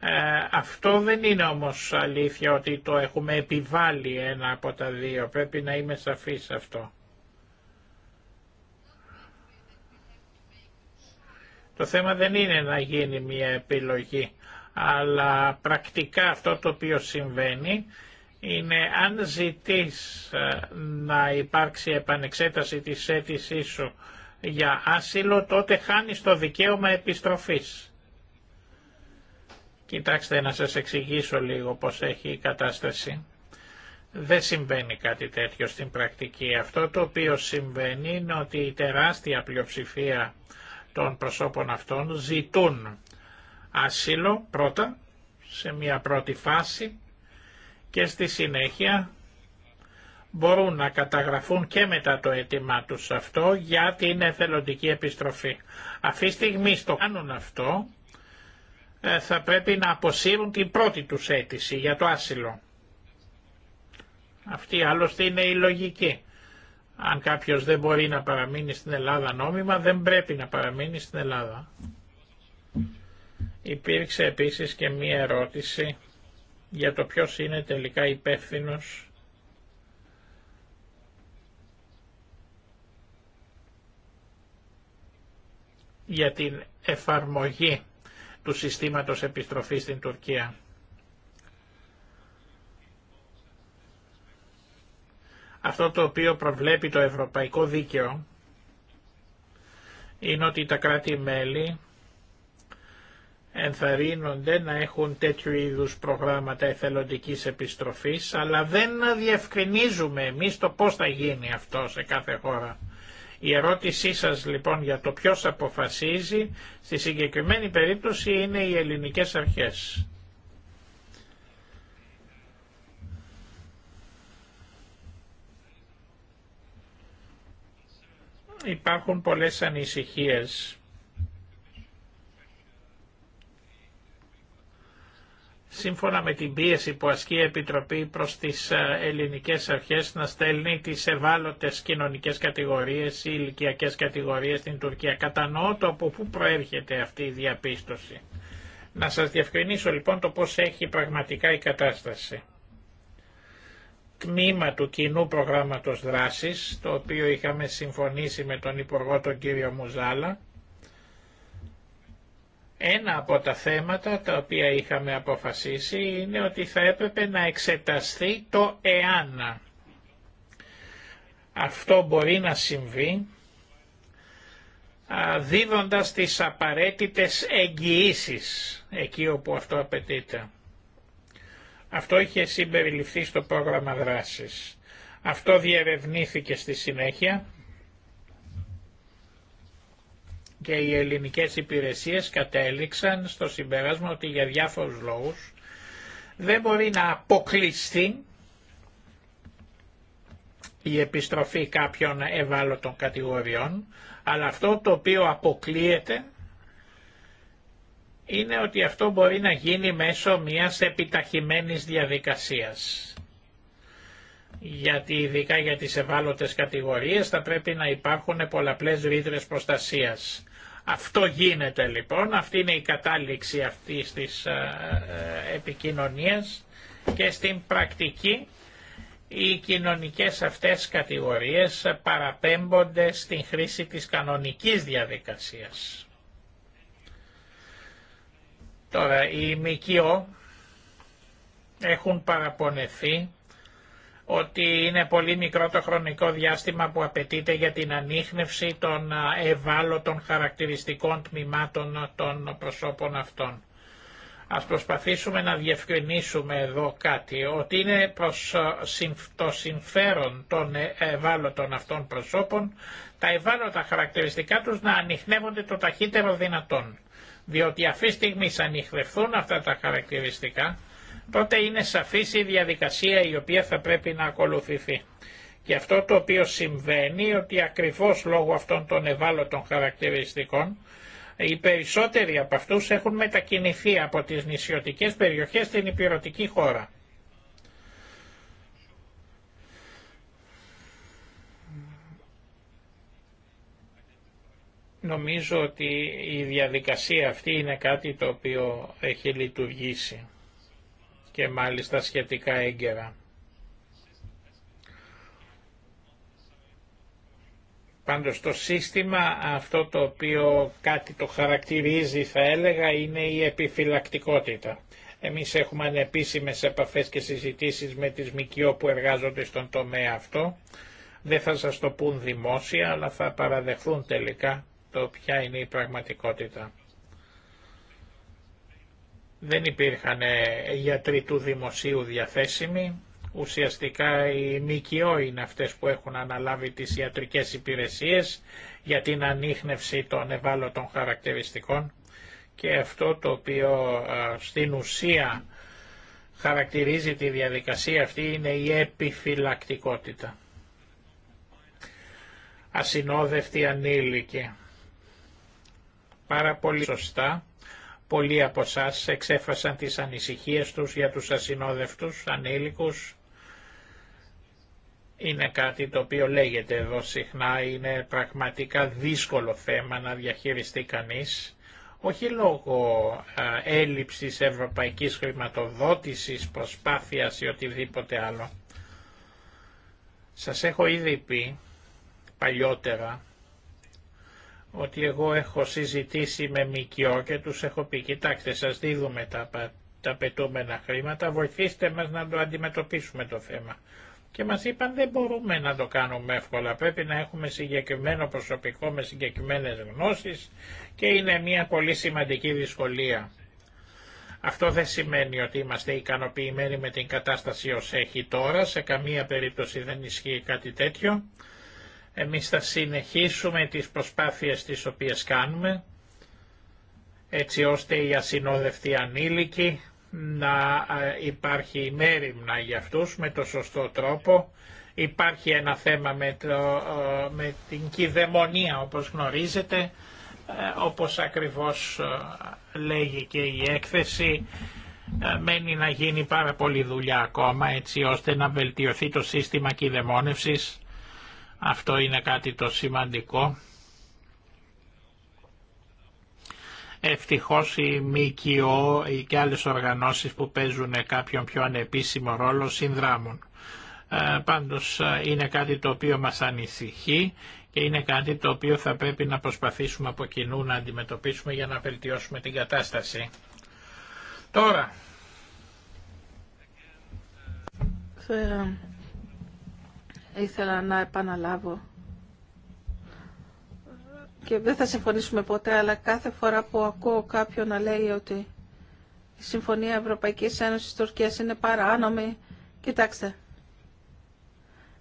ε, αυτό δεν είναι όμως αλήθεια ότι το έχουμε επιβάλει ένα από τα δύο. Πρέπει να είμαι σαφής αυτό. Το θέμα δεν είναι να γίνει μια επιλογή, αλλά πρακτικά αυτό το οποίο συμβαίνει είναι αν ζητείς ε, να υπάρξει επανεξέταση της αίτησής σου για άσυλο, τότε χάνεις το δικαίωμα επιστροφής. Κοιτάξτε να σας εξηγήσω λίγο πώς έχει η κατάσταση. Δεν συμβαίνει κάτι τέτοιο στην πρακτική. Αυτό το οποίο συμβαίνει είναι ότι η τεράστια πλειοψηφία των προσώπων αυτών ζητούν άσυλο πρώτα, σε μια πρώτη φάση και στη συνέχεια μπορούν να καταγραφούν και μετά το αίτημά τους αυτό για την εθελοντική επιστροφή. Αυτή τη στιγμή το κάνουν αυτό ε, θα πρέπει να αποσύρουν την πρώτη τους αίτηση για το άσυλο. Αυτή άλλωστε είναι η λογική. Αν κάποιος δεν μπορεί να παραμείνει στην Ελλάδα νόμιμα, δεν πρέπει να παραμείνει στην Ελλάδα. Υπήρξε επίσης και μία ερώτηση για το ποιος είναι τελικά υπεύθυνο. για την εφαρμογή του συστήματος επιστροφής στην Τουρκία. Αυτό το οποίο προβλέπει το ευρωπαϊκό δίκαιο είναι ότι τα κράτη-μέλη ενθαρρύνονται να έχουν τέτοιου είδους προγράμματα εθελοντικής επιστροφής, αλλά δεν διευκρινίζουμε εμείς το πώς θα γίνει αυτό σε κάθε χώρα. Η ερώτησή σας λοιπόν για το ποιος αποφασίζει στη συγκεκριμένη περίπτωση είναι οι ελληνικές αρχές. Υπάρχουν πολλές ανησυχίες σύμφωνα με την πίεση που ασκεί η Επιτροπή προς τις ε, ελληνικές αρχές να στέλνει τις ευάλωτες κοινωνικές κατηγορίες ή ηλικιακές κατηγορίες στην Τουρκία. Κατανοώ το από πού προέρχεται αυτή η διαπίστωση. Να σας διευκρινίσω λοιπόν το πώς έχει πραγματικά η κατάσταση. Τμήμα του κοινού προγράμματος δράσης, το οποίο είχαμε συμφωνήσει με τον Υπουργό τον κύριο Μουζάλα, ένα από τα θέματα τα οποία είχαμε αποφασίσει είναι ότι θα έπρεπε να εξεταστεί το εάν. Αυτό μπορεί να συμβεί δίδοντας τις απαραίτητες εγγυήσει εκεί όπου αυτό απαιτείται. Αυτό είχε συμπεριληφθεί στο πρόγραμμα δράσης. Αυτό διερευνήθηκε στη συνέχεια και οι ελληνικές υπηρεσίες κατέληξαν στο συμπέρασμα ότι για διάφορους λόγους δεν μπορεί να αποκλειστεί η επιστροφή κάποιων ευάλωτων κατηγοριών, αλλά αυτό το οποίο αποκλείεται είναι ότι αυτό μπορεί να γίνει μέσω μιας επιταχυμένης διαδικασίας. Γιατί ειδικά για τις ευάλωτες κατηγορίες θα πρέπει να υπάρχουν πολλαπλές ρήτρες προστασίας. Αυτό γίνεται λοιπόν, αυτή είναι η κατάληξη αυτής της ε, ε, επικοινωνίας και στην πρακτική οι κοινωνικές αυτές κατηγορίες παραπέμπονται στην χρήση της κανονικής διαδικασίας. Τώρα, οι ΜΚΟ έχουν παραπονεθεί ότι είναι πολύ μικρό το χρονικό διάστημα που απαιτείται για την ανείχνευση των ευάλωτων χαρακτηριστικών τμήματων των προσώπων αυτών. Ας προσπαθήσουμε να διευκρινίσουμε εδώ κάτι, ότι είναι προς το συμφέρον των ε, ευάλωτων αυτών προσώπων τα ευάλωτα χαρακτηριστικά τους να ανοιχνεύονται το ταχύτερο δυνατόν. Διότι αυτή τη στιγμή αυτά τα χαρακτηριστικά, τότε είναι σαφής η διαδικασία η οποία θα πρέπει να ακολουθηθεί. Και αυτό το οποίο συμβαίνει ότι ακριβώς λόγω αυτών των ευάλωτων χαρακτηριστικών οι περισσότεροι από αυτούς έχουν μετακινηθεί από τις νησιωτικές περιοχές στην υπηρετική χώρα. Νομίζω ότι η διαδικασία αυτή είναι κάτι το οποίο έχει λειτουργήσει και μάλιστα σχετικά έγκαιρα. Πάντως το σύστημα αυτό το οποίο κάτι το χαρακτηρίζει θα έλεγα είναι η επιφυλακτικότητα. Εμείς έχουμε ανεπίσημες επαφές και συζητήσεις με τις ΜΚΟ που εργάζονται στον τομέα αυτό. Δεν θα σας το πούν δημόσια αλλά θα παραδεχθούν τελικά το ποια είναι η πραγματικότητα δεν υπήρχαν ε, γιατροί του δημοσίου διαθέσιμοι. Ουσιαστικά οι ΜΚΟ είναι αυτές που έχουν αναλάβει τις ιατρικές υπηρεσίες για την ανείχνευση των ευάλωτων χαρακτηριστικών και αυτό το οποίο ε, στην ουσία χαρακτηρίζει τη διαδικασία αυτή είναι η επιφυλακτικότητα. Ασυνόδευτη ανήλικη. Πάρα πολύ σωστά Πολλοί από εσά εξέφρασαν τις ανησυχίες τους για τους ασυνόδευτους ανήλικους. Είναι κάτι το οποίο λέγεται εδώ συχνά, είναι πραγματικά δύσκολο θέμα να διαχειριστεί κανείς, όχι λόγω έλλειψης ευρωπαϊκής χρηματοδότησης, προσπάθειας ή οτιδήποτε άλλο. Σας έχω ήδη πει παλιότερα ότι εγώ έχω συζητήσει με ΜΚΙΟ και τους έχω πει κοιτάξτε σας δίδουμε τα, τα πετούμενα χρήματα, βοηθήστε μας να το αντιμετωπίσουμε το θέμα. Και μας είπαν δεν μπορούμε να το κάνουμε εύκολα, πρέπει να έχουμε συγκεκριμένο προσωπικό με συγκεκριμένες γνώσεις και είναι μια πολύ σημαντική δυσκολία. Αυτό δεν σημαίνει ότι είμαστε ικανοποιημένοι με την κατάσταση ως έχει τώρα, σε καμία περίπτωση δεν ισχύει κάτι τέτοιο. Εμείς θα συνεχίσουμε τις προσπάθειες τις οποίες κάνουμε, έτσι ώστε οι ασυνόδευτοι ανήλικοι να ε, υπάρχει ημέρημνα για αυτούς με το σωστό τρόπο. Υπάρχει ένα θέμα με, το, ε, με την κυδαιμονία όπως γνωρίζετε, ε, όπως ακριβώς λέγει και η έκθεση. Μένει να γίνει πάρα πολύ δουλειά ακόμα έτσι ώστε να βελτιωθεί το σύστημα κυδαιμόνευσης αυτό είναι κάτι το σημαντικό. Ευτυχώς οι ΜΚΟ και άλλες οργανώσεις που παίζουν κάποιον πιο ανεπίσημο ρόλο συνδράμουν. Ε, πάντως ε, είναι κάτι το οποίο μας ανησυχεί και είναι κάτι το οποίο θα πρέπει να προσπαθήσουμε από κοινού να αντιμετωπίσουμε για να βελτιώσουμε την κατάσταση. Τώρα ήθελα να επαναλάβω και δεν θα συμφωνήσουμε ποτέ, αλλά κάθε φορά που ακούω κάποιον να λέει ότι η Συμφωνία Ευρωπαϊκής Ένωσης Τουρκίας είναι παράνομη, κοιτάξτε,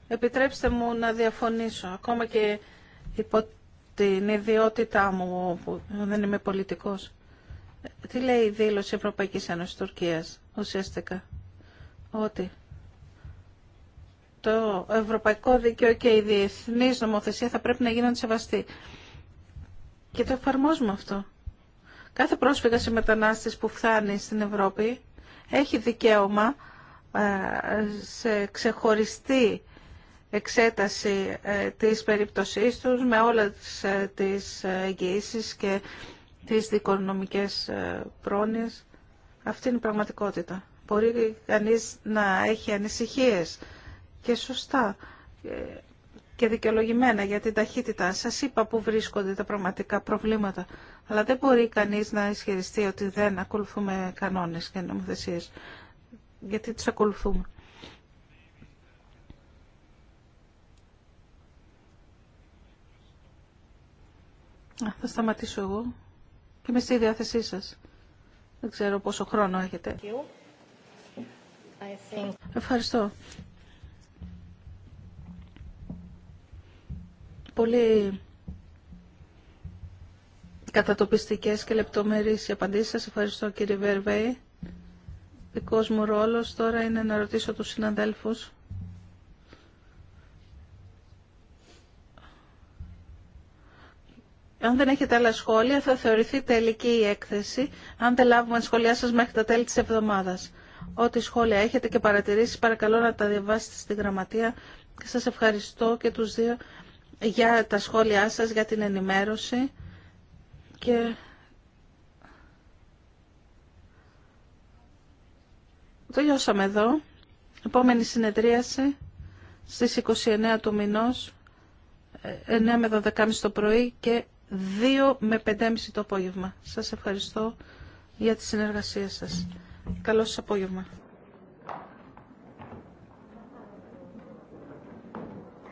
επιτρέψτε μου να διαφωνήσω, ακόμα και υπό την ιδιότητά μου, που δεν είμαι πολιτικός. Τι λέει η δήλωση Ευρωπαϊκής Ένωσης Τουρκίας, ουσιαστικά, ότι το ευρωπαϊκό δίκαιο και η διεθνή νομοθεσία θα πρέπει να γίνονται σεβαστοί. Και το εφαρμόζουμε αυτό. Κάθε πρόσφυγας ή μετανάστης που φτάνει στην Ευρώπη έχει δικαίωμα ε, σε ξεχωριστή εξέταση ε, της περίπτωσής τους με όλες ε, τις εγγυήσεις και τις δικονομικές πρόνοιες. Αυτή είναι η πραγματικότητα. Μπορεί κανείς να έχει ανησυχίες και σωστά ε, και δικαιολογημένα για την ταχύτητα. Σας είπα που βρίσκονται τα πραγματικά προβλήματα. Αλλά δεν μπορεί κανείς να ισχυριστεί ότι δεν ακολουθούμε κανόνες και νομοθεσίες. Γιατί τις ακολουθούμε. θα σταματήσω εγώ και με στη διάθεσή σας. Δεν ξέρω πόσο χρόνο έχετε. Ευχαριστώ. πολύ κατατοπιστικές και λεπτομερείς οι απαντήσεις σας. Ευχαριστώ κύριε Βερβέη. Δικός μου ρόλος τώρα είναι να ρωτήσω τους συναδέλφους. Αν δεν έχετε άλλα σχόλια θα θεωρηθεί τελική η έκθεση, αν δεν λάβουμε σχόλιά σας μέχρι τα τέλη της εβδομάδας. Ό,τι σχόλια έχετε και παρατηρήσεις παρακαλώ να τα διαβάσετε στη γραμματεία και σας ευχαριστώ και τους δύο για τα σχόλιά σας, για την ενημέρωση και τελειώσαμε εδώ. Επόμενη συνεδρίαση στις 29 του μηνός, 9 με 12.30 το πρωί και 2 με 5.30 το απόγευμα. Σας ευχαριστώ για τη συνεργασία σας. Καλό σας απόγευμα.